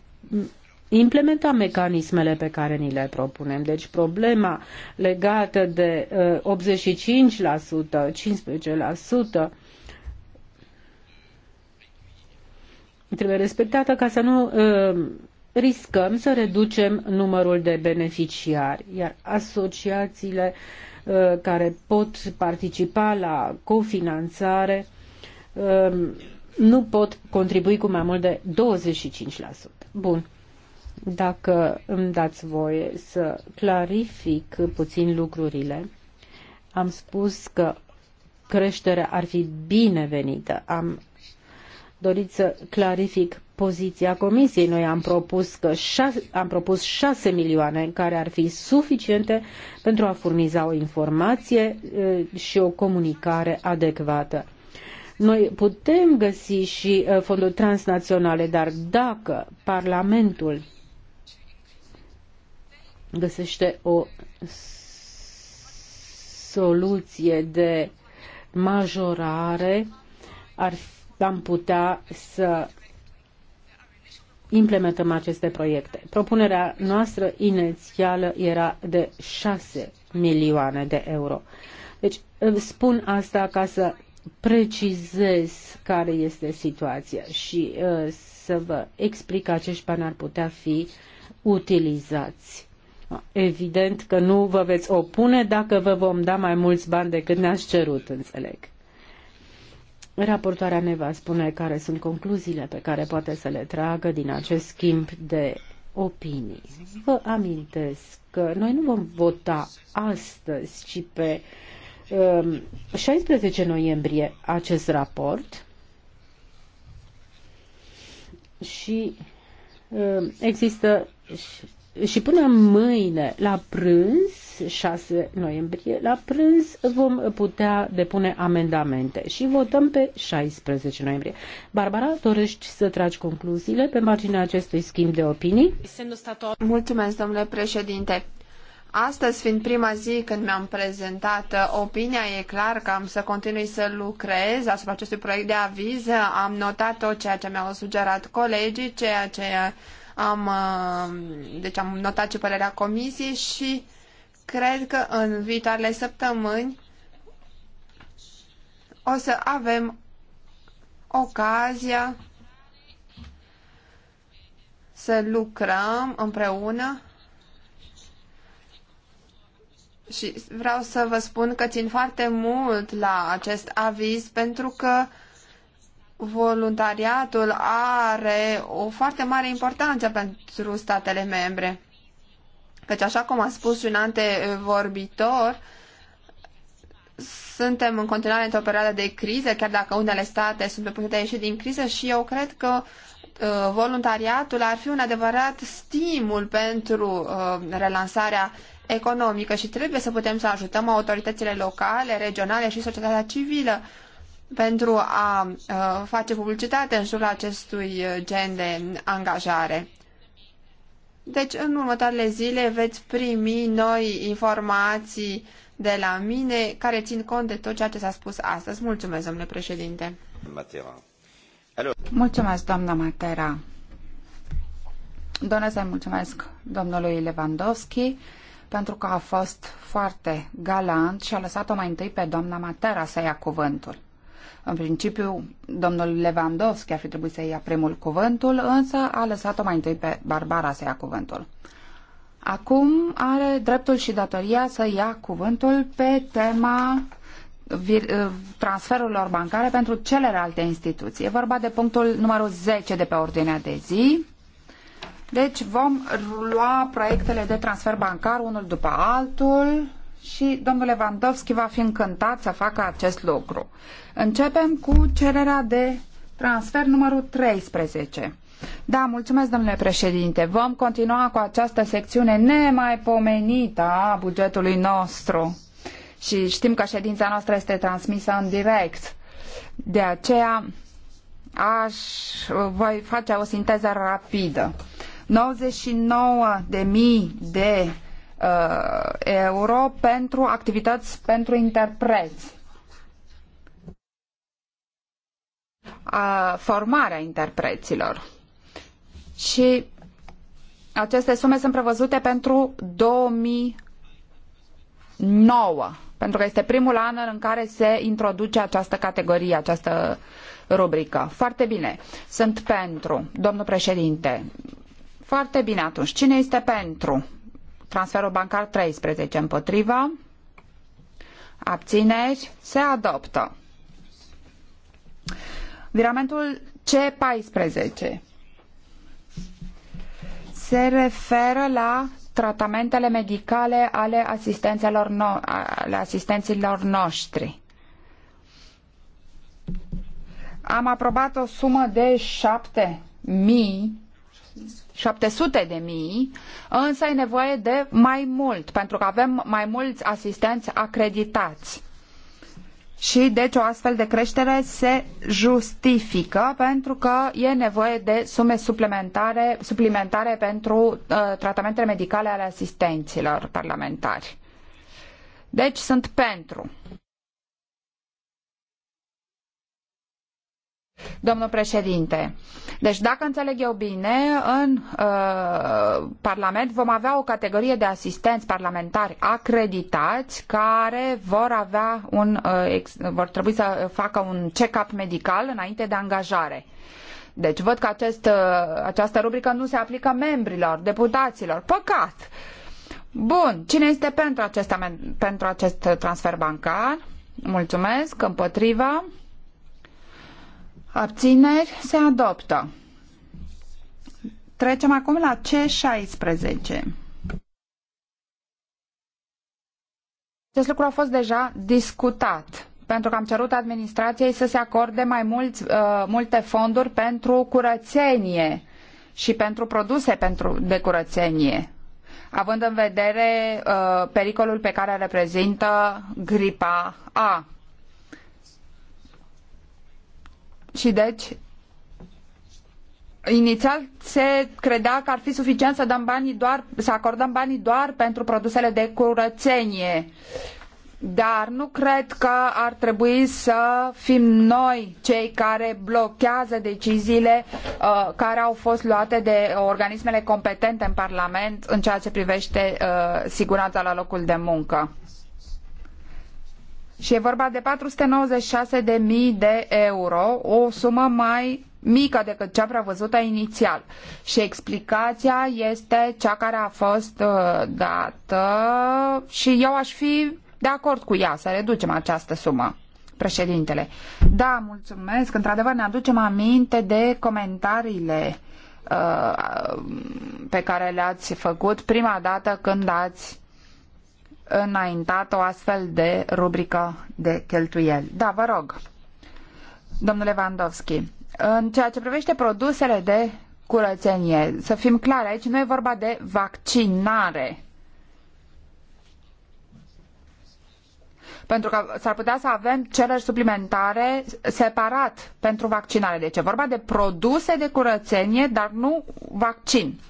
implementa mecanismele pe care ni le propunem. Deci problema legată de uh, 85%, 15% trebuie respectată ca să nu uh, riscăm să reducem numărul de beneficiari, iar asociațiile uh, care pot participa la cofinanțare uh, nu pot contribui cu mai mult de 25%. Bun. Dacă îmi dați voie să clarific puțin lucrurile, am spus că creșterea ar fi binevenită. Am dorit să clarific poziția Comisiei. Noi am propus, că șase, am propus șase milioane care ar fi suficiente pentru a furniza o informație și o comunicare adecvată. Noi putem găsi și fonduri transnaționale, dar dacă Parlamentul găsește o soluție de majorare, ar, am putea să implementăm aceste proiecte. Propunerea noastră inițială era de 6 milioane de euro. Deci spun asta ca să precizez care este situația și uh, să vă explic că acești bani ar putea fi utilizați. Evident că nu vă veți opune dacă vă vom da mai mulți bani decât ne-ați cerut, înțeleg. Raportoarea ne va spune care sunt concluziile pe care poate să le tragă din acest schimb de opinii. Vă amintesc că noi nu vom vota astăzi, ci pe um, 16 noiembrie acest raport și um, există și până mâine la prânz, 6 noiembrie, la prânz vom putea depune amendamente și votăm pe 16 noiembrie. Barbara, dorești să tragi concluziile pe marginea acestui schimb de opinii? Mulțumesc, domnule președinte. Astăzi, fiind prima zi când mi-am prezentat opinia, e clar că am să continui să lucrez asupra acestui proiect de aviz. Am notat tot ceea ce mi-au sugerat colegii, ceea ce am, uh, deci am notat și părerea comisiei și cred că în viitoarele săptămâni o să avem ocazia să lucrăm împreună și vreau să vă spun că țin foarte mult la acest aviz pentru că voluntariatul are o foarte mare importanță pentru statele membre. Căci, așa cum a spus un antevorbitor, suntem în continuare într-o perioadă de criză, chiar dacă unele state sunt pe putea de a ieși din criză și eu cred că uh, voluntariatul ar fi un adevărat stimul pentru uh, relansarea economică și trebuie să putem să ajutăm autoritățile locale, regionale și societatea civilă pentru a uh, face publicitate în jurul acestui uh, gen de angajare. Deci, în următoarele zile veți primi noi informații de la mine care țin cont de tot ceea ce s-a spus astăzi. Mulțumesc, domnule președinte. Mulțumesc, doamna Matera. Doamne să-i mulțumesc domnului Lewandowski pentru că a fost foarte galant și a lăsat-o mai întâi pe doamna Matera să ia cuvântul. În principiu, domnul Lewandowski ar fi trebuit să ia primul cuvântul, însă a lăsat-o mai întâi pe Barbara să ia cuvântul. Acum are dreptul și datoria să ia cuvântul pe tema uh, transferurilor bancare pentru celelalte instituții. E vorba de punctul numărul 10 de pe ordinea de zi. Deci vom lua proiectele de transfer bancar unul după altul și domnul Lewandowski va fi încântat să facă acest lucru. Începem cu cererea de transfer numărul 13. Da, mulțumesc, domnule președinte. Vom continua cu această secțiune nemaipomenită a bugetului nostru. Și știm că ședința noastră este transmisă în direct. De aceea aș, voi face o sinteză rapidă. 99.000 de mii de uh, euro pentru activități pentru interpreți. Uh, formarea interpreților. Și aceste sume sunt prevăzute pentru 2009, pentru că este primul an în care se introduce această categorie, această rubrică. Foarte bine. Sunt pentru, domnul președinte. Foarte bine atunci. Cine este pentru? Transferul bancar 13 împotriva. Abțineri. Se adoptă. Viramentul C14 se referă la tratamentele medicale ale, no- ale asistenților noștri. Am aprobat o sumă de șapte mii 700 de mii, însă e nevoie de mai mult, pentru că avem mai mulți asistenți acreditați. Și deci o astfel de creștere se justifică pentru că e nevoie de sume suplimentare, suplimentare pentru uh, tratamentele medicale ale asistenților parlamentari. Deci sunt pentru. Domnul președinte, deci dacă înțeleg eu bine, în uh, Parlament vom avea o categorie de asistenți parlamentari acreditați care vor avea un, uh, ex, vor trebui să facă un check-up medical înainte de angajare. Deci văd că acest, uh, această rubrică nu se aplică membrilor, deputaților. Păcat! Bun, cine este pentru acest, pentru acest transfer bancar? Mulțumesc, împotriva. Abțineri se adoptă. Trecem acum la C16. Acest lucru a fost deja discutat, pentru că am cerut administrației să se acorde mai mulți, uh, multe fonduri pentru curățenie și pentru produse pentru, de curățenie, având în vedere uh, pericolul pe care reprezintă gripa A. Și deci, inițial se credea că ar fi suficient să dăm banii doar, să acordăm banii doar pentru produsele de curățenie. Dar nu cred că ar trebui să fim noi cei care blochează deciziile uh, care au fost luate de organismele competente în Parlament în ceea ce privește uh, siguranța la locul de muncă. Și e vorba de 496.000 de de euro, o sumă mai mică decât cea prevăzută inițial. Și explicația este cea care a fost uh, dată și eu aș fi de acord cu ea, să reducem această sumă. Președintele. Da, mulțumesc. Într-adevăr, ne aducem aminte de comentariile uh, pe care le-ați făcut prima dată când ați înaintat o astfel de rubrică de cheltuieli. Da, vă rog, domnule Vandovski, în ceea ce privește produsele de curățenie, să fim clari, aici nu e vorba de vaccinare. Pentru că s-ar putea să avem cereri suplimentare separat pentru vaccinare. Deci e vorba de produse de curățenie, dar nu vaccin.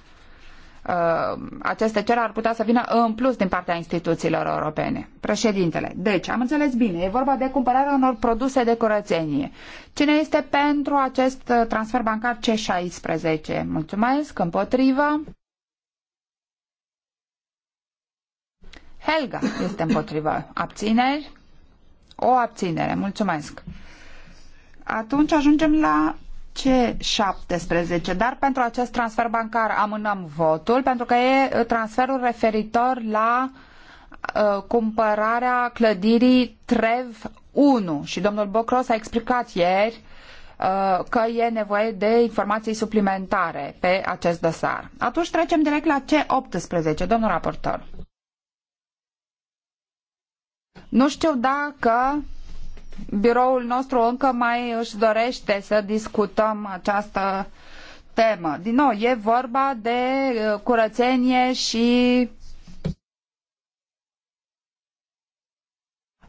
Uh, aceste cereri ar putea să vină în plus din partea instituțiilor europene. Președintele, deci am înțeles bine, e vorba de cumpărarea unor produse de curățenie. Cine este pentru acest uh, transfer bancar C16? Mulțumesc, împotrivă. Helga este împotrivă. Abțineri? O abținere, mulțumesc. Atunci ajungem la C17, dar pentru acest transfer bancar amânăm votul pentru că e uh, transferul referitor la uh, cumpărarea clădirii Trev 1 și domnul Bocros a explicat ieri uh, că e nevoie de informații suplimentare pe acest dosar. Atunci trecem direct la C18, domnul raportor. Nu știu dacă biroul nostru încă mai își dorește să discutăm această temă. Din nou, e vorba de uh, curățenie și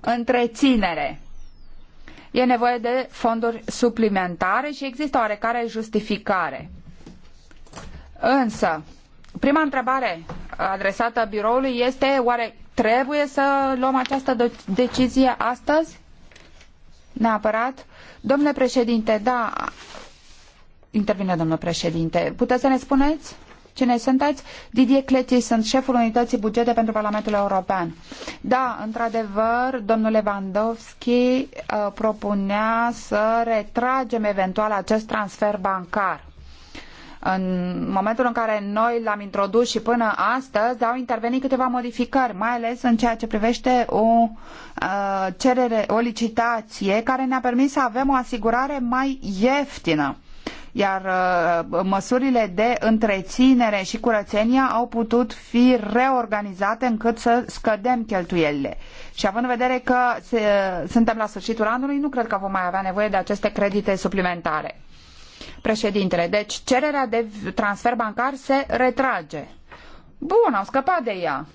întreținere. E nevoie de fonduri suplimentare și există oarecare justificare. Însă, prima întrebare adresată biroului este oare trebuie să luăm această decizie astăzi? neapărat. Domnule președinte, da, intervine domnul președinte, puteți să ne spuneți? Cine sunteți? Didier Cleti, sunt șeful unității bugete pentru Parlamentul European. Da, într-adevăr, domnul Lewandowski uh, propunea să retragem eventual acest transfer bancar. În momentul în care noi l-am introdus și până astăzi au intervenit câteva modificări, mai ales în ceea ce privește o uh, cerere, o licitație care ne-a permis să avem o asigurare mai ieftină iar uh, măsurile de întreținere și curățenia au putut fi reorganizate încât să scădem cheltuielile. Și având în vedere că se, suntem la sfârșitul anului, nu cred că vom mai avea nevoie de aceste credite suplimentare. Președintele, deci cererea de transfer bancar se retrage. Bun, au scăpat de ea.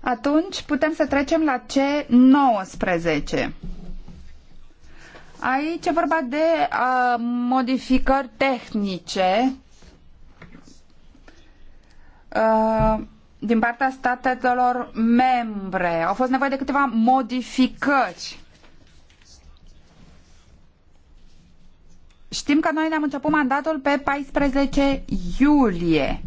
Atunci putem să trecem la C19. Aici e vorba de a, modificări tehnice a, din partea statelor membre. Au fost nevoie de câteva modificări Știm că noi ne-am început mandatul pe 14 iulie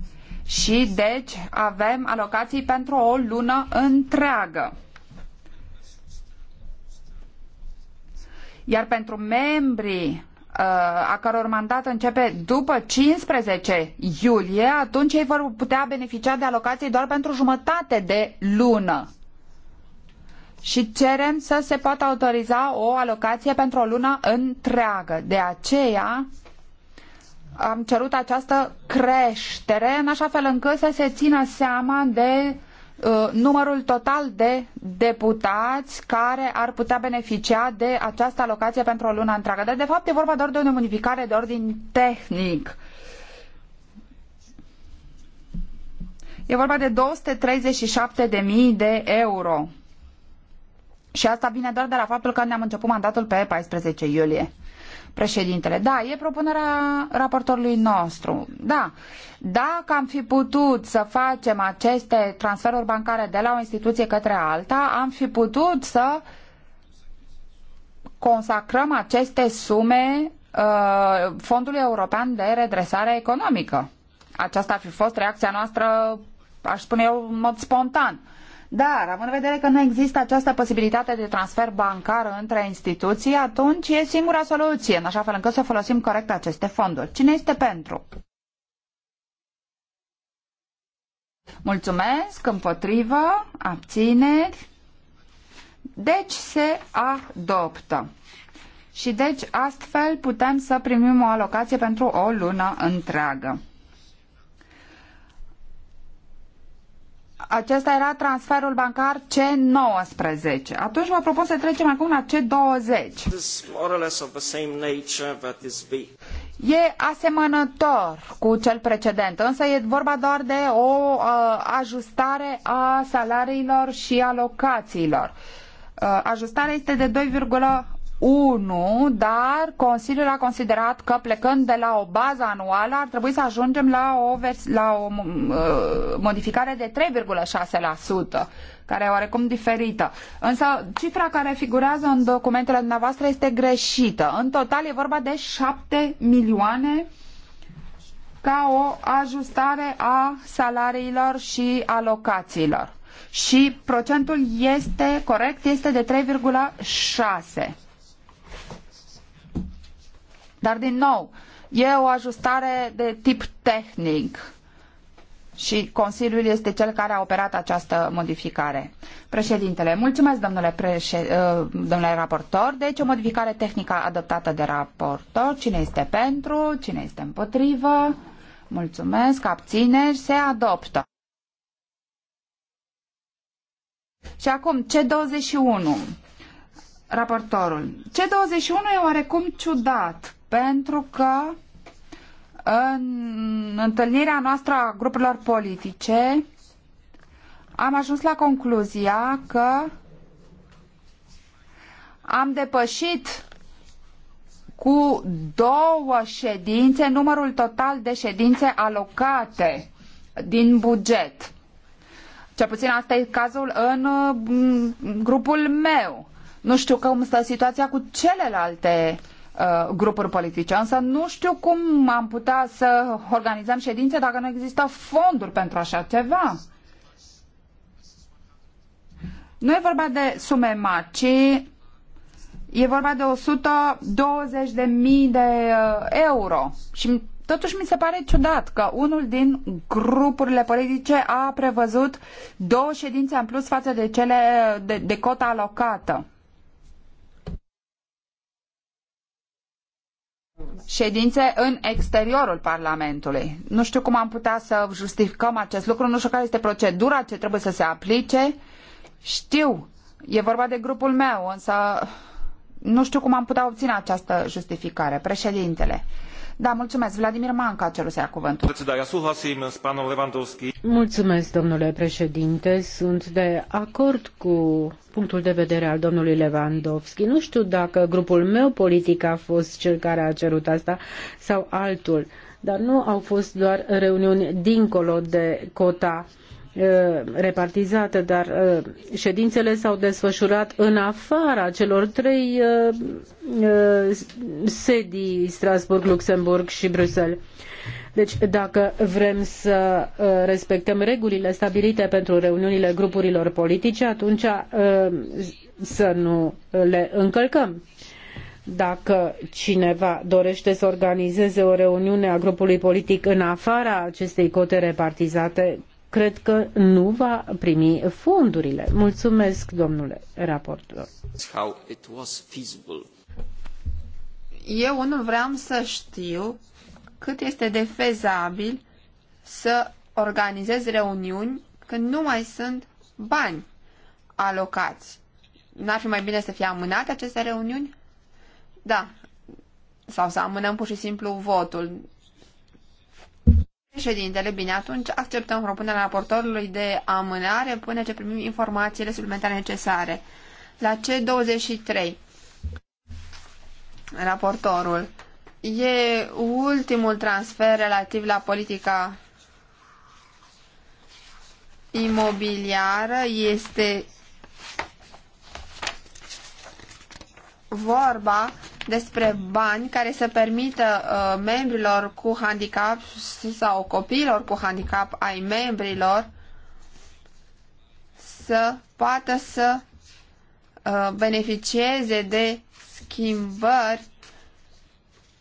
și deci avem alocații pentru o lună întreagă. Iar pentru membrii uh, a căror mandat începe după 15 iulie, atunci ei vor putea beneficia de alocații doar pentru jumătate de lună și cerem să se poată autoriza o alocație pentru o lună întreagă. De aceea am cerut această creștere în așa fel încât să se țină seama de uh, numărul total de deputați care ar putea beneficia de această alocație pentru o lună întreagă. Dar de fapt e vorba doar de o modificare de ordin tehnic. E vorba de 237.000 de euro. Și asta vine doar de la faptul că ne-am început mandatul pe 14 iulie. Președintele, da, e propunerea raportorului nostru. Da, dacă am fi putut să facem aceste transferuri bancare de la o instituție către alta, am fi putut să consacrăm aceste sume uh, Fondului European de Redresare Economică. Aceasta ar fi fost reacția noastră, aș spune eu, în mod spontan. Uh, dar, având în vedere că nu există această posibilitate de transfer bancar între instituții, atunci e singura soluție, în așa fel încât să folosim corect aceste fonduri. Cine este pentru? Mulțumesc, împotrivă, abțineri. Deci se adoptă. Și deci astfel putem să primim o alocație pentru o lună întreagă. acesta era transferul bancar C19. Atunci vă propun să trecem acum la C20. E asemănător cu cel precedent, însă e vorba doar de o uh, ajustare a salariilor și alocațiilor. Uh, ajustarea este de 1, dar Consiliul a considerat că plecând de la o bază anuală ar trebui să ajungem la o, la o uh, modificare de 3,6%, care e oarecum diferită. Însă cifra care figurează în documentele dumneavoastră este greșită. În total e vorba de 7 milioane ca o ajustare a salariilor și alocațiilor. Și procentul este corect, este de 3,6 dar, din nou, e o ajustare de tip tehnic și Consiliul este cel care a operat această modificare. Președintele, mulțumesc domnule, președ... Uh, domnule raportor. Deci o modificare tehnică adoptată de raportor. Cine este pentru? Cine este împotrivă? Mulțumesc, abțineri, se adoptă. Și acum, C21, raportorul. C21 e oarecum ciudat pentru că în întâlnirea noastră a grupurilor politice am ajuns la concluzia că am depășit cu două ședințe numărul total de ședințe alocate din buget. Cel puțin asta e cazul în mm, grupul meu. Nu știu cum stă situația cu celelalte uh, Uh, grupuri politice, însă nu știu cum am putea să organizăm ședințe dacă nu există fonduri pentru așa ceva. Nu e vorba de sume mari, ci e vorba de 120.000 de de uh, euro. Și totuși mi se pare ciudat că unul din grupurile politice a prevăzut două ședințe în plus față de cele uh, de, de cota alocată. ședințe în exteriorul Parlamentului. Nu știu cum am putea să justificăm acest lucru, nu știu care este procedura ce trebuie să se aplice. Știu, e vorba de grupul meu, însă nu știu cum am putea obține această justificare. Președintele, da, mulțumesc. Vladimir Manca a cuvântul. Da, mulțumesc, domnule președinte. Sunt de acord cu punctul de vedere al domnului Lewandowski. Nu știu dacă grupul meu politic a fost cel care a cerut asta sau altul, dar nu au fost doar reuniuni dincolo de cota Uh, repartizată, dar uh, ședințele s-au desfășurat în afara celor trei uh, sedii, Strasburg, Luxemburg și Bruxelles. Deci, dacă vrem să respectăm regulile stabilite pentru reuniunile grupurilor politice, atunci să nu le încălcăm. Dacă cineva dorește să organizeze o reuniune a grupului politic în afara acestei cote repartizate, cred că nu va primi fondurile. Mulțumesc, domnule raportor. Eu nu vreau să știu cât este de fezabil să organizez reuniuni când nu mai sunt bani alocați. N-ar fi mai bine să fie amânate aceste reuniuni? Da. Sau să amânăm pur și simplu votul. Președintele, bine, atunci acceptăm propunerea raportorului de amânare până ce primim informațiile suplimentare necesare. La C23, raportorul, e ultimul transfer relativ la politica imobiliară, este vorba despre bani care să permită uh, membrilor cu handicap sau copiilor cu handicap ai membrilor să poată să uh, beneficieze de schimbări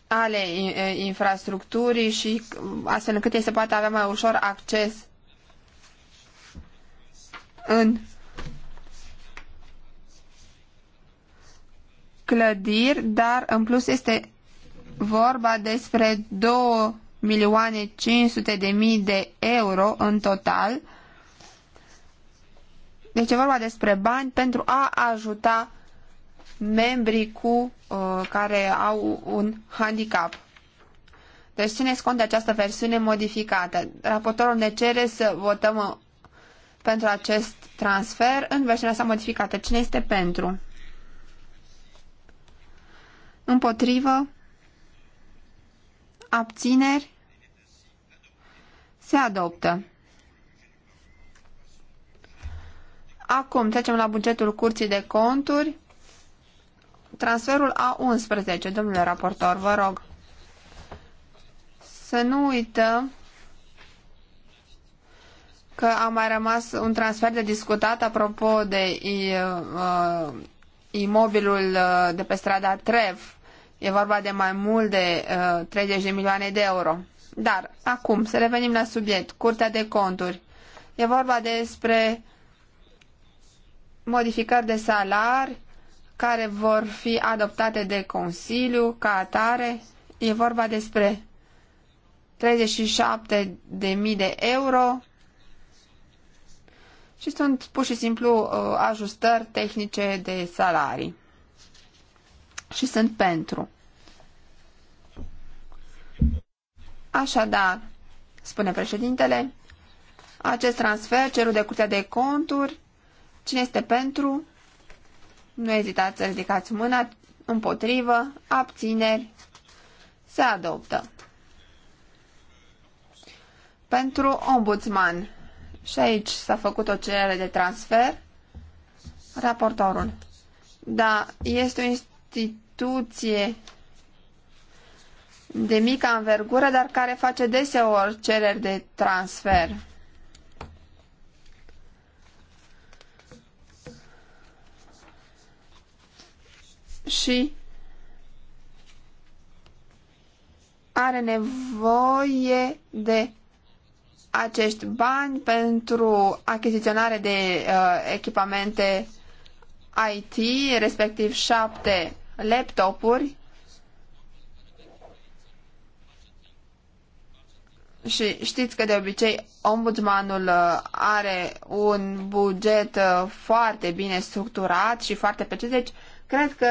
ale uh, infrastructurii și uh, astfel încât ei să poată avea mai ușor acces în clădiri, dar în plus este vorba despre 2 milioane 500 de mii de euro în total. Deci e vorba despre bani pentru a ajuta membrii cu, uh, care au un handicap. Deci țineți cont de această versiune modificată. Raportorul ne cere să votăm uh, pentru acest transfer în versiunea sa modificată. Cine este pentru? Împotrivă. Abțineri. Se adoptă. Acum trecem la bugetul curții de conturi. Transferul A11, domnule raportor, vă rog. Să nu uităm că a mai rămas un transfer de discutat apropo de uh, uh imobilul uh, de pe strada Trev. E vorba de mai mult de 30 uh, de milioane de euro. Dar, acum, să revenim la subiect, Curtea de Conturi. E vorba despre modificări de salari care vor fi adoptate de Consiliu ca atare. E vorba despre 37.000 de euro și sunt pur și simplu uh, ajustări tehnice de salarii. Și sunt pentru. Așadar, spune președintele, acest transfer cerut de Curtea de Conturi, cine este pentru? Nu ezitați să ridicați mâna, împotrivă, abțineri, se adoptă. Pentru ombudsman, și aici s-a făcut o cerere de transfer. Raportorul. Da, este o instituție de mică învergură, dar care face deseori cereri de transfer. Și are nevoie de acești bani pentru achiziționare de uh, echipamente IT, respectiv șapte laptopuri și știți că de obicei ombudsmanul uh, are un buget uh, foarte bine structurat și foarte precis, deci cred că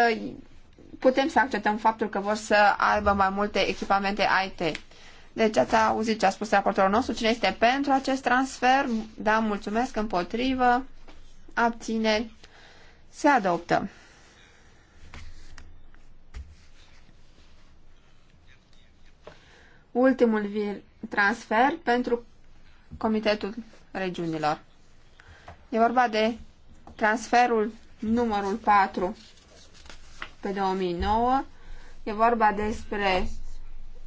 putem să acceptăm faptul că vor să aibă mai multe echipamente IT. Deci ați auzit ce a spus raportorul nostru. Cine este pentru acest transfer? Da, mulțumesc. Împotrivă. Abține. Se adoptă. Ultimul transfer pentru Comitetul Regiunilor. E vorba de transferul numărul 4 pe 2009. E vorba despre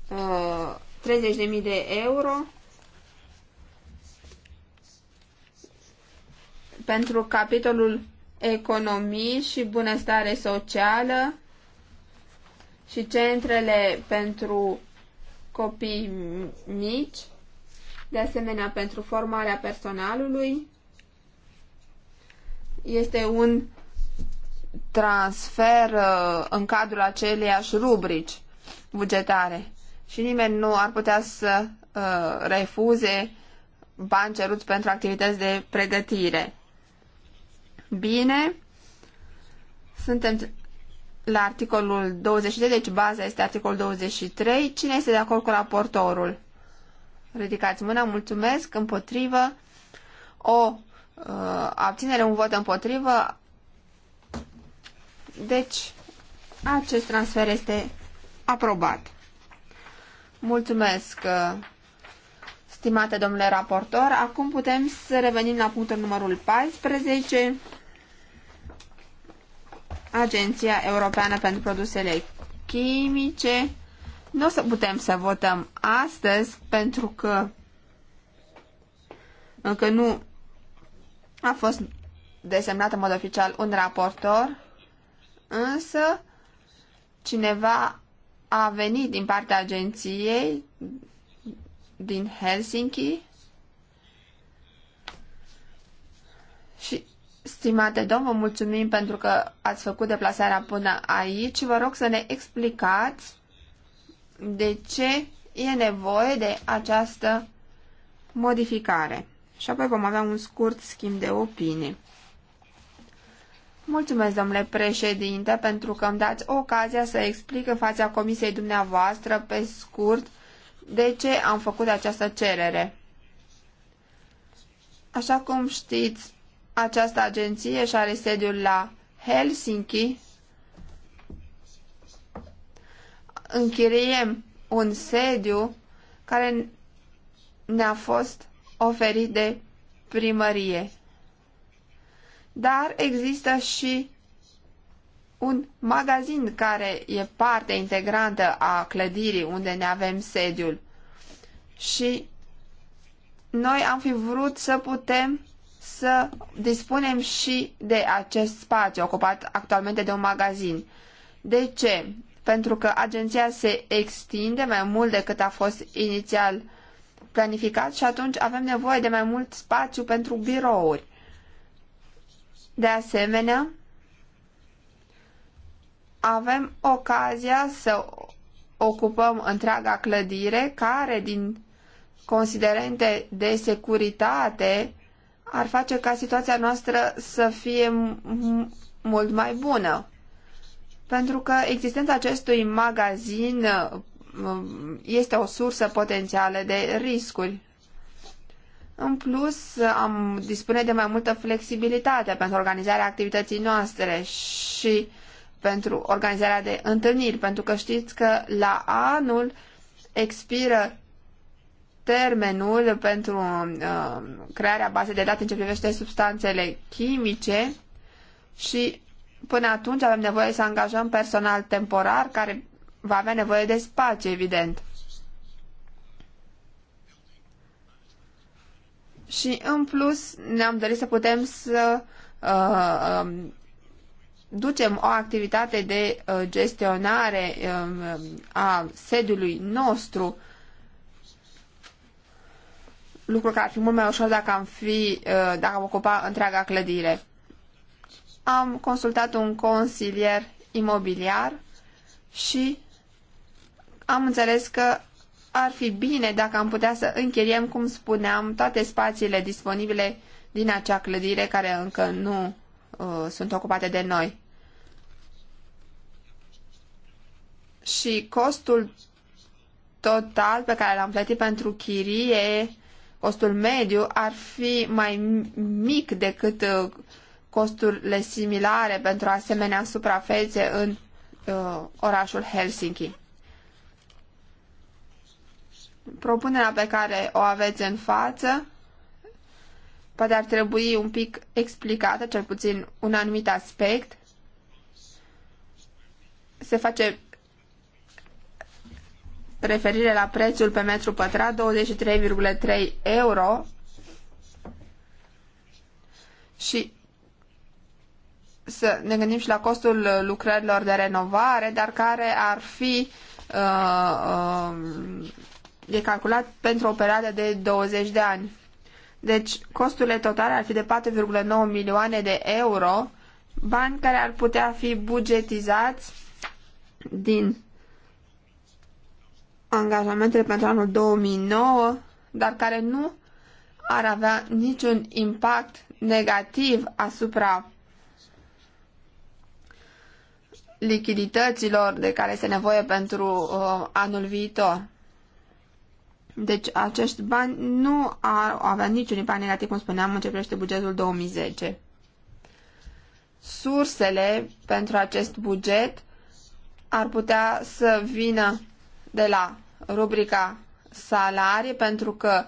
uh, 30.000 de euro pentru capitolul economii și bunăstare socială și centrele pentru copii mici, de asemenea pentru formarea personalului. Este un transfer uh, în cadrul aceleiași rubrici bugetare și nimeni nu ar putea să uh, refuze bani ceruți pentru activități de pregătire. Bine, suntem la articolul 23, deci baza este articolul 23. Cine este de acord cu raportorul? Ridicați mâna, mulțumesc, împotrivă, o uh, abținere, un vot împotrivă. Deci, acest transfer este aprobat. Mulțumesc, uh, stimate domnule raportor. Acum putem să revenim la punctul numărul 14, Agenția Europeană pentru Produsele Chimice. Nu o să putem să votăm astăzi pentru că încă nu a fost desemnat în mod oficial un raportor, însă cineva a venit din partea agenției din Helsinki și Stimate domn, vă mulțumim pentru că ați făcut deplasarea până aici. Vă rog să ne explicați de ce e nevoie de această modificare. Și apoi vom avea un scurt schimb de opinii. Mulțumesc, domnule președinte, pentru că îmi dați ocazia să explic în fața comisiei dumneavoastră, pe scurt, de ce am făcut această cerere. Așa cum știți, această agenție și are sediul la Helsinki. Închiriem un sediu care ne-a fost oferit de primărie dar există și un magazin care e parte integrantă a clădirii unde ne avem sediul. Și noi am fi vrut să putem să dispunem și de acest spațiu ocupat actualmente de un magazin. De ce? Pentru că agenția se extinde mai mult decât a fost inițial planificat și atunci avem nevoie de mai mult spațiu pentru birouri. De asemenea, avem ocazia să ocupăm întreaga clădire care din considerente de securitate ar face ca situația noastră să fie mult mai bună. Pentru că existența acestui magazin este o sursă potențială de riscuri. În plus, am dispune de mai multă flexibilitate pentru organizarea activității noastre și pentru organizarea de întâlniri, pentru că știți că la anul expiră termenul pentru uh, crearea bazei de date în ce privește substanțele chimice și până atunci avem nevoie să angajăm personal temporar care va avea nevoie de spațiu, evident. Și în plus ne-am dorit să putem să uh, um, ducem o activitate de uh, gestionare um, a sediului nostru, lucru care ar fi mult mai ușor dacă am fi, uh, dacă am ocupa întreaga clădire. Am consultat un consilier imobiliar și am înțeles că ar fi bine dacă am putea să închiriem, cum spuneam, toate spațiile disponibile din acea clădire care încă nu uh, sunt ocupate de noi. Și costul total pe care l-am plătit pentru chirie, costul mediu, ar fi mai mic decât uh, costurile similare pentru asemenea suprafețe în uh, orașul Helsinki propunerea pe care o aveți în față poate ar trebui un pic explicată, cel puțin un anumit aspect. Se face referire la prețul pe metru pătrat 23,3 euro și să ne gândim și la costul lucrărilor de renovare, dar care ar fi uh, uh, e calculat pentru o perioadă de 20 de ani. Deci costurile totale ar fi de 4,9 milioane de euro, bani care ar putea fi bugetizați din angajamentele pentru anul 2009, dar care nu ar avea niciun impact negativ asupra lichidităților de care este nevoie pentru uh, anul viitor. Deci acești bani nu au avea niciun impact negativ, cum spuneam, în ce privește bugetul 2010. Sursele pentru acest buget ar putea să vină de la rubrica salarii, pentru că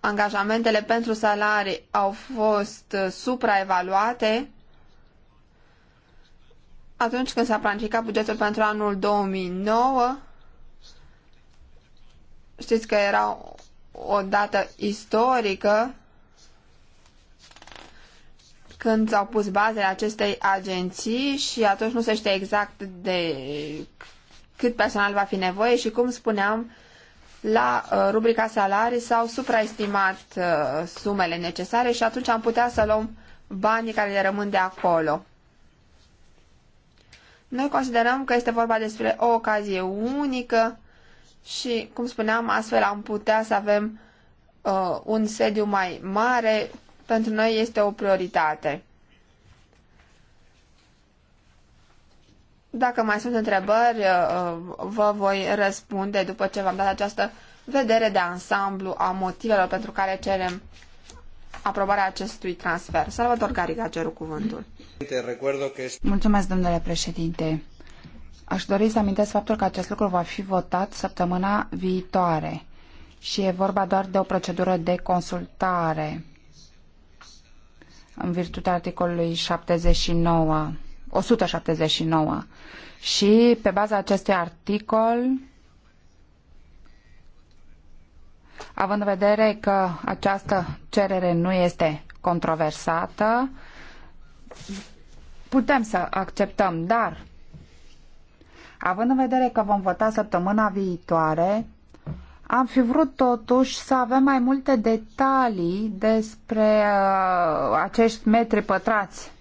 angajamentele pentru salarii au fost supraevaluate atunci când s-a planificat bugetul pentru anul 2009 Știți că era o dată istorică când s-au pus bazele acestei agenții și atunci nu se știe exact de cât personal va fi nevoie și cum spuneam, la uh, rubrica salarii s-au supraestimat uh, sumele necesare și atunci am putea să luăm banii care le rămân de acolo. Noi considerăm că este vorba despre o ocazie unică și, cum spuneam, astfel am putea să avem uh, un sediu mai mare. Pentru noi este o prioritate. Dacă mai sunt întrebări, uh, uh, vă voi răspunde după ce v-am dat această vedere de ansamblu a motivelor pentru care cerem aprobarea acestui transfer. Salvator Gariga ceru cuvântul. Mulțumesc, domnule președinte. Aș dori să amintesc faptul că acest lucru va fi votat săptămâna viitoare și e vorba doar de o procedură de consultare în virtutea articolului 79, 179. Și pe baza acestui articol, având în vedere că această cerere nu este controversată, putem să acceptăm, dar Având în vedere că vom vota săptămâna viitoare, am fi vrut totuși să avem mai multe detalii despre uh, acești metri pătrați,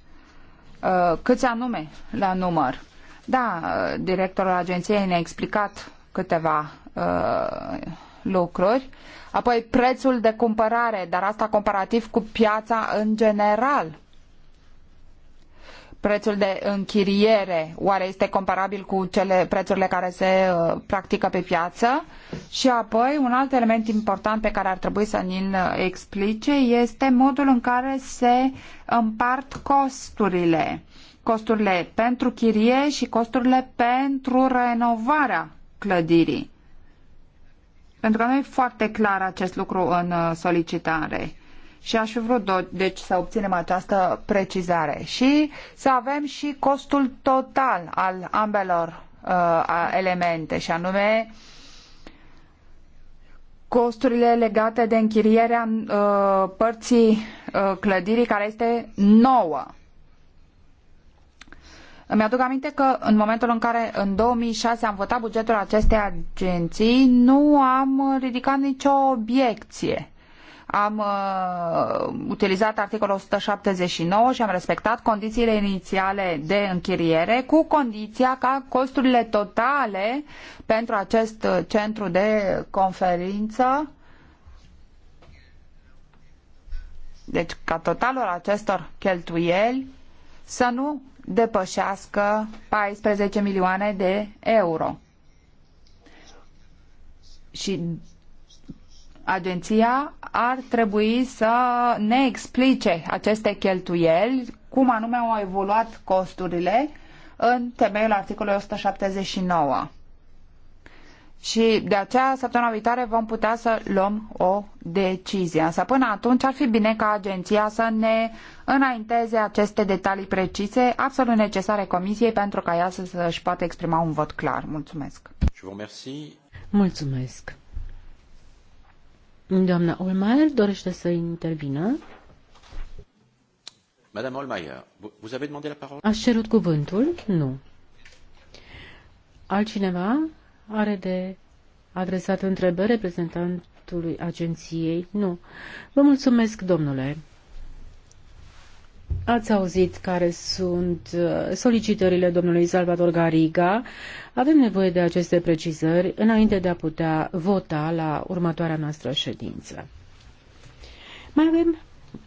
uh, câți anume la număr. Da, uh, directorul agenției ne-a explicat câteva uh, lucruri. Apoi prețul de cumpărare, dar asta comparativ cu piața în general. Uh, prețul de închiriere oare este comparabil cu cele prețurile care se uh, practică pe piață? Și apoi, un alt element important pe care ar trebui să ni-l uh, explice este modul în care se împart costurile. Costurile pentru chirie și costurile pentru renovarea clădirii. Pentru că nu e foarte clar acest lucru în uh, solicitare și aș fi vrut deci să obținem această precizare și să avem și costul total al ambelor uh, elemente și anume costurile legate de închirierea uh, părții uh, clădirii care este nouă. Îmi aduc aminte că în momentul în care în 2006 am votat bugetul acestei agenții, nu am ridicat nicio obiecție am uh, utilizat articolul 179 și am respectat condițiile inițiale de închiriere cu condiția ca costurile totale pentru acest uh, centru de conferință deci ca totalul acestor cheltuieli să nu depășească 14 milioane de euro. Și agenția ar trebui să ne explice aceste cheltuieli, cum anume au evoluat costurile în temeiul articolului 179. Și de aceea, săptămâna viitoare, vom putea să luăm o decizie. Însă până atunci ar fi bine ca agenția să ne înainteze aceste detalii precise, absolut necesare comisiei, pentru ca ea să-și poată exprima un vot clar. Mulțumesc! Mulțumesc! Doamna Olmaier dorește să intervină. Madame Olmaier, vous avez demandé la parole? Ați cerut cuvântul? Nu. Altcineva are de adresat întrebări reprezentantului agenției? Nu. Vă mulțumesc, domnule Ați auzit care sunt uh, solicitările domnului Salvador Gariga. Avem nevoie de aceste precizări înainte de a putea vota la următoarea noastră ședință. Mai avem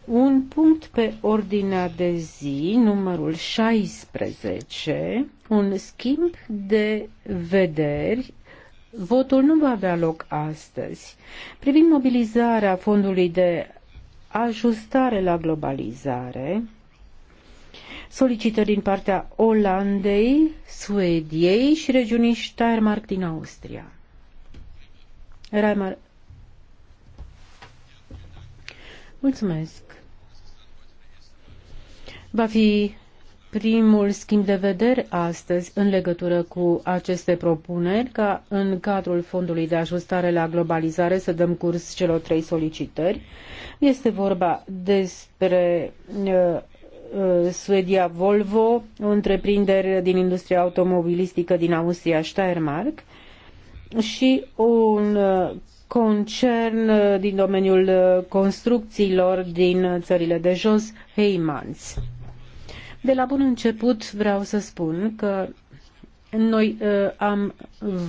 un punct pe ordinea de zi, numărul 16, un schimb de vederi Votul nu va avea loc astăzi. Privind mobilizarea fondului de ajustare la globalizare, solicitări din partea Olandei, Suediei și regiunii Steiermark din Austria. Reimer. Mulțumesc. Va fi primul schimb de vedere astăzi în legătură cu aceste propuneri ca în cadrul Fondului de Ajustare la Globalizare să dăm curs celor trei solicitări. Este vorba despre uh, Uh, Suedia Volvo, o întreprindere din industria automobilistică din Austria Steiermark și un uh, concern uh, din domeniul construcțiilor din țările de jos, Heimans. De la bun început vreau să spun că noi am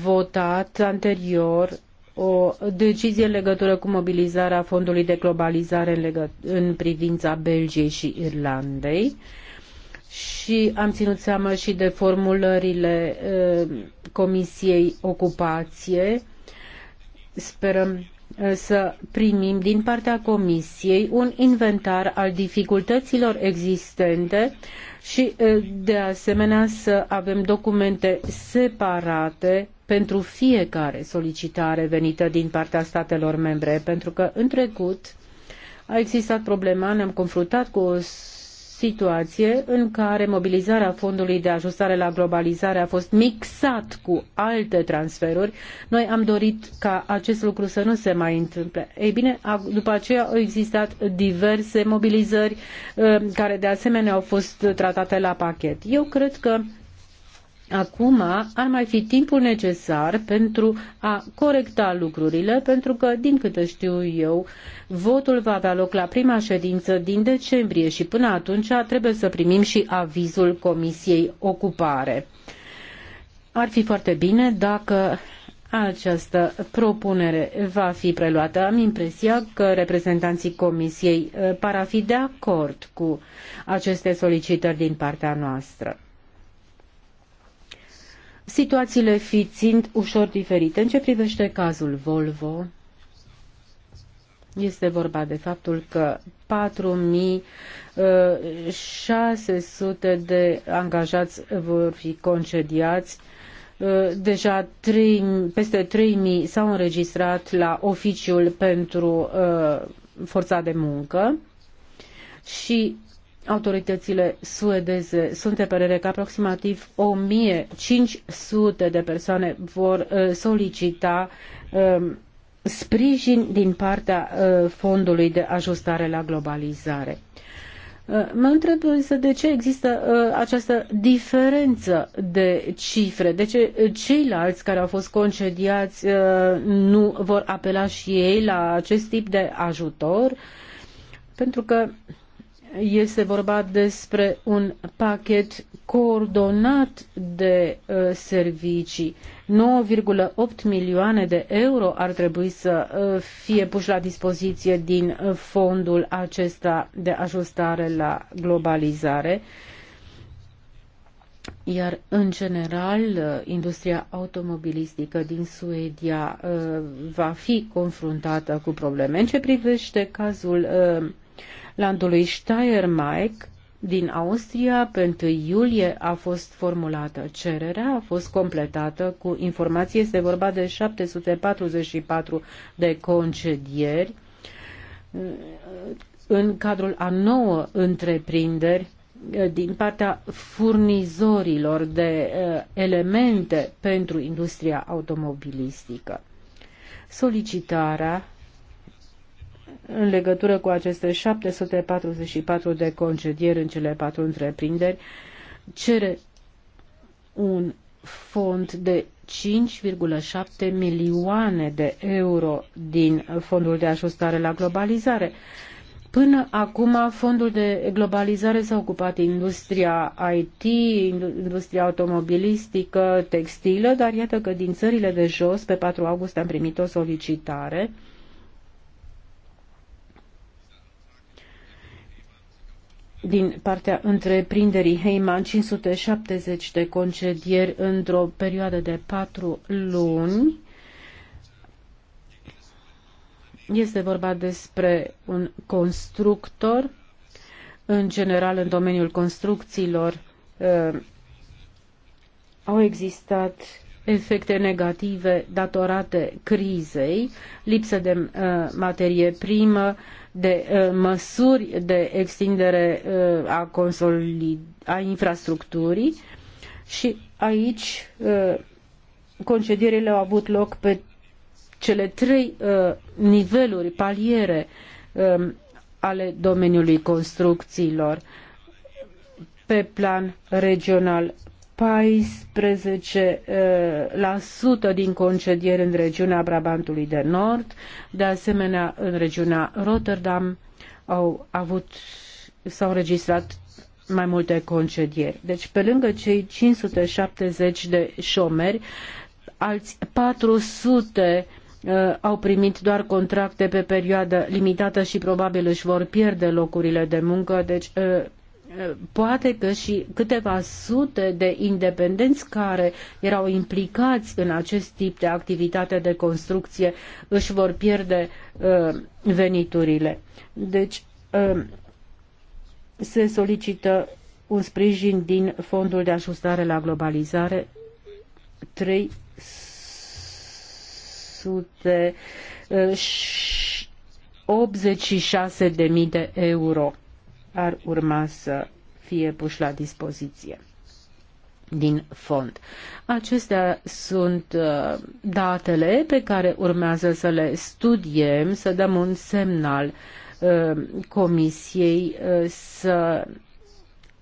votat anterior o decizie în legătură cu mobilizarea Fondului de Globalizare în, legă- în privința Belgiei și Irlandei și am ținut seama și de formulările eh, Comisiei Ocupație. Sperăm să primim din partea Comisiei un inventar al dificultăților existente și, de asemenea, să avem documente separate pentru fiecare solicitare venită din partea statelor membre, pentru că în trecut a existat problema, ne-am confruntat cu o situație în care mobilizarea fondului de ajustare la globalizare a fost mixat cu alte transferuri. Noi am dorit ca acest lucru să nu se mai întâmple. Ei bine, după aceea au existat diverse mobilizări uh, care de asemenea au fost tratate la pachet. Eu cred că Acum ar mai fi timpul necesar pentru a corecta lucrurile, pentru că, din câte știu eu, votul va avea loc la prima ședință din decembrie și până atunci trebuie să primim și avizul Comisiei Ocupare. Ar fi foarte bine dacă această propunere va fi preluată. Am impresia că reprezentanții Comisiei eh, par a fi de acord cu aceste solicitări din partea noastră situațiile fiind ușor diferite. În ce privește cazul Volvo, este vorba de faptul că 4600 uh, de angajați vor fi concediați uh, deja 3, peste 3000 s-au înregistrat la oficiul pentru uh, forța de muncă și autoritățile suedeze sunt de părere că aproximativ 1500 de persoane vor uh, solicita um, sprijin din partea uh, Fondului de Ajustare la Globalizare. Uh, mă întreb însă de ce există această diferență de cifre, de ce ceilalți care au fost concediați nu vor apela și ei la acest tip de ajutor, pentru că este vorba despre un pachet coordonat de uh, servicii. 9,8 milioane de euro ar trebui să uh, fie puși la dispoziție din uh, fondul acesta de ajustare la globalizare. Iar, în general, uh, industria automobilistică din Suedia uh, va fi confruntată cu probleme. În ce privește cazul uh, landului Steiermark din Austria, pe 1 iulie a fost formulată cererea, a fost completată cu informații, este vorba de 744 de concedieri uh, în cadrul a nouă întreprinderi uh, din partea furnizorilor de uh, elemente pentru industria automobilistică. Solicitarea în legătură cu aceste 744 de concedieri în cele patru întreprinderi, cere un fond de 5,7 milioane de euro din fondul de ajustare la globalizare. Până acum, fondul de globalizare s-a ocupat industria IT, industria automobilistică, textilă, dar iată că din țările de jos, pe 4 august, am primit o solicitare uh, din partea întreprinderii Heiman 570 de concedieri într-o perioadă de patru luni. Este vorba despre un constructor, în general în domeniul construcțiilor uh, au existat efecte negative datorate crizei, lipsă de uh, materie primă, de uh, măsuri de extindere uh, a, consolid, a infrastructurii și aici uh, concedierile au avut loc pe cele trei niveluri, paliere um, ale domeniului construcțiilor pe plan regional, 14% uh, din concedieri în regiunea Brabantului de Nord, de asemenea în regiunea Rotterdam au avut, s-au registrat mai multe concedieri. Deci pe lângă cei 570 de șomeri, alți 400 uh, au primit doar contracte pe perioadă limitată și probabil își vor pierde locurile de muncă, deci uh, poate că și câteva sute de independenți care erau implicați în acest tip de activitate de construcție își vor pierde uh, veniturile. Deci uh, se solicită un sprijin din Fondul de Ajustare la Globalizare 386.000 uh, de euro ar urma să fie puși la dispoziție din fond. Acestea sunt uh, datele pe care urmează să le studiem, să dăm un semnal uh, comisiei uh, să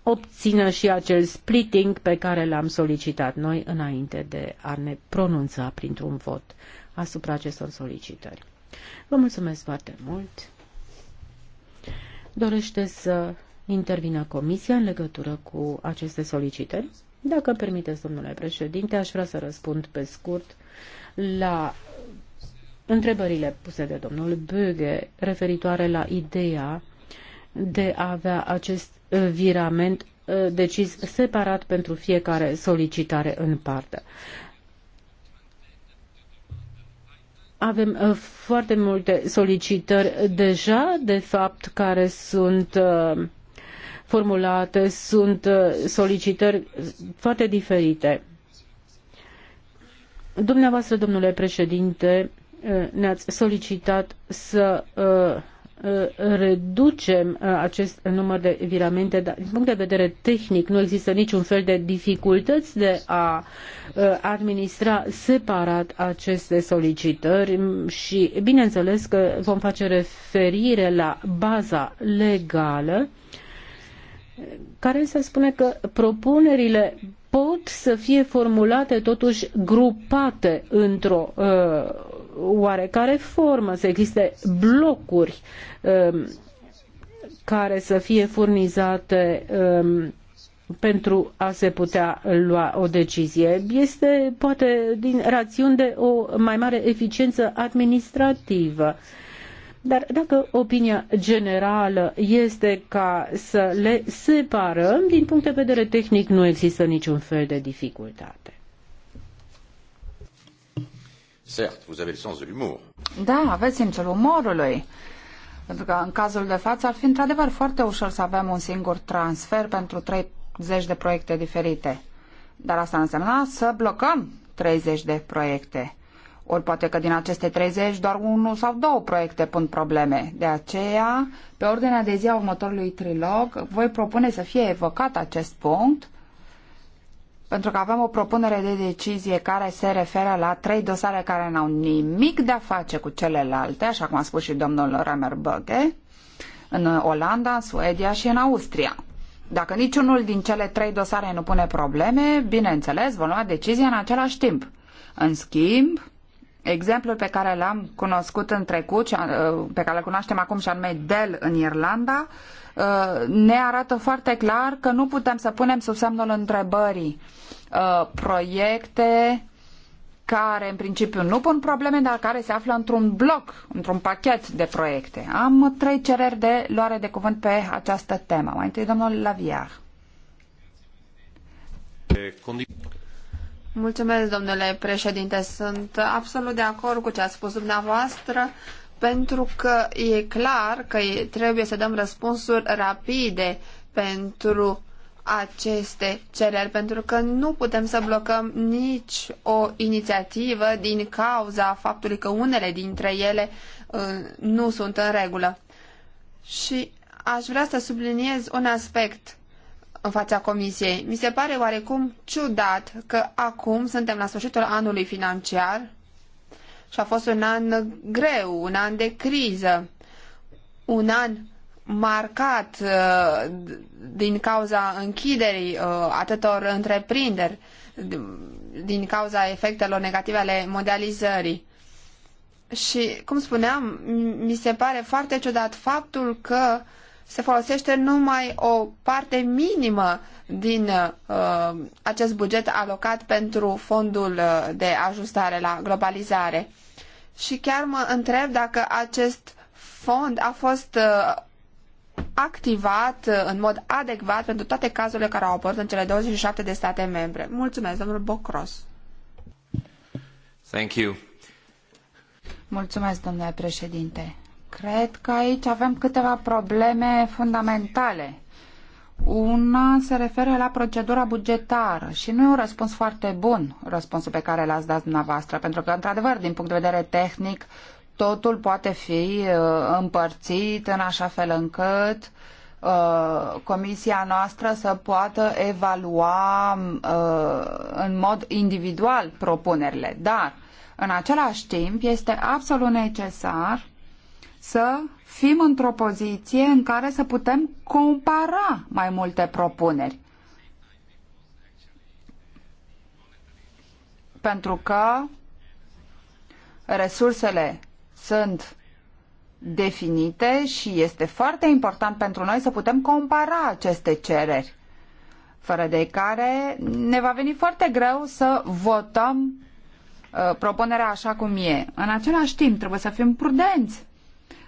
obțină și acel splitting pe care l-am solicitat noi înainte de a ne pronunța printr-un vot asupra acestor solicitări. Vă mulțumesc foarte mult! Dorește să intervină Comisia în legătură cu aceste solicitări? Dacă îmi permiteți, domnule președinte, aș vrea să răspund pe scurt la întrebările puse de domnul Böge referitoare la ideea de a avea acest virament eh, decis separat pentru fiecare solicitare în parte. Avem uh, foarte multe solicitări deja, de fapt, care sunt uh, formulate, sunt uh, solicitări foarte diferite. Dumneavoastră, domnule președinte, ne-ați solicitat să Uh, reducem uh, acest număr de viramente, dar din punct de vedere tehnic nu există niciun fel de dificultăți de a uh, administra separat aceste solicitări și bineînțeles că vom face referire la baza legală care se spune că propunerile pot să fie formulate totuși grupate într-o uh, oarecare formă, să existe blocuri um, care să fie furnizate um, pentru a se putea lua o decizie. Este poate din rațiuni de o mai mare eficiență administrativă. Dar dacă opinia generală este ca să le separăm, din punct de vedere tehnic nu există niciun fel de dificultate. Certes, vous avez le sens de l'humour. Da, aveți simțul umorului. Pentru că în cazul de față ar fi într-adevăr foarte ușor să avem un singur transfer pentru 30 de proiecte diferite. Dar asta înseamnă să blocăm 30 de proiecte. Ori poate că din aceste 30 doar unul sau două proiecte pun probleme. De aceea, pe ordinea de zi a următorului trilog, voi propune să fie evocat acest punct pentru că avem o propunere de decizie care se referă la trei dosare care n-au nimic de a face cu celelalte, așa cum a spus și domnul Böge, în Olanda, în Suedia și în Austria. Dacă niciunul din cele trei dosare nu pune probleme, bineînțeles, vom lua decizia în același timp. În schimb, exemplul pe care l-am cunoscut în trecut, uh, pe care îl cunoaștem acum și anume Dell în Irlanda, Uh, ne arată foarte clar că nu putem să punem sub semnul întrebării uh, proiecte care în principiu nu pun probleme, dar care se află într-un bloc, într-un pachet de proiecte. Am trei cereri de luare de cuvânt pe această temă. Mai întâi, domnul Laviar. Mulțumesc, domnule președinte. Sunt absolut de acord cu ce a spus dumneavoastră pentru că e clar că trebuie să dăm răspunsuri rapide pentru aceste cereri, pentru că nu putem să blocăm nici o inițiativă din cauza faptului că unele dintre ele uh, nu sunt în regulă. Și aș vrea să subliniez un aspect în fața comisiei. Mi se pare oarecum ciudat că acum suntem la sfârșitul anului financiar și a fost un an greu, un an de criză, un an marcat uh, din cauza închiderii uh, atâtor întreprinderi, din cauza efectelor negative ale modalizării. Și, cum spuneam, mi se pare foarte ciudat faptul că uh, se folosește numai o parte minimă din uh, acest buget alocat pentru fondul uh, de ajustare la globalizare. Și chiar mă întreb dacă acest fond a fost uh, activat uh, în mod adecvat pentru toate cazurile care au apărut în cele 27 de state membre. Mulțumesc, domnul Bocros. Thank you. Mulțumesc, domnule președinte. Cred că aici avem câteva probleme fundamentale. Una se referă la procedura bugetară și nu e un răspuns foarte bun, răspunsul pe care l-ați dat dumneavoastră, pentru că, într-adevăr, din punct de vedere tehnic, totul poate fi uh, împărțit în așa fel încât uh, comisia noastră să poată evalua uh, în mod individual propunerile. Dar, în același timp, este absolut necesar să fim într-o poziție în care să putem compara mai multe propuneri. Pentru că resursele sunt definite și este foarte important pentru noi să putem compara aceste cereri, fără de care ne va veni foarte greu să votăm uh, propunerea așa cum e. În același timp, trebuie să fim prudenți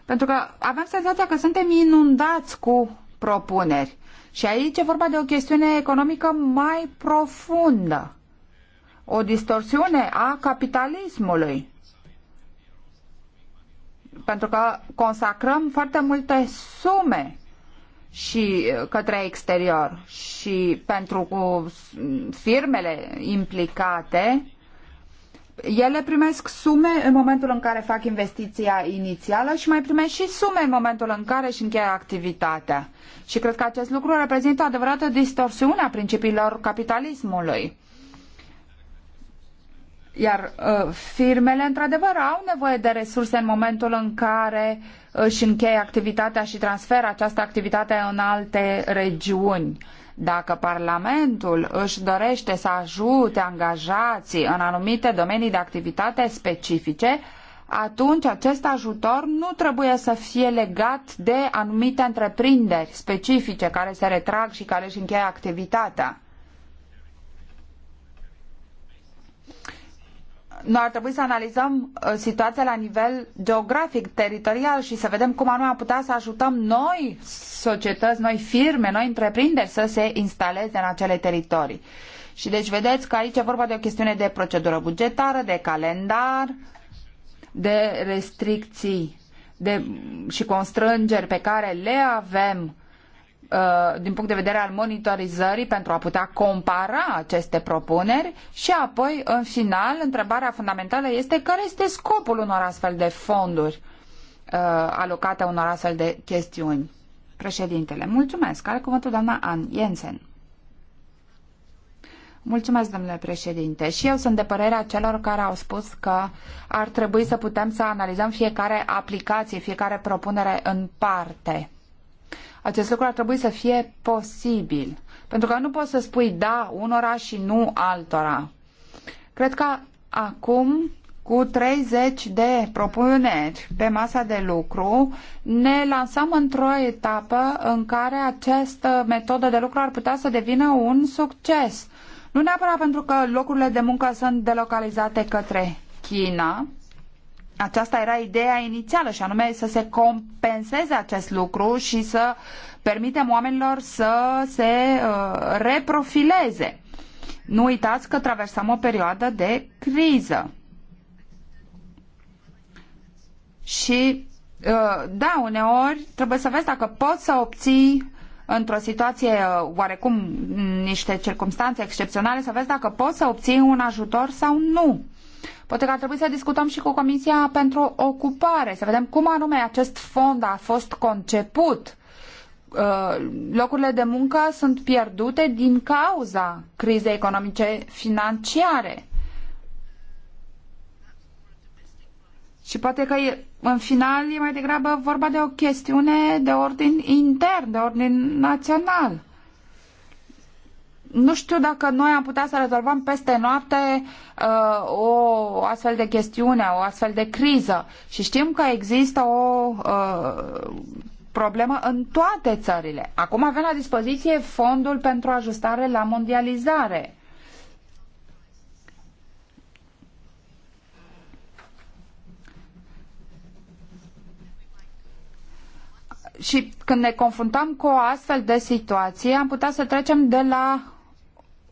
pentru că avem senzația că suntem inundați cu propuneri. Și aici e vorba de o chestiune economică mai profundă. O distorsiune a capitalismului. Pentru că consacrăm foarte multe sume și uh, către exterior și pentru uh, firmele implicate ele primesc sume în momentul în care fac investiția inițială și mai primesc și sume în momentul în care își încheie activitatea. Și cred că acest lucru reprezintă o adevărată distorsiune a principiilor capitalismului. Iar uh, firmele, într-adevăr, au nevoie de resurse în momentul în care își încheie activitatea și transferă această activitate în alte regiuni. Dacă Parlamentul își dorește să ajute angajații în anumite domenii de activitate specifice, atunci acest ajutor nu trebuie să fie legat de anumite întreprinderi specifice care se retrag și care își încheie activitatea. noi ar trebui să analizăm uh, situația la nivel geografic, teritorial și să vedem cum anume am putea să ajutăm noi societăți, noi firme, noi întreprinderi să se instaleze în acele teritorii. Și deci vedeți că aici e vorba de o chestiune de procedură bugetară, de calendar, de restricții de, și constrângeri pe care le avem Uh, din punct de vedere al monitorizării pentru a putea compara aceste propuneri și apoi, în final, întrebarea fundamentală este care este scopul unor astfel de fonduri uh, alocate unor astfel de chestiuni. Președintele, mulțumesc. Are cuvântul doamna Ann Jensen. Mulțumesc, domnule președinte. Și eu sunt de părerea celor care au spus că ar trebui să putem să analizăm fiecare aplicație, fiecare propunere în parte acest lucru ar trebui să fie posibil. Pentru că nu poți să spui da unora și nu altora. Cred că acum, cu 30 de propuneri pe masa de lucru, ne lansăm într-o etapă în care această metodă de lucru ar putea să devină un succes. Nu neapărat pentru că locurile de muncă sunt delocalizate către China, aceasta era ideea inițială și anume să se compenseze acest lucru și să permitem oamenilor să se uh, reprofileze. Nu uitați că traversăm o perioadă de criză. Și uh, da, uneori trebuie să vezi dacă poți să obții într-o situație uh, oarecum niște circunstanțe excepționale, să vezi dacă poți să obții un ajutor sau nu. Poate că ar trebui să discutăm și cu Comisia pentru Ocupare, să vedem cum anume acest fond a fost conceput. Uh, locurile de muncă sunt pierdute din cauza crizei economice financiare. Și poate că în final e mai degrabă vorba de o chestiune de ordin intern, de ordin național nu știu dacă noi am putea să rezolvăm peste noapte uh, o astfel de chestiune, o astfel de criză. Și știm că există o uh, problemă în toate țările. Acum avem la dispoziție fondul pentru ajustare la mondializare. și când ne confruntăm cu o astfel de situație, am putea să trecem de la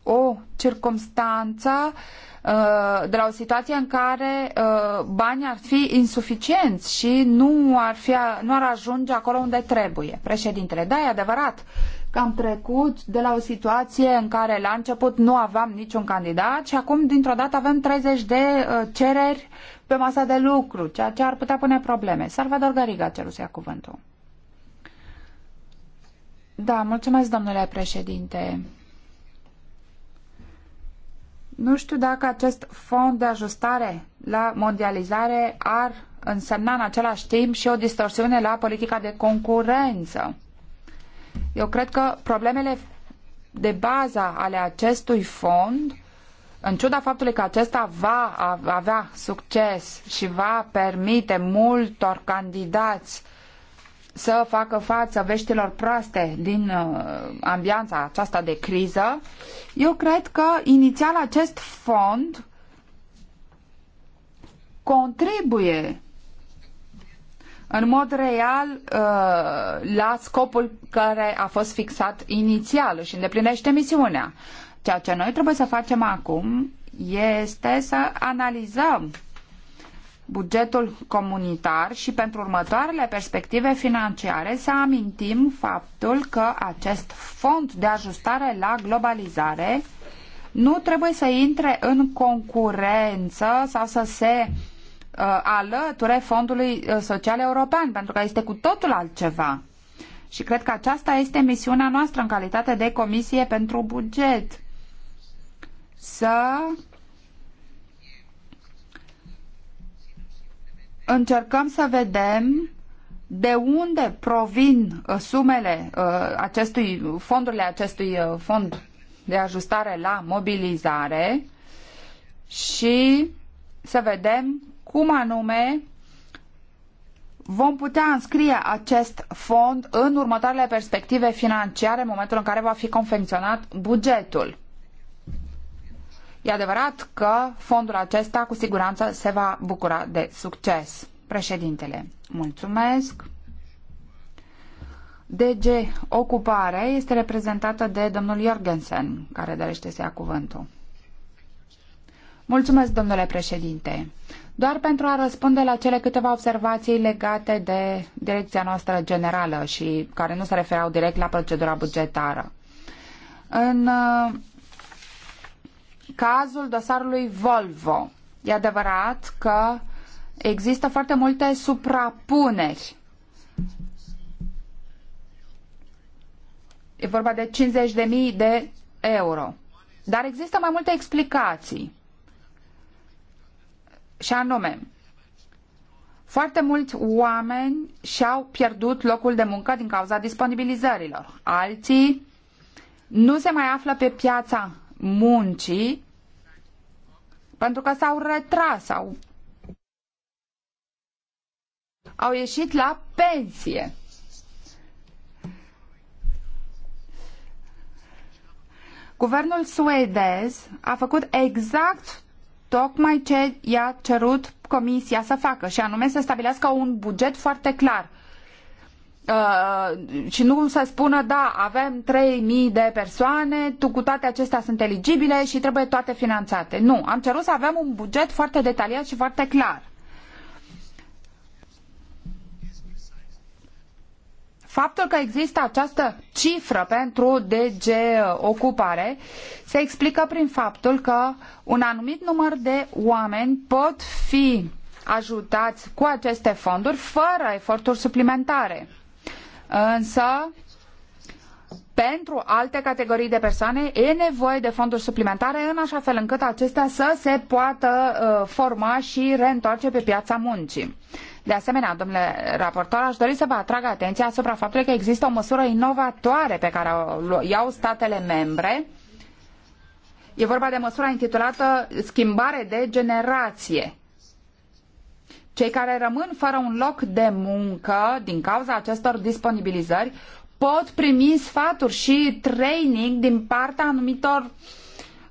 o circumstanță uh, de la o situație în care uh, banii ar fi insuficienți și nu ar, fi, nu ar ajunge acolo unde trebuie. Președintele, da, e adevărat că am trecut de la o situație în care la început nu aveam niciun candidat și acum dintr-o dată avem 30 de uh, cereri pe masa de lucru, ceea ce ar putea pune probleme. Salvador Gariga ceruse ia cuvântul. Da, mulțumesc, domnule președinte. Nu știu dacă acest fond de ajustare la mondializare ar însemna în același timp și o distorsiune la politica de concurență. Eu cred că problemele de bază ale acestui fond, în ciuda faptului că acesta va avea succes și va permite multor candidați uh, să facă față veștilor proaste din uh, ambianța aceasta de criză, eu cred că inițial acest fond contribuie în mod real uh, la scopul care a fost fixat inițial și îndeplinește misiunea. Ceea ce noi trebuie să facem acum este să analizăm bugetul comunitar și pentru următoarele perspective financiare să amintim faptul că acest fond de ajustare la globalizare nu trebuie să intre în concurență sau să se uh, alăture Fondului uh, Social European, pentru că este cu totul altceva. Și cred că aceasta este misiunea noastră în calitate de Comisie pentru Buget. Să încercăm să vedem de unde provin uh, sumele uh, acestui, fondurile acestui uh, fond de ajustare la mobilizare și să vedem cum anume vom putea înscrie acest fond în următoarele perspective financiare în momentul în care va fi confecționat bugetul. E adevărat că fondul acesta cu siguranță se va bucura de succes. Președintele, mulțumesc. DG Ocupare este reprezentată de domnul Jorgensen, care dorește să ia cuvântul. Mulțumesc, domnule președinte. Doar pentru a răspunde la cele câteva observații legate de direcția noastră generală și care nu se refereau direct la procedura bugetară. În cazul dosarului Volvo. E adevărat că există foarte multe suprapuneri. E vorba de 50.000 de euro. Dar există mai multe explicații. Și anume, foarte mulți oameni și-au pierdut locul de muncă din cauza disponibilizărilor. Alții nu se mai află pe piața muncii pentru că s-au retras, au, au ieșit la pensie. Guvernul suedez a făcut exact tocmai ce i-a cerut comisia să facă, și anume să stabilească un buget foarte clar Uh, și nu să spună, da, avem 3.000 de persoane, tu, cu toate acestea sunt eligibile și trebuie toate finanțate. Nu, am cerut să avem un buget foarte detaliat și foarte clar. Faptul că există această cifră pentru DG Ocupare se explică prin faptul că un anumit număr de oameni pot fi ajutați cu aceste fonduri fără eforturi suplimentare însă pentru alte categorii de persoane e nevoie de fonduri suplimentare în așa fel încât acestea să se poată uh, forma și reîntoarce pe piața muncii. De asemenea, domnule raportor, aș dori să vă atrag atenția asupra faptului că există o măsură inovatoare pe care o iau statele membre. E vorba de măsura intitulată Schimbare de generație cei care rămân fără un loc de muncă din cauza acestor disponibilizări pot primi sfaturi și training din partea anumitor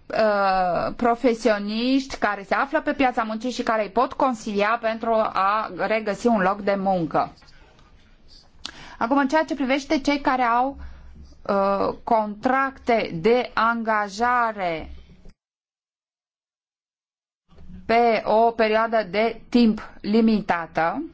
uh, profesioniști care se află pe piața muncii și care îi pot consilia pentru a regăsi un loc de muncă. Acum, în ceea ce privește cei care au uh, contracte de angajare pe o perioadă de timp limitată.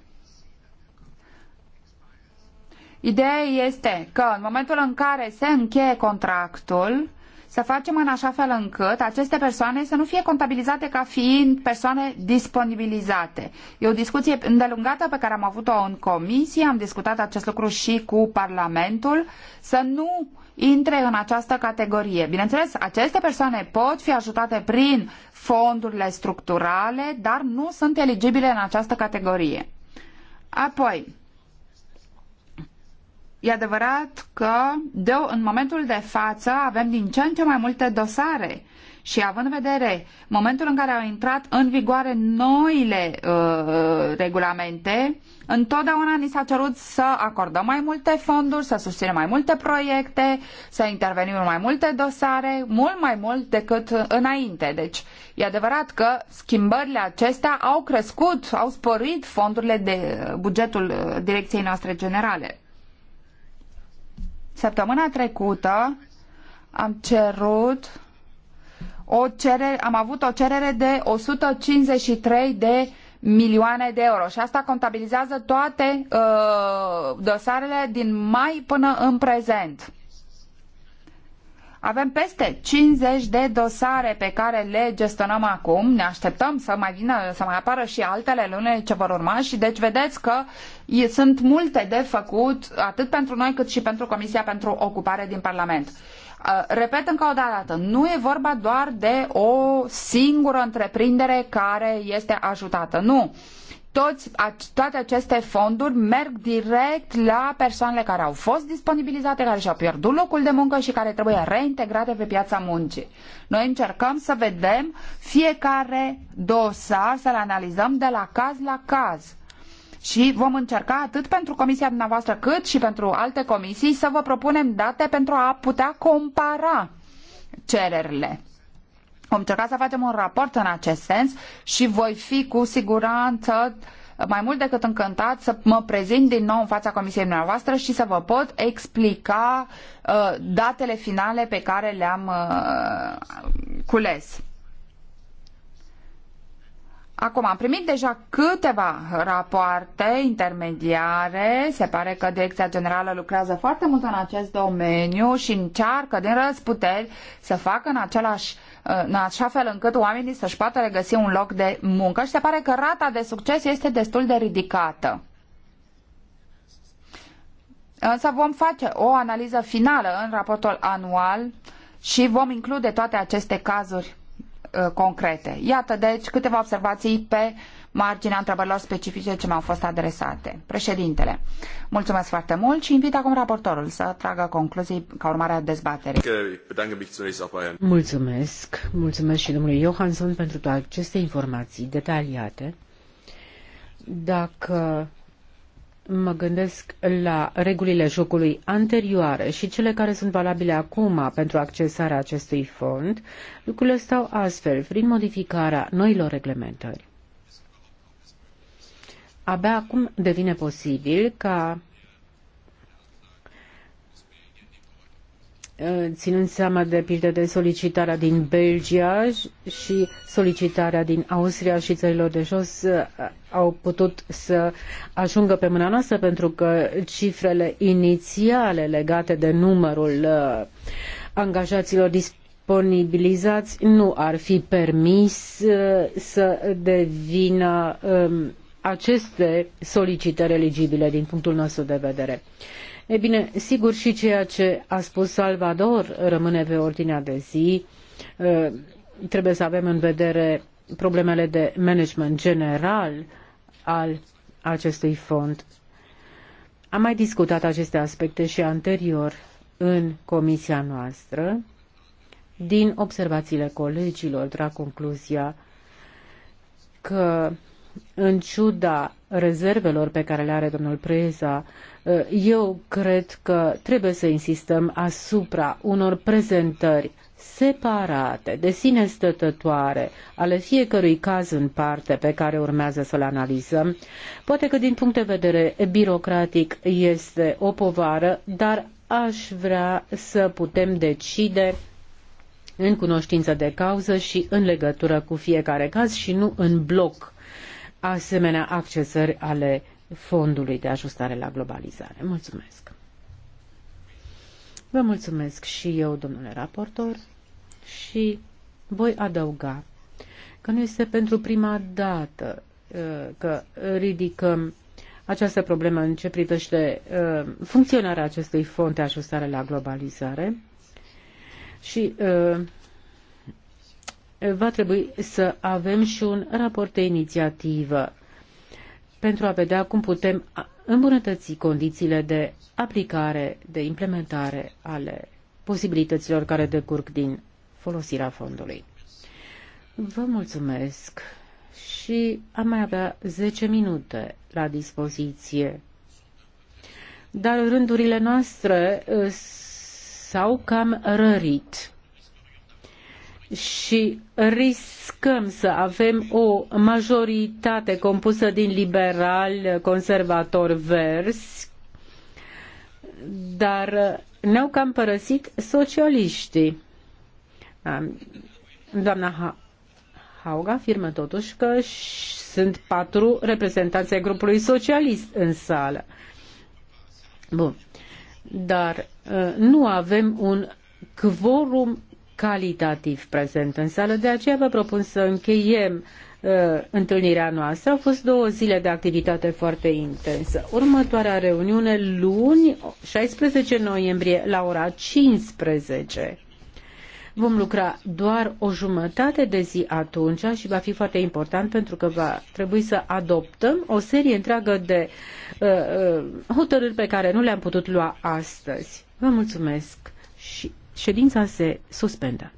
Ideea este că în momentul în care se încheie contractul, să facem în așa fel încât aceste persoane să nu fie contabilizate ca fiind persoane disponibilizate. E o discuție îndelungată pe care am avut-o în comisie, am discutat acest lucru și cu Parlamentul, să nu intre în această categorie. Bineînțeles, aceste persoane pot fi ajutate prin fondurile structurale, dar nu sunt eligibile în această categorie. Apoi, e adevărat că de, în momentul de față avem din ce în ce mai multe dosare și având în vedere momentul în care au intrat în vigoare noile uh, regulamente, uh, Întotdeauna ni s-a cerut să acordăm mai multe fonduri, să susținem mai multe proiecte, să intervenim în mai multe dosare, mult mai mult decât înainte. Deci, e adevărat că schimbările acestea au crescut, au sporit fondurile de bugetul uh, direcției noastre generale. Săptămâna trecută am cerut o cerere, am avut o cerere de 153 de milioane de euro și asta contabilizează toate uh, dosarele din mai până în prezent. Avem peste 50 de dosare pe care le gestionăm acum, ne așteptăm să mai vină, să mai apară și altele luni ce vor urma și deci vedeți că sunt multe de făcut atât pentru noi cât și pentru Comisia pentru Ocupare din Parlament. Uh, repet încă o dată, nu e vorba doar de o singură întreprindere care este ajutată. Nu. Toți, toate aceste fonduri merg direct la persoanele care au fost disponibilizate, care și-au pierdut locul de muncă și care trebuie reintegrate pe piața muncii. Noi încercăm să vedem fiecare dosar, să-l analizăm de la caz la caz și vom încerca atât pentru comisia dumneavoastră cât și pentru alte comisii să vă propunem date pentru a putea compara cererile. Vom încerca să facem un raport în acest sens și voi fi cu siguranță mai mult decât încântat să mă prezint din nou în fața comisiei dumneavoastră și să vă pot explica uh, datele finale pe care le-am uh, cules. Acum, am primit deja câteva rapoarte intermediare. Se pare că Direcția Generală lucrează foarte mult în acest domeniu și încearcă din răzputeri să facă în același în așa fel încât oamenii să-și poată regăsi un loc de muncă și se pare că rata de succes este destul de ridicată. Însă vom face o analiză finală în raportul anual și vom include toate aceste cazuri Uh, concrete. Iată, deci, câteva observații pe marginea întrebărilor specifice ce mi-au fost adresate. Președintele, mulțumesc foarte mult și invit acum raportorul să tragă concluzii ca urmare a dezbaterii. Mulțumesc, mulțumesc și domnului Johansson pentru toate aceste informații detaliate. Dacă mă gândesc la regulile jocului anterioare și cele care sunt valabile acum pentru accesarea acestui fond, lucrurile stau astfel, prin modificarea noilor reglementări. Abia acum devine posibil ca Uh, ținând seama de pildă de solicitarea din Belgia și solicitarea din Austria și țărilor de jos, uh, au putut să ajungă pe mâna noastră pentru că cifrele inițiale legate de numărul uh, angajaților disponibilizați nu ar fi permis să devină um, aceste solicitări eligibile din punctul nostru de vedere. E bine, sigur și ceea ce a spus Salvador rămâne pe ordinea de zi. Trebuie să avem în vedere problemele de management general al acestui fond. Am mai discutat aceste aspecte și anterior în comisia noastră. Din observațiile colegilor trag concluzia că în ciuda rezervelor pe care le are domnul Preza, eh, eu cred că trebuie să insistăm asupra unor prezentări separate, de sine stătătoare, ale fiecărui caz în parte pe care urmează să-l analizăm. Poate că din punct de vedere birocratic este o povară, dar aș vrea să putem decide în cunoștință de cauză și în legătură cu fiecare caz și nu în bloc asemenea accesări ale Fondului de Ajustare la Globalizare. Mulțumesc! Vă mulțumesc și eu, domnule raportor, și voi adăuga că nu este pentru prima dată uh, că ridicăm această problemă în ce privește uh, funcționarea acestui fond de ajustare la globalizare și uh, va trebui să avem și un raport de inițiativă pentru a vedea cum putem îmbunătăți condițiile de aplicare, de implementare ale posibilităților care decurg din folosirea fondului. Vă mulțumesc și am mai avea 10 minute la dispoziție. Dar rândurile noastre uh, s-au cam rărit și riscăm să avem o majoritate compusă din liberali, conservatori, verzi, dar ne-au cam părăsit socialiștii. Doamna Hauga afirmă totuși că sunt patru reprezentanți ai grupului socialist în sală. Bun. Dar uh, nu avem un quorum calitativ prezent în sală. De aceea vă propun să încheiem uh, întâlnirea noastră. Au fost două zile de activitate foarte intensă. Următoarea reuniune luni, 16 noiembrie, la ora 15. Vom lucra doar o jumătate de zi atunci și va fi foarte important pentru că va trebui să adoptăm o serie întreagă de uh, uh, hotărâri pe care nu le-am putut lua astăzi. Vă mulțumesc! Ședința se suspendă.